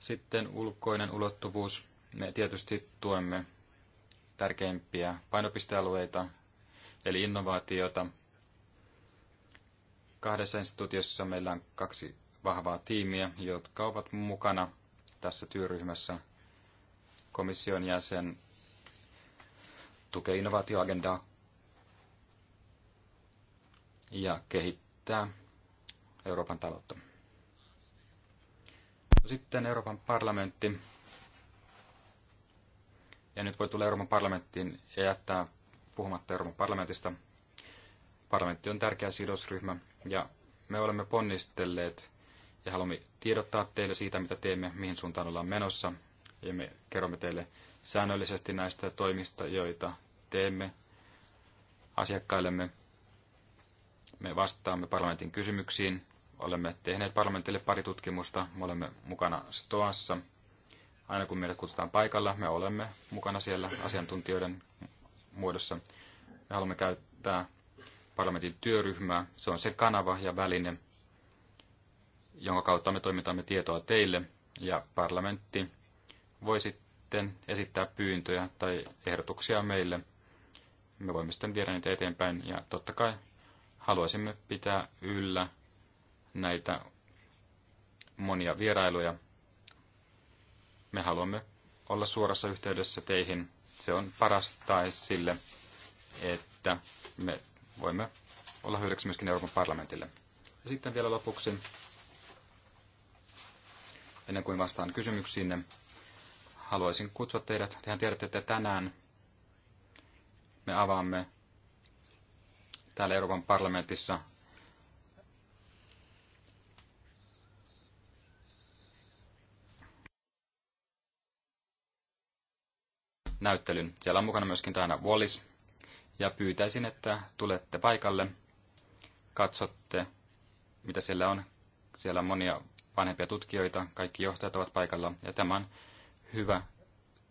Sitten ulkoinen ulottuvuus. Me tietysti tuemme tärkeimpiä painopistealueita, eli innovaatiota. Kahdessa instituutiossa meillä on kaksi vahvaa tiimiä, jotka ovat mukana tässä työryhmässä. Komission jäsen tukee innovaatioagendaa ja kehittää Euroopan taloutta. No sitten Euroopan parlamentti. Ja nyt voi tulla Euroopan parlamenttiin ja jättää puhumatta Euroopan parlamentista. Parlamentti on tärkeä sidosryhmä ja me olemme ponnistelleet ja haluamme tiedottaa teille siitä, mitä teemme, mihin suuntaan ollaan menossa. Ja me kerromme teille säännöllisesti näistä toimista, joita teemme asiakkaillemme. Me vastaamme parlamentin kysymyksiin Olemme tehneet parlamentille pari tutkimusta. Me olemme mukana STOassa. Aina kun meidät kutsutaan paikalla, me olemme mukana siellä asiantuntijoiden muodossa. Me haluamme käyttää parlamentin työryhmää. Se on se kanava ja väline, jonka kautta me toimitamme tietoa teille ja parlamentti voi sitten esittää pyyntöjä tai ehdotuksia meille. Me voimme sitten viedä niitä eteenpäin ja totta kai haluaisimme pitää yllä näitä monia vierailuja. Me haluamme olla suorassa yhteydessä teihin. Se on paras tae sille, että me voimme olla hyödyksi myöskin Euroopan parlamentille. Ja sitten vielä lopuksi, ennen kuin vastaan kysymyksiinne, haluaisin kutsua teidät. Tehän tiedätte, että tänään me avaamme täällä Euroopan parlamentissa näyttelyn. Siellä on mukana myöskin Diana Wallis. Ja pyytäisin, että tulette paikalle, katsotte, mitä siellä on. Siellä on monia vanhempia tutkijoita, kaikki johtajat ovat paikalla. Ja tämä on hyvä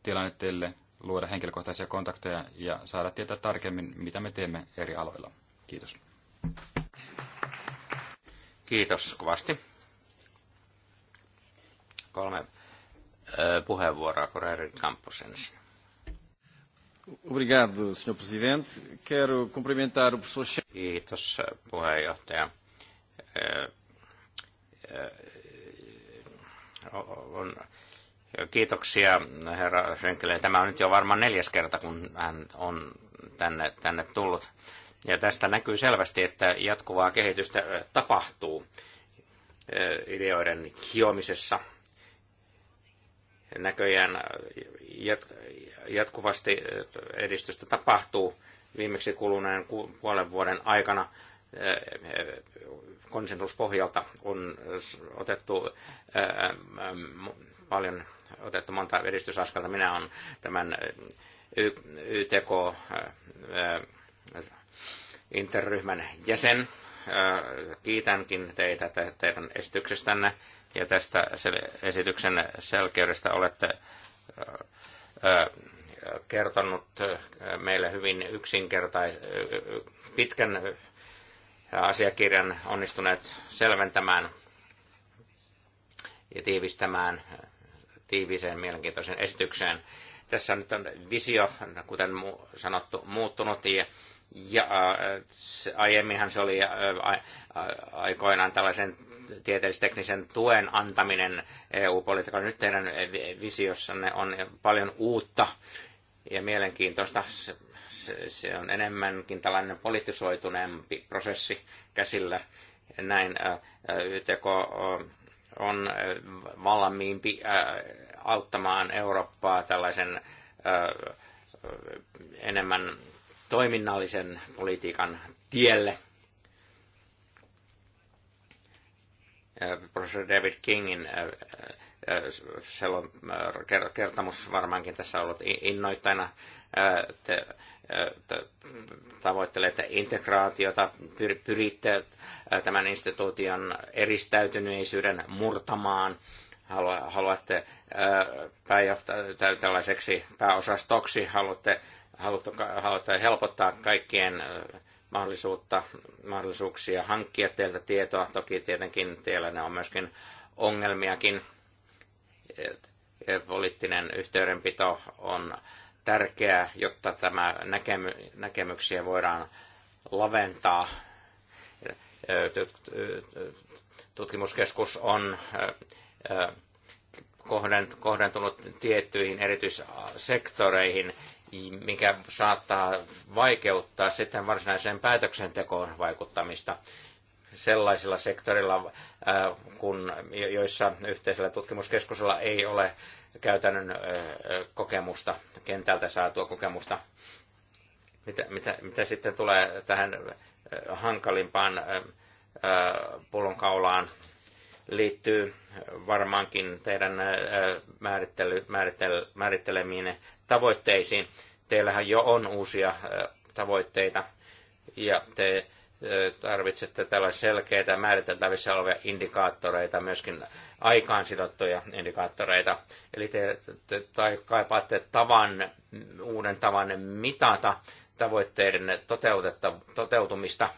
tilanne teille luoda henkilökohtaisia kontakteja ja saada tietää tarkemmin, mitä me teemme eri aloilla. Kiitos. Kiitos kovasti. Kolme puheenvuoroa Koreerin kampus ensin. Obrigado, Sr. Presidente. Quero cumprimentar o professor Kiitos, puheenjohtaja. Eh, eh, kiitoksia, herra Schenkele. Tämä on nyt jo varmaan neljäs kerta, kun hän on tänne, tänne tullut. Ja tästä näkyy selvästi, että jatkuvaa kehitystä eh, tapahtuu ideoiden hiomisessa – näköjään jatkuvasti edistystä tapahtuu viimeksi kuluneen puolen vuoden aikana konsensuspohjalta on otettu paljon otettu monta edistysaskelta. Minä olen tämän YTK interryhmän jäsen. Kiitänkin teitä teidän esityksestänne ja tästä esityksen selkeydestä olette kertonut meille hyvin yksinkertais, pitkän asiakirjan onnistuneet selventämään ja tiivistämään tiiviiseen mielenkiintoisen esitykseen. Tässä nyt on visio, kuten sanottu, muuttunut ja ja se, aiemminhan se oli aikoinaan tällaisen tieteellisteknisen tuen antaminen EU-politiikalle. Nyt teidän visiossanne on paljon uutta ja mielenkiintoista. Se on enemmänkin tällainen politisoituneempi prosessi käsillä. Näin YTK on valmiimpi auttamaan Eurooppaa tällaisen enemmän toiminnallisen politiikan tielle – professori David Kingin äh, äh, äh, kertomus varmaankin tässä on ollut innoittajana. Te, te tavoittelette integraatiota, pyritte tämän instituution eristäytyneisyyden murtamaan, haluatte pääjohtaa tällaiseksi pääosastoksi, haluatte, haluatte, haluatte helpottaa kaikkien mahdollisuutta, mahdollisuuksia hankkia teiltä tietoa. Toki tietenkin teillä ne on myöskin ongelmiakin. Eh, poliittinen yhteydenpito on tärkeää, jotta tämä näkemy- näkemyksiä voidaan laventaa. Eh, tutkimuskeskus on eh, kohdentunut tiettyihin erityissektoreihin mikä saattaa vaikeuttaa sitten varsinaiseen päätöksentekoon vaikuttamista sellaisilla sektorilla, äh, kun, joissa yhteisellä tutkimuskeskuksella ei ole käytännön äh, kokemusta, kentältä saatua kokemusta. Mitä, mitä, mitä sitten tulee tähän äh, hankalimpaan pullonkaulaan, liittyy varmaankin teidän määrittely, määrittele, määrittelemiin tavoitteisiin. Teillähän jo on uusia tavoitteita ja te tarvitsette tällaisia selkeitä määriteltävissä olevia indikaattoreita, myöskin aikaan sidottuja indikaattoreita. Eli te, te tai kaipaatte tavan, uuden tavan mitata tavoitteiden toteutumista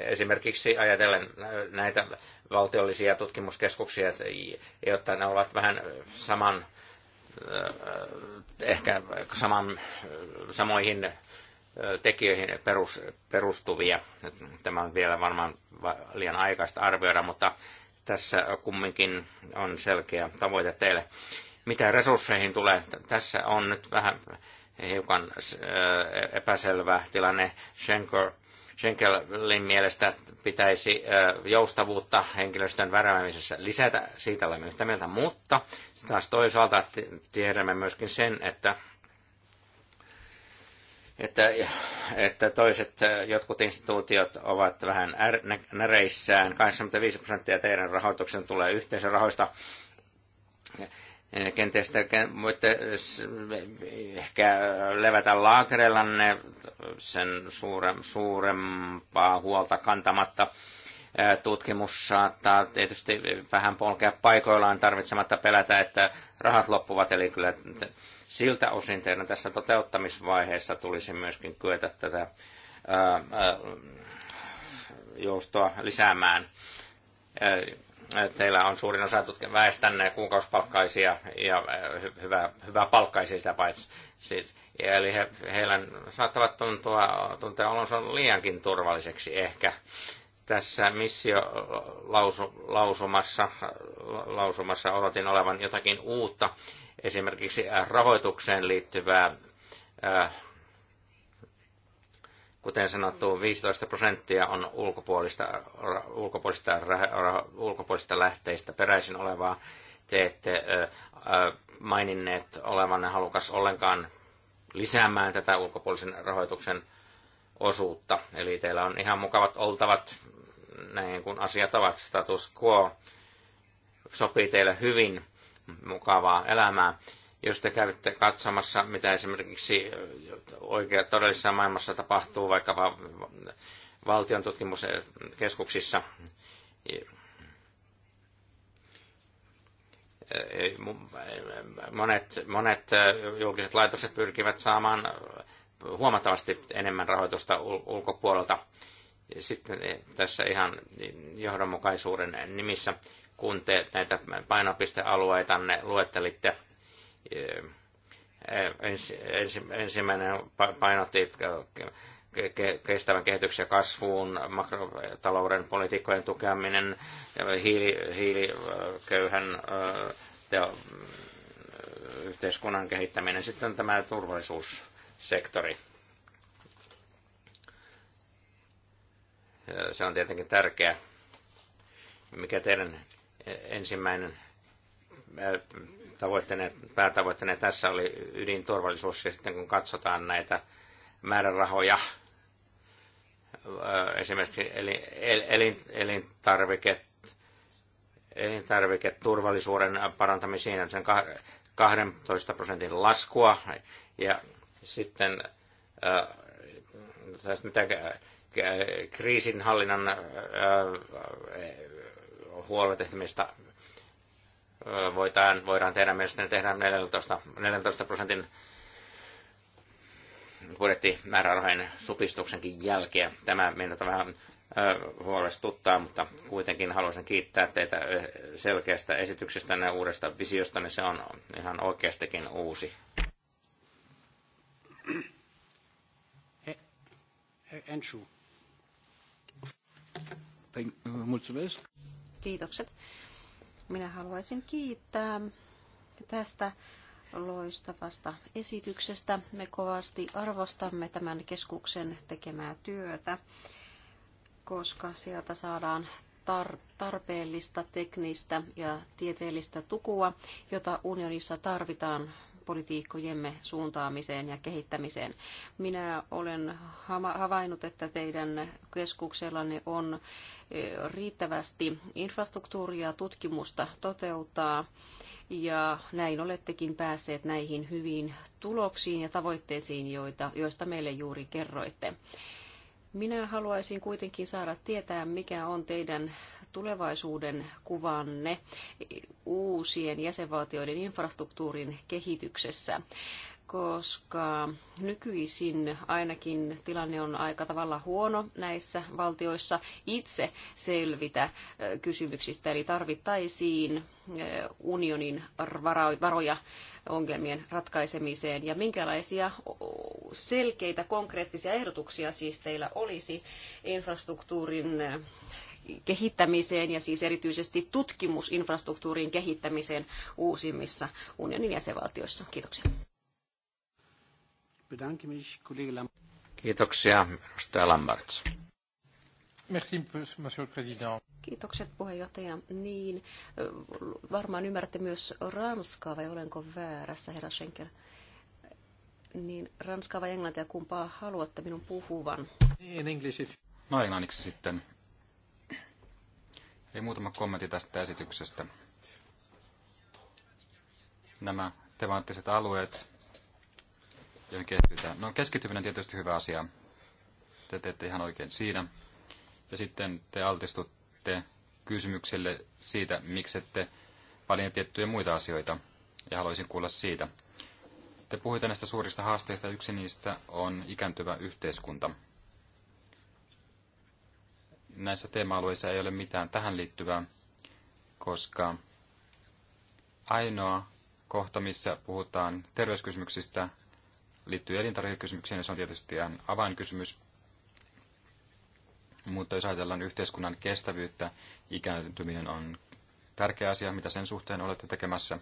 esimerkiksi ajatellen äh, näitä valtiollisia tutkimuskeskuksia, jotta ne ovat vähän saman, äh, ehkä saman, äh, samoihin tekijöihin perus, perustuvia. Tämä on vielä varmaan liian aikaista arvioida, mutta tässä kumminkin on selkeä tavoite teille. Mitä resursseihin tulee? Tässä on nyt vähän hiukan epäselvä tilanne. Schenker Schenkelin mielestä pitäisi joustavuutta henkilöstön värväämisessä lisätä, siitä olemme yhtä mieltä, mutta taas toisaalta tiedämme myöskin sen, että että, että toiset jotkut instituutiot ovat vähän är, näreissään. 85 prosenttia teidän rahoituksen tulee yhteisörahoista kenties te voitte ehkä levätä laakereillanne sen suure, suurempaa huolta kantamatta. Tutkimus saattaa tietysti vähän polkea paikoillaan tarvitsematta pelätä, että rahat loppuvat, eli kyllä siltä osin teidän tässä toteuttamisvaiheessa tulisi myöskin kyetä tätä joustoa lisäämään teillä on suurin osa tutk- väestänne kuukausipalkkaisia ja äh, hyvä, hyvä palkkaisia sitä paitsi. Sit, eli he, heillä saattavat tuntua, tuntea olonsa liiankin turvalliseksi ehkä. Tässä missiolausumassa lausumassa odotin olevan jotakin uutta, esimerkiksi rahoitukseen liittyvää äh, Kuten sanottu, 15 prosenttia on ulkopuolista, ulkopuolista, ulkopuolista lähteistä peräisin olevaa. Te ette maininneet olevanne halukas ollenkaan lisäämään tätä ulkopuolisen rahoituksen osuutta. Eli teillä on ihan mukavat oltavat, näin kun asiat ovat, status quo sopii teille hyvin mukavaa elämää. Jos te kävitte katsomassa, mitä esimerkiksi oikea, todellisessa maailmassa tapahtuu vaikkapa valtion tutkimuskeskuksissa, e, e, monet, monet julkiset laitokset pyrkivät saamaan huomattavasti enemmän rahoitusta ulkopuolelta. Sitten e, tässä ihan johdonmukaisuuden nimissä, kun te näitä ne luettelitte, ensimmäinen painotti kestävän kehityksen ja kasvuun, makrotalouden politiikkojen tukeminen, hiili, hiiliköyhän teo, yhteiskunnan kehittäminen, sitten tämä turvallisuussektori. Se on tietenkin tärkeä. Mikä teidän ensimmäinen tavoitteena, päätavoitteena tässä oli ydinturvallisuus. Ja sitten kun katsotaan näitä määrärahoja, esimerkiksi elintarviket, elin, elintarvike, elintarviketurvallisuuden parantamisiin sen 12 prosentin laskua ja sitten mitä kriisinhallinnan huolehtimista voidaan, voidaan tehdä mielestäni tehdä 14, 14 prosentin budjettimäärärahojen supistuksenkin jälkeen. Tämä meitä vähän huolestuttaa, mutta kuitenkin haluaisin kiittää teitä selkeästä esityksestä ja uudesta visiosta, niin se on ihan oikeastikin uusi. Kiitokset. Minä haluaisin kiittää tästä loistavasta esityksestä. Me kovasti arvostamme tämän keskuksen tekemää työtä, koska sieltä saadaan tar- tarpeellista teknistä ja tieteellistä tukua, jota unionissa tarvitaan politiikkojemme suuntaamiseen ja kehittämiseen. Minä olen havainnut, että teidän keskuksellanne on riittävästi infrastruktuuria tutkimusta toteuttaa ja näin olettekin päässeet näihin hyviin tuloksiin ja tavoitteisiin, joita, joista meille juuri kerroitte. Minä haluaisin kuitenkin saada tietää, mikä on teidän tulevaisuuden kuvanne uusien jäsenvaltioiden infrastruktuurin kehityksessä koska nykyisin ainakin tilanne on aika tavalla huono näissä valtioissa itse selvitä kysymyksistä, eli tarvittaisiin unionin varoja ongelmien ratkaisemiseen ja minkälaisia selkeitä konkreettisia ehdotuksia siis teillä olisi infrastruktuurin kehittämiseen ja siis erityisesti tutkimusinfrastruktuurin kehittämiseen uusimmissa unionin jäsenvaltioissa. Kiitoksia. Kiitoksia, edustaja Lamberts. Merci, monsieur le président. Kiitokset puheenjohtaja. Niin, varmaan ymmärrätte myös Ranskaa, vai olenko väärässä, herra Schenker? Niin, Ranskaa vai Englantia, kumpaa haluatte minun puhuvan? In English. No englanniksi sitten. Ei muutama kommentti tästä esityksestä. Nämä temaattiset alueet, joihin keskitytään. No keskittyminen on tietysti hyvä asia. Te teette ihan oikein siinä. Ja sitten te altistutte kysymykselle siitä, miksi ette valinneet tiettyjä muita asioita. Ja haluaisin kuulla siitä. Te puhuitte näistä suurista haasteista. Yksi niistä on ikääntyvä yhteiskunta. Näissä teema-alueissa ei ole mitään tähän liittyvää, koska ainoa kohta, missä puhutaan terveyskysymyksistä, liittyy elintarvikekysymyksiin, se on tietysti ihan avainkysymys. Mutta jos ajatellaan yhteiskunnan kestävyyttä, ikääntyminen on tärkeä asia, mitä sen suhteen olette tekemässä.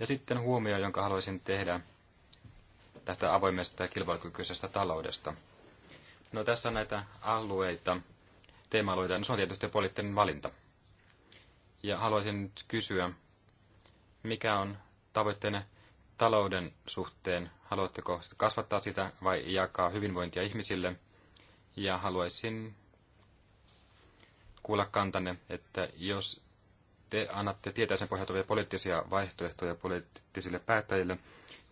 Ja sitten huomio, jonka haluaisin tehdä tästä avoimesta ja kilpailukykyisestä taloudesta. No tässä on näitä alueita, teema-alueita, no se on tietysti poliittinen valinta. Ja haluaisin nyt kysyä, mikä on tavoitteena talouden suhteen Haluatteko kasvattaa sitä vai jakaa hyvinvointia ihmisille? Ja haluaisin kuulla kantanne, että jos te annatte tietäisen pohjautuvia poliittisia vaihtoehtoja poliittisille päättäjille,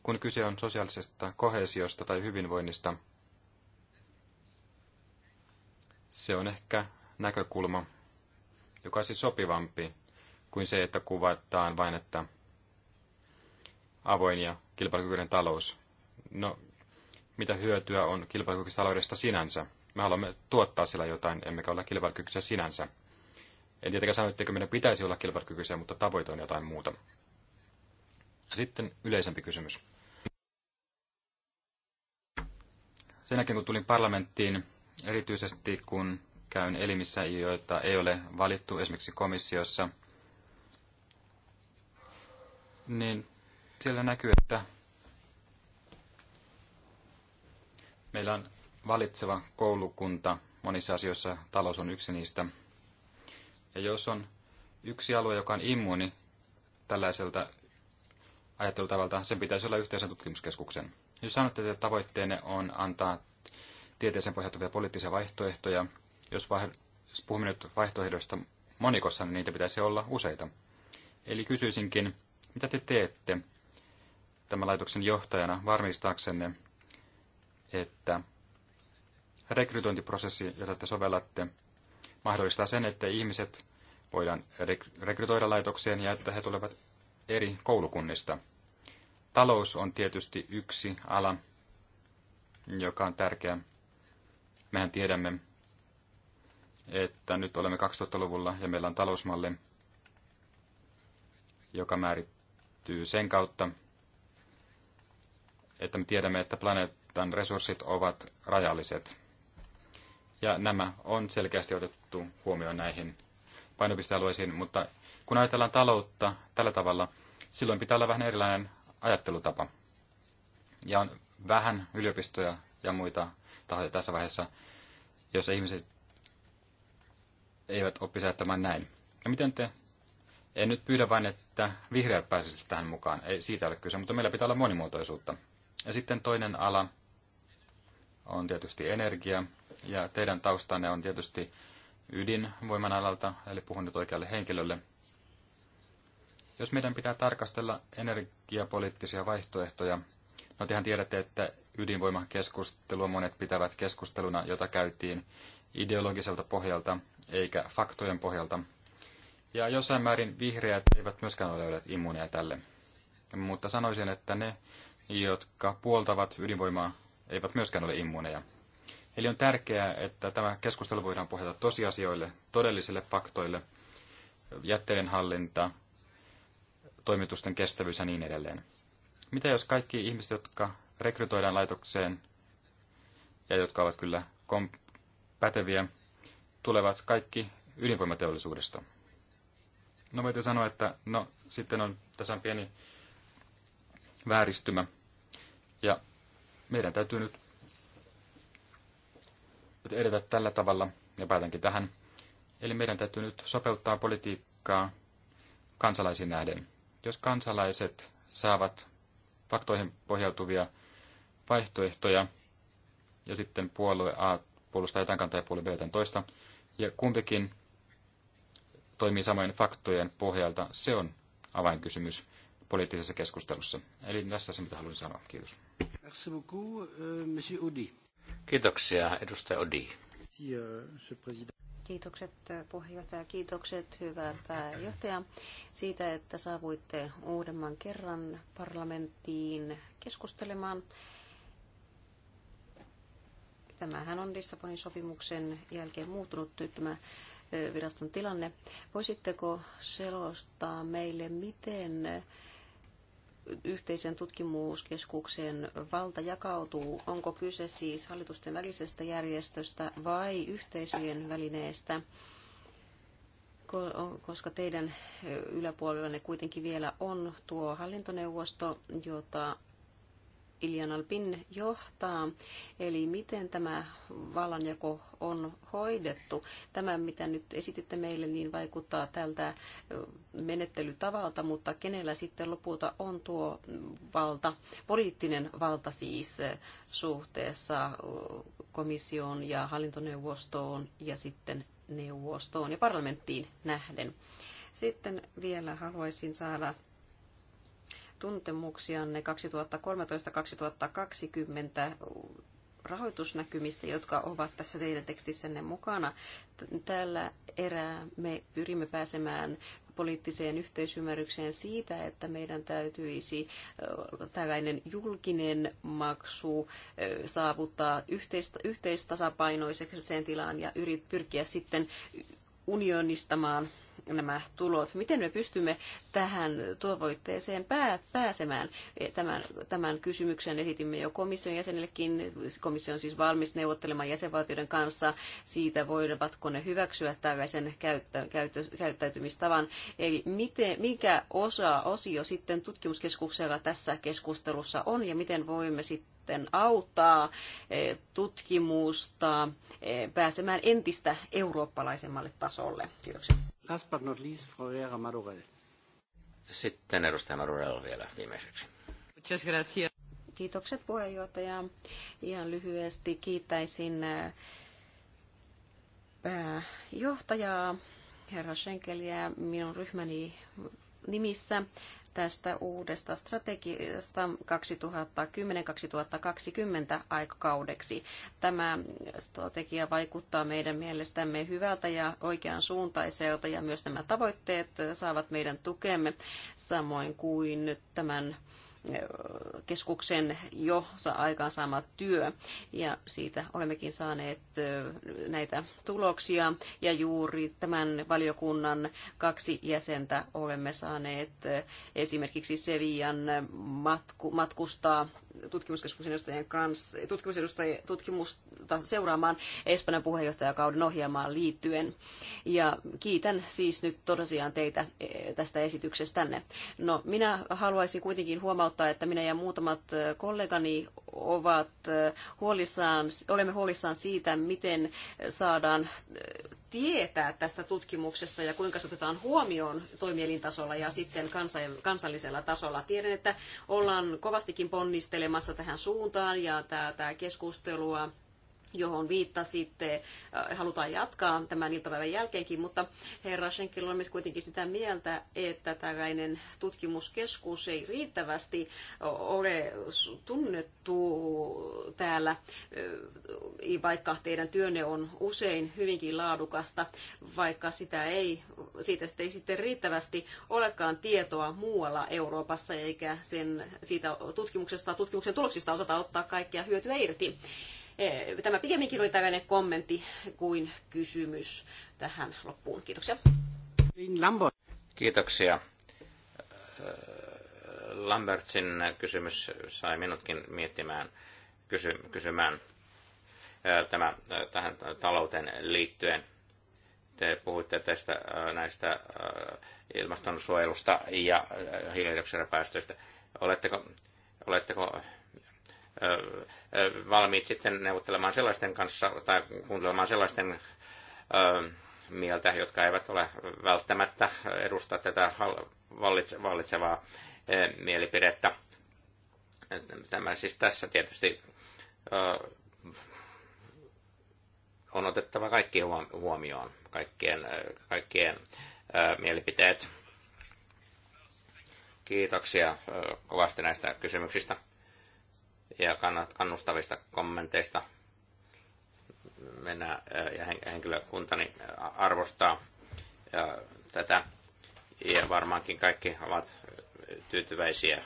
kun kyse on sosiaalisesta kohesiosta tai hyvinvoinnista, se on ehkä näkökulma, joka on siis sopivampi kuin se, että kuvataan vain, että avoin ja kilpailukykyinen talous no mitä hyötyä on kilpailukykyistä taloudesta sinänsä? Me haluamme tuottaa sillä jotain, emmekä ole kilpailukykyisiä sinänsä. En tietenkään sano, etteikö meidän pitäisi olla kilpailukykyisiä, mutta tavoite on jotain muuta. Sitten yleisempi kysymys. Sen jälkeen, kun tulin parlamenttiin, erityisesti kun käyn elimissä, joita ei ole valittu, esimerkiksi komissiossa, niin siellä näkyy, että Meillä on valitseva koulukunta. Monissa asioissa talous on yksi niistä. Ja jos on yksi alue, joka on immuuni tällaiselta ajattelutavalta, sen pitäisi olla yhteisen tutkimuskeskuksen. Jos sanotte, että tavoitteenne on antaa tieteeseen pohjautuvia poliittisia vaihtoehtoja, jos, vai, jos puhumme nyt vaihtoehdoista monikossa, niin niitä pitäisi olla useita. Eli kysyisinkin, mitä te teette tämän laitoksen johtajana varmistaaksenne, että rekrytointiprosessi, jota te sovellatte, mahdollistaa sen, että ihmiset voidaan rekrytoida laitokseen ja että he tulevat eri koulukunnista. Talous on tietysti yksi ala, joka on tärkeä. Mehän tiedämme, että nyt olemme 2000-luvulla ja meillä on talousmalli, joka määrittyy sen kautta, että me tiedämme, että planeetta Eftan resurssit ovat rajalliset. Ja nämä on selkeästi otettu huomioon näihin painopistealueisiin, mutta kun ajatellaan taloutta tällä tavalla, silloin pitää olla vähän erilainen ajattelutapa. Ja on vähän yliopistoja ja muita tahoja tässä vaiheessa, jos ihmiset eivät oppi säättämään näin. Ja miten te? En nyt pyydä vain, että vihreät pääsisivät tähän mukaan. Ei siitä ole kyse, mutta meillä pitää olla monimuotoisuutta. Ja sitten toinen ala, on tietysti energia, ja teidän taustanne on tietysti ydinvoiman alalta, eli puhun nyt oikealle henkilölle. Jos meidän pitää tarkastella energiapoliittisia vaihtoehtoja, no tehän tiedätte, että ydinvoimakeskustelua monet pitävät keskusteluna, jota käytiin ideologiselta pohjalta eikä faktojen pohjalta. Ja jossain määrin vihreät eivät myöskään ole olleet immuuneja tälle. Mutta sanoisin, että ne, jotka puoltavat ydinvoimaa, eivät myöskään ole immuuneja. Eli on tärkeää, että tämä keskustelu voidaan pohjata tosiasioille, todellisille faktoille, jätteenhallinta, hallinta, toimitusten kestävyys ja niin edelleen. Mitä jos kaikki ihmiset, jotka rekrytoidaan laitokseen ja jotka ovat kyllä päteviä, tulevat kaikki ydinvoimateollisuudesta? No voitte sanoa, että no sitten on tässä on pieni vääristymä. Ja meidän täytyy nyt edetä tällä tavalla, ja päätänkin tähän. Eli meidän täytyy nyt sopeuttaa politiikkaa kansalaisiin nähden. Jos kansalaiset saavat faktoihin pohjautuvia vaihtoehtoja, ja sitten puolue A puolustaa jotain kantaa ja puolue B jotain toista, ja kumpikin toimii samojen faktojen pohjalta, se on avainkysymys poliittisessa keskustelussa. Eli tässä se, mitä haluaisin sanoa. Kiitos. Euh, Kiitoksia, edustaja Odi. Euh, kiitokset äh, puheenjohtaja, kiitokset hyvä pääjohtaja siitä, että saavuitte uudemman kerran parlamenttiin keskustelemaan. Tämähän on Lissabonin sopimuksen jälkeen muuttunut nyt tämä äh, viraston tilanne. Voisitteko selostaa meille, miten äh, yhteisen tutkimuskeskuksen valta jakautuu? Onko kyse siis hallitusten välisestä järjestöstä vai yhteisöjen välineestä? Koska teidän yläpuolellanne kuitenkin vielä on tuo hallintoneuvosto, jota Iljan Alpin johtaa, eli miten tämä vallanjako on hoidettu. Tämä, mitä nyt esititte meille, niin vaikuttaa tältä menettelytavalta, mutta kenellä sitten lopulta on tuo valta, poliittinen valta siis suhteessa komissioon ja hallintoneuvostoon ja sitten neuvostoon ja parlamenttiin nähden. Sitten vielä haluaisin saada tuntemuksianne 2013-2020 rahoitusnäkymistä, jotka ovat tässä teidän tekstissänne mukana. Tällä erää me pyrimme pääsemään poliittiseen yhteisymmärrykseen siitä, että meidän täytyisi tällainen julkinen maksu saavuttaa yhteistasapainoiseen sen tilaan ja pyrkiä sitten unionistamaan nämä tulot. Miten me pystymme tähän tavoitteeseen pääsemään? E, tämän, tämän kysymyksen esitimme jo komission jäsenillekin. Komissio on siis valmis neuvottelemaan jäsenvaltioiden kanssa siitä, voivatko ne hyväksyä tällaisen käyttä, käyttä, käyttäytymistavan. Eli miten, mikä osa, osio sitten tutkimuskeskuksella tässä keskustelussa on ja miten voimme sitten sitten auttaa eh, tutkimusta eh, pääsemään entistä eurooppalaisemmalle tasolle. Kiitoksia. Last but not least, Frau Vera Madurell. Sitten edustaja Madurell vielä viimeiseksi. Kiitokset puheenjohtaja. Ihan lyhyesti kiittäisin eh, pääjohtajaa herra Schenkeliä. Minun ryhmäni nimissä tästä uudesta strategiasta 2010-2020 aikakaudeksi. Tämä strategia vaikuttaa meidän mielestämme hyvältä ja oikean suuntaiselta ja myös nämä tavoitteet saavat meidän tukemme samoin kuin nyt tämän keskuksen jo aikaansaama työ. Ja siitä olemmekin saaneet näitä tuloksia. Ja juuri tämän valiokunnan kaksi jäsentä olemme saaneet esimerkiksi Sevian matku, matkustaa tutkimuskeskuksen edustajien kanssa, tutkimusedustajien, tutkimusta seuraamaan Espanjan puheenjohtajakauden ohjelmaan liittyen. Ja kiitän siis nyt tosiaan teitä e, tästä esityksestänne. No, minä haluaisin kuitenkin huomauttaa, että minä ja muutamat e, kollegani ovat e, huolissaan, olemme huolissaan siitä, miten saadaan tietää tästä tutkimuksesta ja kuinka se otetaan huomioon toimielintasolla ja sitten kansallisella tasolla. Tiedän, että ollaan kovastikin ponnistelemassa tähän suuntaan ja tämä keskustelua johon viittasitte, äh, halutaan jatkaa tämän iltapäivän jälkeenkin, mutta herra Schenkel on myös kuitenkin sitä mieltä, että tällainen tutkimuskeskus ei riittävästi ole tunnettu täällä, äh, vaikka teidän työnne on usein hyvinkin laadukasta, vaikka sitä ei, siitä ei sitten riittävästi olekaan tietoa muualla Euroopassa, eikä sen, siitä tutkimuksesta, tutkimuksen tuloksista osata ottaa kaikkia hyötyä irti Eh, tämä pikemminkin oli tällainen kommentti kuin kysymys tähän loppuun. Kiitoksia. Kiitoksia. Lambertsin kysymys sai minutkin miettimään, kysy, kysymään eh, tämä, eh, tähän talouteen liittyen. Te puhuitte tästä näistä ilmastonsuojelusta ja hiilidioksidipäästöistä. Oletteko, oletteko valmiit sitten neuvottelemaan sellaisten kanssa tai kuuntelemaan sellaisten mieltä, jotka eivät ole välttämättä edusta tätä vallitsevaa mielipidettä. Tämä siis tässä tietysti on otettava kaikki huomioon, kaikkien, kaikkien mielipiteet. Kiitoksia kovasti näistä kysymyksistä ja kannustavista kommenteista. Mennään ja henkilökuntani arvostaa tätä ja varmaankin kaikki ovat tyytyväisiä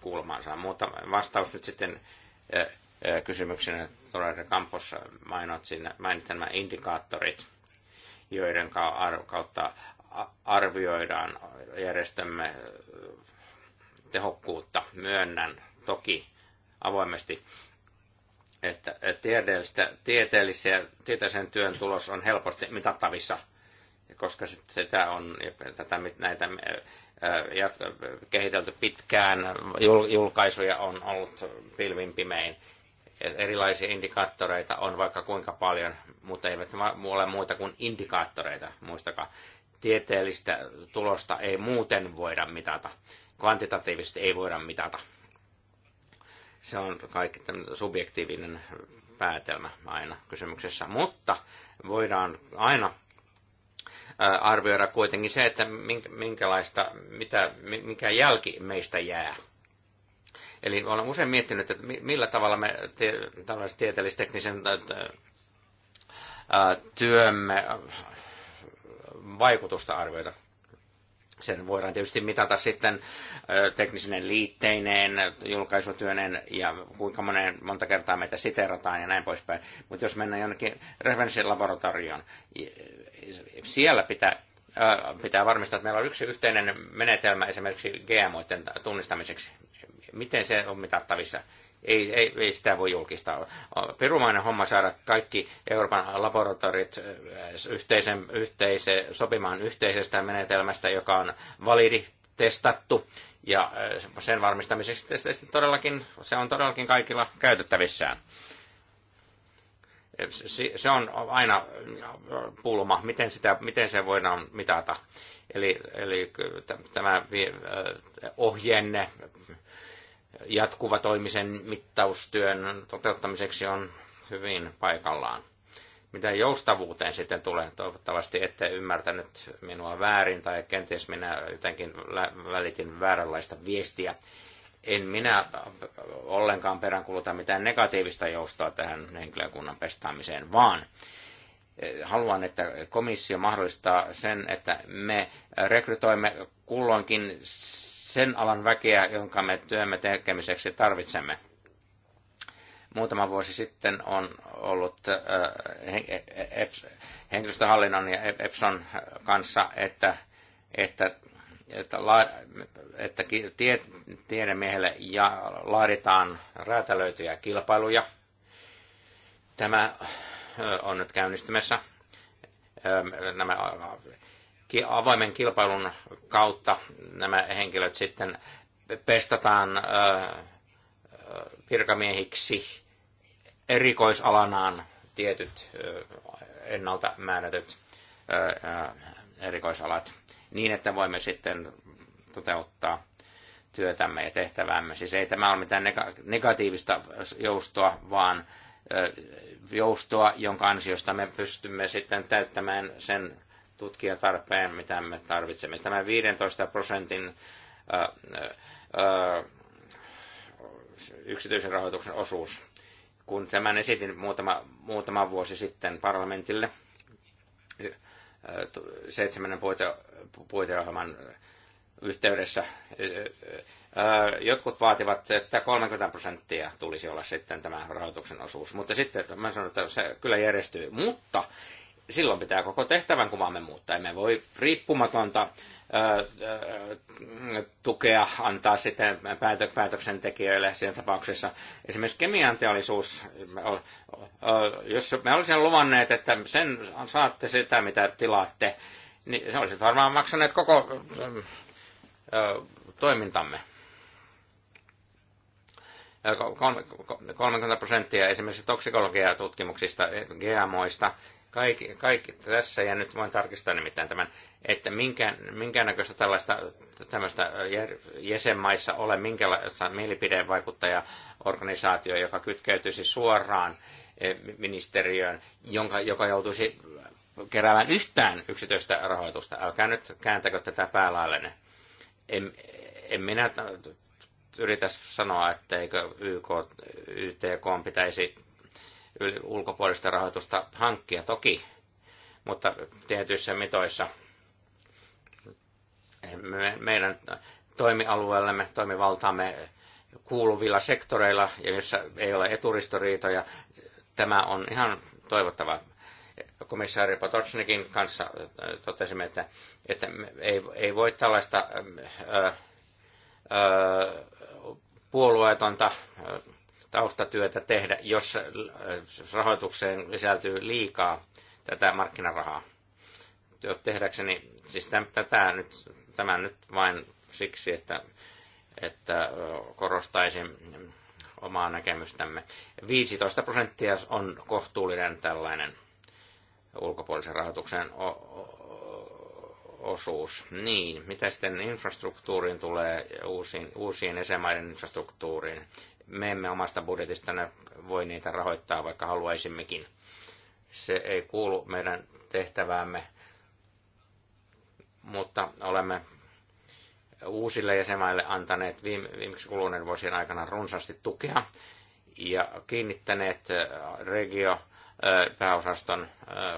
kuulemaansa. Mutta vastaus nyt sitten kysymyksenä Torre Campos mainitsi nämä indikaattorit, joiden kautta arvioidaan järjestämme tehokkuutta. Myönnän toki avoimesti, että tieteellistä, tieteellisiä, tieteellisen työn tulos on helposti mitattavissa, koska sitä on, tätä, näitä kehitelty pitkään, julkaisuja on ollut pilvin pimein. Erilaisia indikaattoreita on vaikka kuinka paljon, mutta eivät ole muuta kuin indikaattoreita, muistakaa. Tieteellistä tulosta ei muuten voida mitata. Kvantitatiivisesti ei voida mitata se on kaikki subjektiivinen päätelmä aina kysymyksessä, mutta voidaan aina arvioida kuitenkin se, että minkälaista, mitä, mikä jälki meistä jää. Eli olen usein miettinyt, että millä tavalla me tällaiset tieteellisteknisen työmme vaikutusta arvioida sen voidaan tietysti mitata sitten teknisinen liitteineen, julkaisutyöneen ja kuinka monen, monta kertaa meitä siterataan ja näin poispäin. Mutta jos mennään jonnekin referenssilaboratorioon, siellä pitää pitää varmistaa, että meillä on yksi yhteinen menetelmä esimerkiksi GMOiden tunnistamiseksi. Miten se on mitattavissa? Ei, ei, ei sitä voi julkistaa. Perumainen homma saada kaikki Euroopan laboratorit äh, yhteisen, yhteise, sopimaan yhteisestä menetelmästä, joka on validi, testattu. Ja äh, sen varmistamiseksi todellakin, se on todellakin kaikilla käytettävissään äh, se on aina pulma, miten, sitä, miten se voidaan mitata. Eli, eli tämä ohjenne jatkuvatoimisen mittaustyön toteuttamiseksi on hyvin paikallaan. Mitä joustavuuteen sitten tulee, toivottavasti ette ymmärtänyt minua väärin tai kenties minä jotenkin välitin vääränlaista viestiä. En minä ollenkaan peräänkuluta mitään negatiivista joustoa tähän henkilökunnan pestaamiseen, vaan eh, haluan, että komissio mahdollistaa sen, että me rekrytoimme kulloinkin sen alan väkeä, jonka me työmme tekemiseksi tarvitsemme. Muutama vuosi sitten on ollut äh, e, e, henkilöstöhallinnon ja EPSON kanssa, että, että että, la, että tie, tiedemiehelle ja laaditaan räätälöityjä kilpailuja. Tämä äh, on nyt käynnistymässä. Äh, nämä avoimen kilpailun kautta nämä henkilöt sitten pestataan virkamiehiksi erikoisalanaan tietyt ennalta määrätyt erikoisalat niin, että voimme sitten toteuttaa työtämme ja tehtävämme. Siis ei tämä ole mitään negatiivista joustoa, vaan joustoa, jonka ansiosta me pystymme sitten täyttämään sen tutkijatarpeen, tarpeen, mitä me tarvitsemme. Tämä 15 prosentin yksityisen rahoituksen osuus. Kun tämän esitin muutama, muutama vuosi sitten parlamentille seitsemännen puite, puiteohjelman yhteydessä, jotkut vaativat, että 30 prosenttia tulisi olla sitten tämä rahoituksen osuus. Mutta sitten mä sanon, että se kyllä järjestyy. Mutta silloin pitää koko tehtävän kuvaamme muuttaa. Emme voi riippumatonta tukea antaa sitten päätöksentekijöille siinä tapauksessa. Esimerkiksi kemian teollisuus, jos me olisimme luvanneet, että sen saatte sitä, mitä tilaatte, niin se olisi varmaan maksaneet koko toimintamme. 30 prosenttia esimerkiksi toksikologiatutkimuksista, GMOista kaikki, kaikki tässä ja nyt voin tarkistaa nimittäin tämän, että minkä, minkäännäköistä tällaista tämmöistä jäsenmaissa ole, minkälaista mielipidevaikuttajaorganisaatio, joka kytkeytyisi suoraan eh, ministeriöön, jonka, joka joutuisi keräämään yhtään yksityistä rahoitusta. Älkää nyt kääntäkö tätä päälaillenne. En, en minä yritä sanoa, etteikö YK, YTK pitäisi ulkopuolista rahoitusta hankkia toki, mutta tietyissä mitoissa me, meidän toimialueellemme, toimivaltaamme kuuluvilla sektoreilla, ja jossa ei ole eturistoriitoja, tämä on ihan toivottava. Komissaari Potocnikin kanssa totesimme, että, että ei, ei voi tällaista ö, ö, puolueetonta taustatyötä tehdä, äh, jos rahoitukseen sisältyy liikaa tätä markkinarahaa. Tehdäkseni, siis tämän, tätä nyt, tämän nyt vain siksi, että, että äh, korostaisin omaa näkemystämme. 15 prosenttia on kohtuullinen tällainen ulkopuolisen rahoituksen osuus. Niin, mitä sitten infrastruktuuriin tulee, uusiin, uusiin esemaiden infrastruktuuriin? me emme omasta budjetista voi niitä rahoittaa, vaikka haluaisimmekin. Se ei kuulu meidän tehtäväämme, mutta olemme uusille jäsenmaille antaneet viime, viimeksi kuluneen vuosien aikana runsaasti tukea ja kiinnittäneet regio pääosaston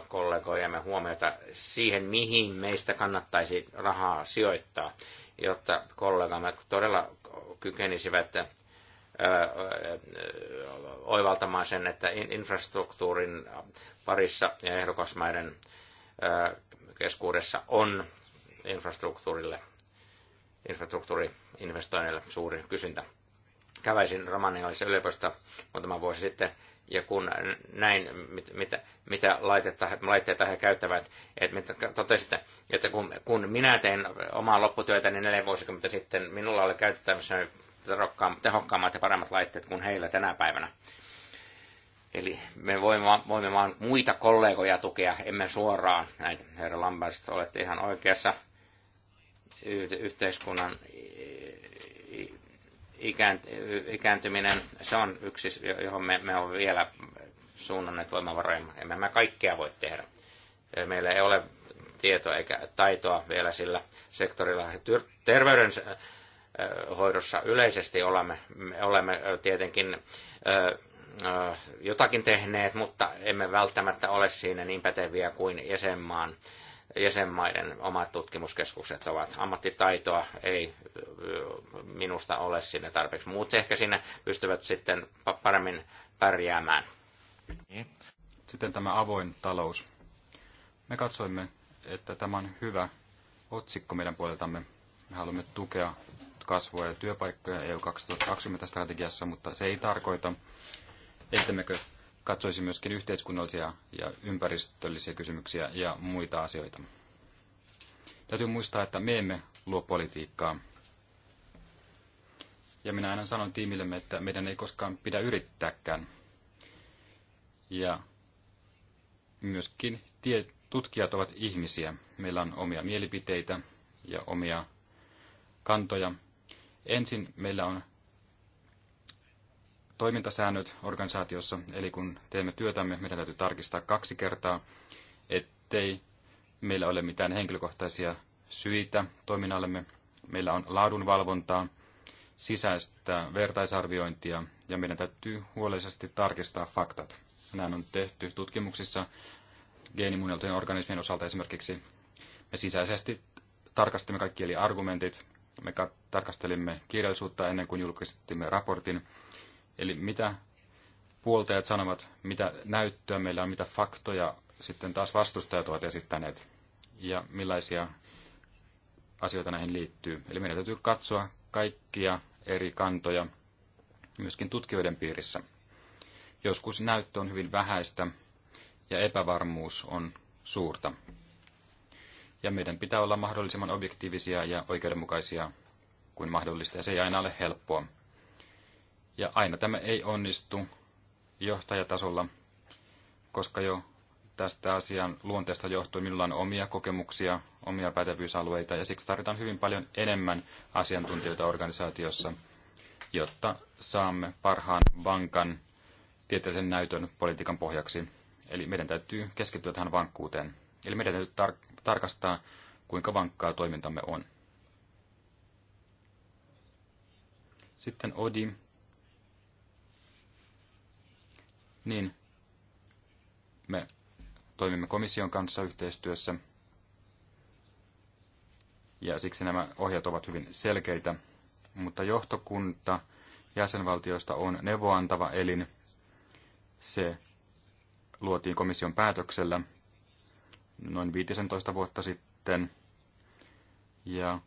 kollegojemme huomiota siihen, mihin meistä kannattaisi rahaa sijoittaa, jotta kollegamme todella kykenisivät oivaltamaan sen, että infrastruktuurin parissa ja ehdokasmaiden keskuudessa on infrastruktuurille, infrastruktuuriinvestoinnille suuri kysyntä. Käväisin Romanialaisessa yliopistossa muutama vuosi sitten, ja kun näin, mit, mitä, mitä laitetta, laitteita he käyttävät, että mitä totesitte, että kun, kun minä tein omaa lopputyötäni niin neljä vuosikymmentä sitten, minulla oli käytettävissä tehokkaammat ja paremmat laitteet kuin heillä tänä päivänä. Eli me voimme, voimme vaan muita kollegoja tukea, emme suoraan näitä. Herra Lambert, olette ihan oikeassa yhteiskunnan ikääntyminen, se on yksi, johon me, me on vielä suunnanneet voimavaroja. Emme me kaikkea voi tehdä. Meillä ei ole tietoa eikä taitoa vielä sillä sektorilla. Terveyden hoidossa yleisesti olemme, olemme tietenkin jotakin tehneet, mutta emme välttämättä ole siinä niin päteviä kuin jäsenmaan, jäsenmaiden omat tutkimuskeskukset ovat. Ammattitaitoa ei minusta ole sinne tarpeeksi. Muut ehkä sinne pystyvät sitten paremmin pärjäämään. Sitten tämä avoin talous. Me katsoimme, että tämä on hyvä otsikko meidän puoleltamme. Me haluamme tukea kasvua ja työpaikkoja EU 2020-strategiassa, mutta se ei tarkoita, ettemmekö katsoisi myöskin yhteiskunnallisia ja ympäristöllisiä kysymyksiä ja muita asioita. Täytyy muistaa, että me emme luo politiikkaa. Ja minä aina sanon tiimillemme, että meidän ei koskaan pidä yrittääkään. Ja myöskin tie, tutkijat ovat ihmisiä. Meillä on omia mielipiteitä ja omia kantoja. Ensin meillä on toimintasäännöt organisaatiossa, eli kun teemme työtämme, meidän täytyy tarkistaa kaksi kertaa, ettei meillä ole mitään henkilökohtaisia syitä toiminnallemme. Meillä on laadunvalvontaa, sisäistä vertaisarviointia ja meidän täytyy huolellisesti tarkistaa faktat. Näin on tehty tutkimuksissa geenimuunneltujen organismien osalta esimerkiksi. Me sisäisesti tarkastimme kaikki eli argumentit, me tarkastelimme kirjallisuutta ennen kuin julkistimme raportin. Eli mitä puoltajat sanovat, mitä näyttöä meillä on, mitä faktoja sitten taas vastustajat ovat esittäneet ja millaisia asioita näihin liittyy. Eli meidän täytyy katsoa kaikkia eri kantoja myöskin tutkijoiden piirissä. Joskus näyttö on hyvin vähäistä ja epävarmuus on suurta ja meidän pitää olla mahdollisimman objektiivisia ja oikeudenmukaisia kuin mahdollista, ja se ei aina ole helppoa. Ja aina tämä ei onnistu johtajatasolla, koska jo tästä asian luonteesta johtuu minulla on omia kokemuksia, omia pätevyysalueita, ja siksi tarvitaan hyvin paljon enemmän asiantuntijoita organisaatiossa, jotta saamme parhaan vankan tieteellisen näytön politiikan pohjaksi. Eli meidän täytyy keskittyä tähän vankkuuteen. Eli meidän täytyy tar- tarkastaa, kuinka vankkaa toimintamme on. Sitten Odi. Niin, me toimimme komission kanssa yhteistyössä. Ja siksi nämä ohjat ovat hyvin selkeitä. Mutta johtokunta jäsenvaltioista on neuvoantava elin. Se luotiin komission päätöksellä noin 15 vuotta sitten. Ja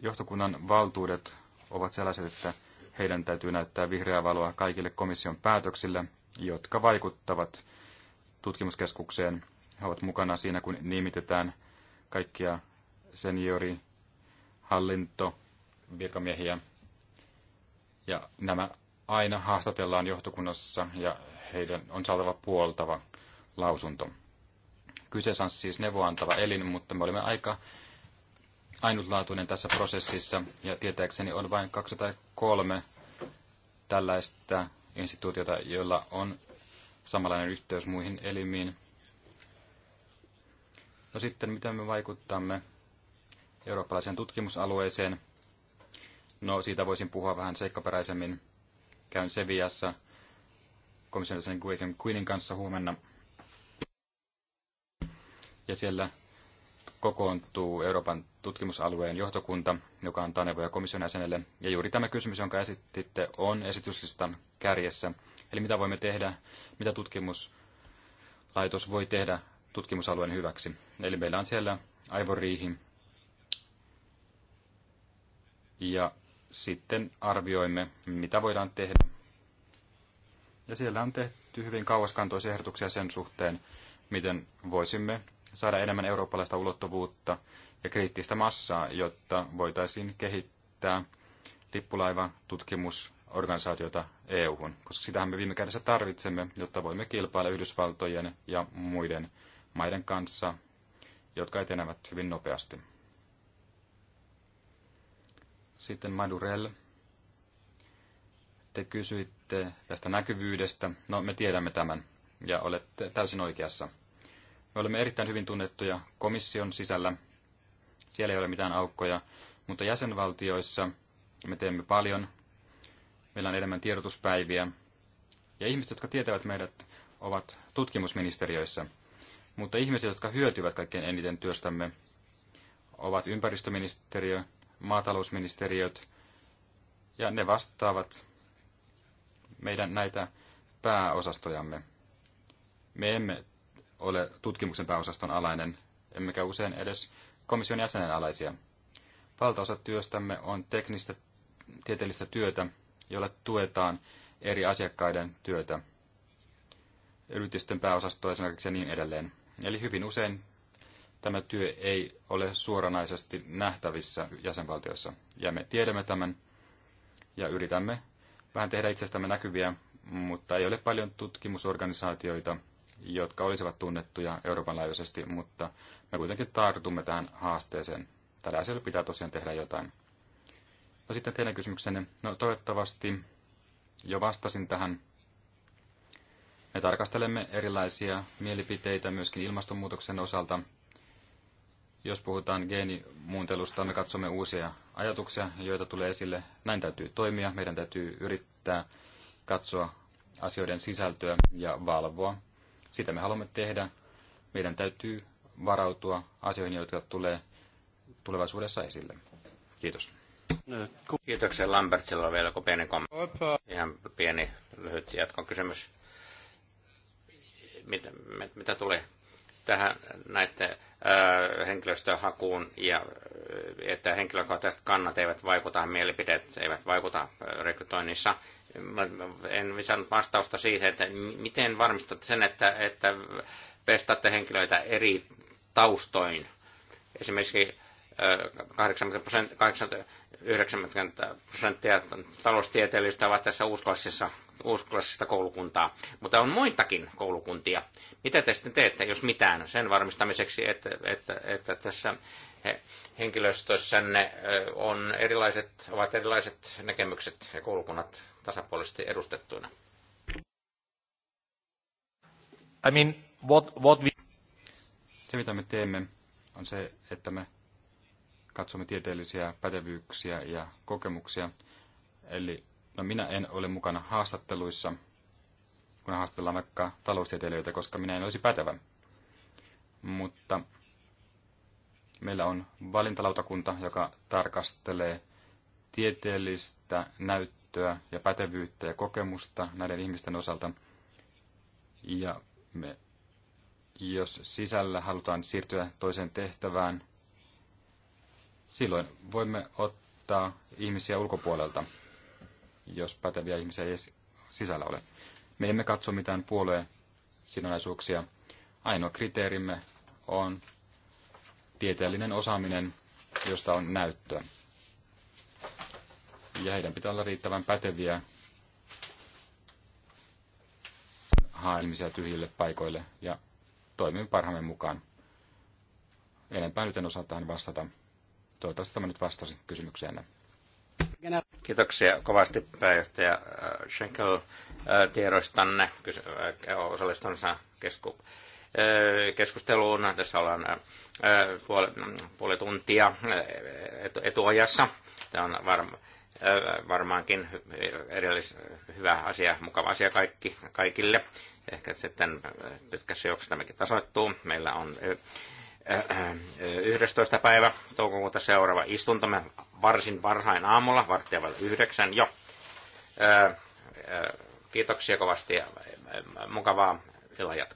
johtokunnan valtuudet ovat sellaiset, että heidän täytyy näyttää vihreää valoa kaikille komission päätöksille, jotka vaikuttavat tutkimuskeskukseen. He ovat mukana siinä, kun nimitetään kaikkia seniori, hallinto, virkamiehiä. Ja nämä aina haastatellaan johtokunnassa ja heidän on saatava puoltava lausunto. Kyseessä on siis neuvoantava elin, mutta me olimme aika ainutlaatuinen tässä prosessissa, ja tietääkseni on vain kaksi tai kolme tällaista instituutiota, joilla on samanlainen yhteys muihin elimiin. No sitten, miten me vaikuttamme eurooppalaiseen tutkimusalueeseen? No, siitä voisin puhua vähän seikkaperäisemmin. Käyn Seviassa komission Guillem Quinnin kanssa huomenna ja siellä kokoontuu Euroopan tutkimusalueen johtokunta, joka on neuvoja komission jäsenelle. Ja juuri tämä kysymys, jonka esititte, on esityslistan kärjessä. Eli mitä voimme tehdä, mitä tutkimuslaitos voi tehdä tutkimusalueen hyväksi. Eli meillä on siellä aivoriihi. Ja sitten arvioimme, mitä voidaan tehdä. Ja siellä on tehty hyvin kauaskantoisia ehdotuksia sen suhteen, miten voisimme saada enemmän eurooppalaista ulottuvuutta ja kriittistä massaa, jotta voitaisiin kehittää lippulaiva tutkimusorganisaatiota EU-hun, koska sitähän me viime kädessä tarvitsemme, jotta voimme kilpailla Yhdysvaltojen ja muiden maiden kanssa, jotka etenevät hyvin nopeasti. Sitten Madurell. Te kysyitte tästä näkyvyydestä. No, me tiedämme tämän ja olette täysin oikeassa. Me olemme erittäin hyvin tunnettuja komission sisällä. Siellä ei ole mitään aukkoja, mutta jäsenvaltioissa me teemme paljon. Meillä on enemmän tiedotuspäiviä. Ja ihmiset, jotka tietävät meidät, ovat tutkimusministeriöissä. Mutta ihmiset, jotka hyötyvät kaikkein eniten työstämme, ovat ympäristöministeriö, maatalousministeriöt, ja ne vastaavat meidän näitä pääosastojamme. Me emme ole tutkimuksen pääosaston alainen, emmekä usein edes komission jäsenen alaisia. Valtaosa työstämme on teknistä tieteellistä työtä, jolla tuetaan eri asiakkaiden työtä, yritysten pääosastoa esimerkiksi ja niin edelleen. Eli hyvin usein tämä työ ei ole suoranaisesti nähtävissä jäsenvaltiossa. Ja me tiedämme tämän ja yritämme vähän tehdä itsestämme näkyviä, mutta ei ole paljon tutkimusorganisaatioita, jotka olisivat tunnettuja Euroopan laajuisesti, mutta me kuitenkin tartumme tähän haasteeseen. Tällä asialla pitää tosiaan tehdä jotain. No sitten teidän kysymyksenne. No toivottavasti jo vastasin tähän. Me tarkastelemme erilaisia mielipiteitä myöskin ilmastonmuutoksen osalta. Jos puhutaan geenimuuntelusta, me katsomme uusia ajatuksia, joita tulee esille. Näin täytyy toimia. Meidän täytyy yrittää katsoa asioiden sisältöä ja valvoa sitä me haluamme tehdä. Meidän täytyy varautua asioihin, jotka tulee tulevaisuudessa esille. Kiitos. Kiitoksia Lambertsilla vielä joku pieni kommentti. Ihan pieni lyhyt kysymys. Mitä, mit, mitä tulee tähän näiden äh, henkilöstöhakuun ja äh, että henkilökohtaiset kannat eivät vaikuta, mielipiteet eivät vaikuta äh, rekrytoinnissa, en saanut vastausta siihen, että miten varmistatte sen, että, että pestatte henkilöitä eri taustoin. Esimerkiksi 80 prosenttia, 90 prosenttia taloustieteilijöistä ovat tässä uusklassissa, uusklassista koulukuntaa, mutta on muitakin koulukuntia. Mitä te sitten teette, jos mitään, sen varmistamiseksi, että, että, että tässä henkilöstössänne on erilaiset, ovat erilaiset näkemykset ja koulukunnat tasapuolisesti edustettuina? I mean, what, what we... Se, mitä me teemme, on se, että me katsomme tieteellisiä pätevyyksiä ja kokemuksia. Eli no minä en ole mukana haastatteluissa, kun haastellaan vaikka taloustieteilijöitä, koska minä en olisi pätevä. Mutta meillä on valintalautakunta, joka tarkastelee tieteellistä näyttöä käyttöä ja pätevyyttä ja kokemusta näiden ihmisten osalta. Ja me, jos sisällä halutaan siirtyä toiseen tehtävään, silloin voimme ottaa ihmisiä ulkopuolelta, jos päteviä ihmisiä ei sisällä ole. Me emme katso mitään puolueen sidonnaisuuksia. Ainoa kriteerimme on tieteellinen osaaminen, josta on näyttöä ja heidän pitää olla riittävän päteviä haa ihmisiä tyhjille paikoille ja toimimme parhaamme mukaan. Enempää nyt en osaa tähän vastata. Toivottavasti tämä nyt vastasi kysymykseenne. Kiitoksia kovasti pääjohtaja äh, Schenkel äh, tiedoistanne äh, osallistunsa kesku, keskusteluun. Tässä ollaan puoli, puoli tuntia etuajassa. Tämä on varma varmaankin edellis, hyvä asia, mukava asia kaikki, kaikille. Ehkä sitten pitkässä joksi tämäkin tasoittuu. Meillä on 11. päivä toukokuuta seuraava istuntomme varsin varhain aamulla, varttia yhdeksän jo. Kiitoksia kovasti ja mukavaa illan jatkoa.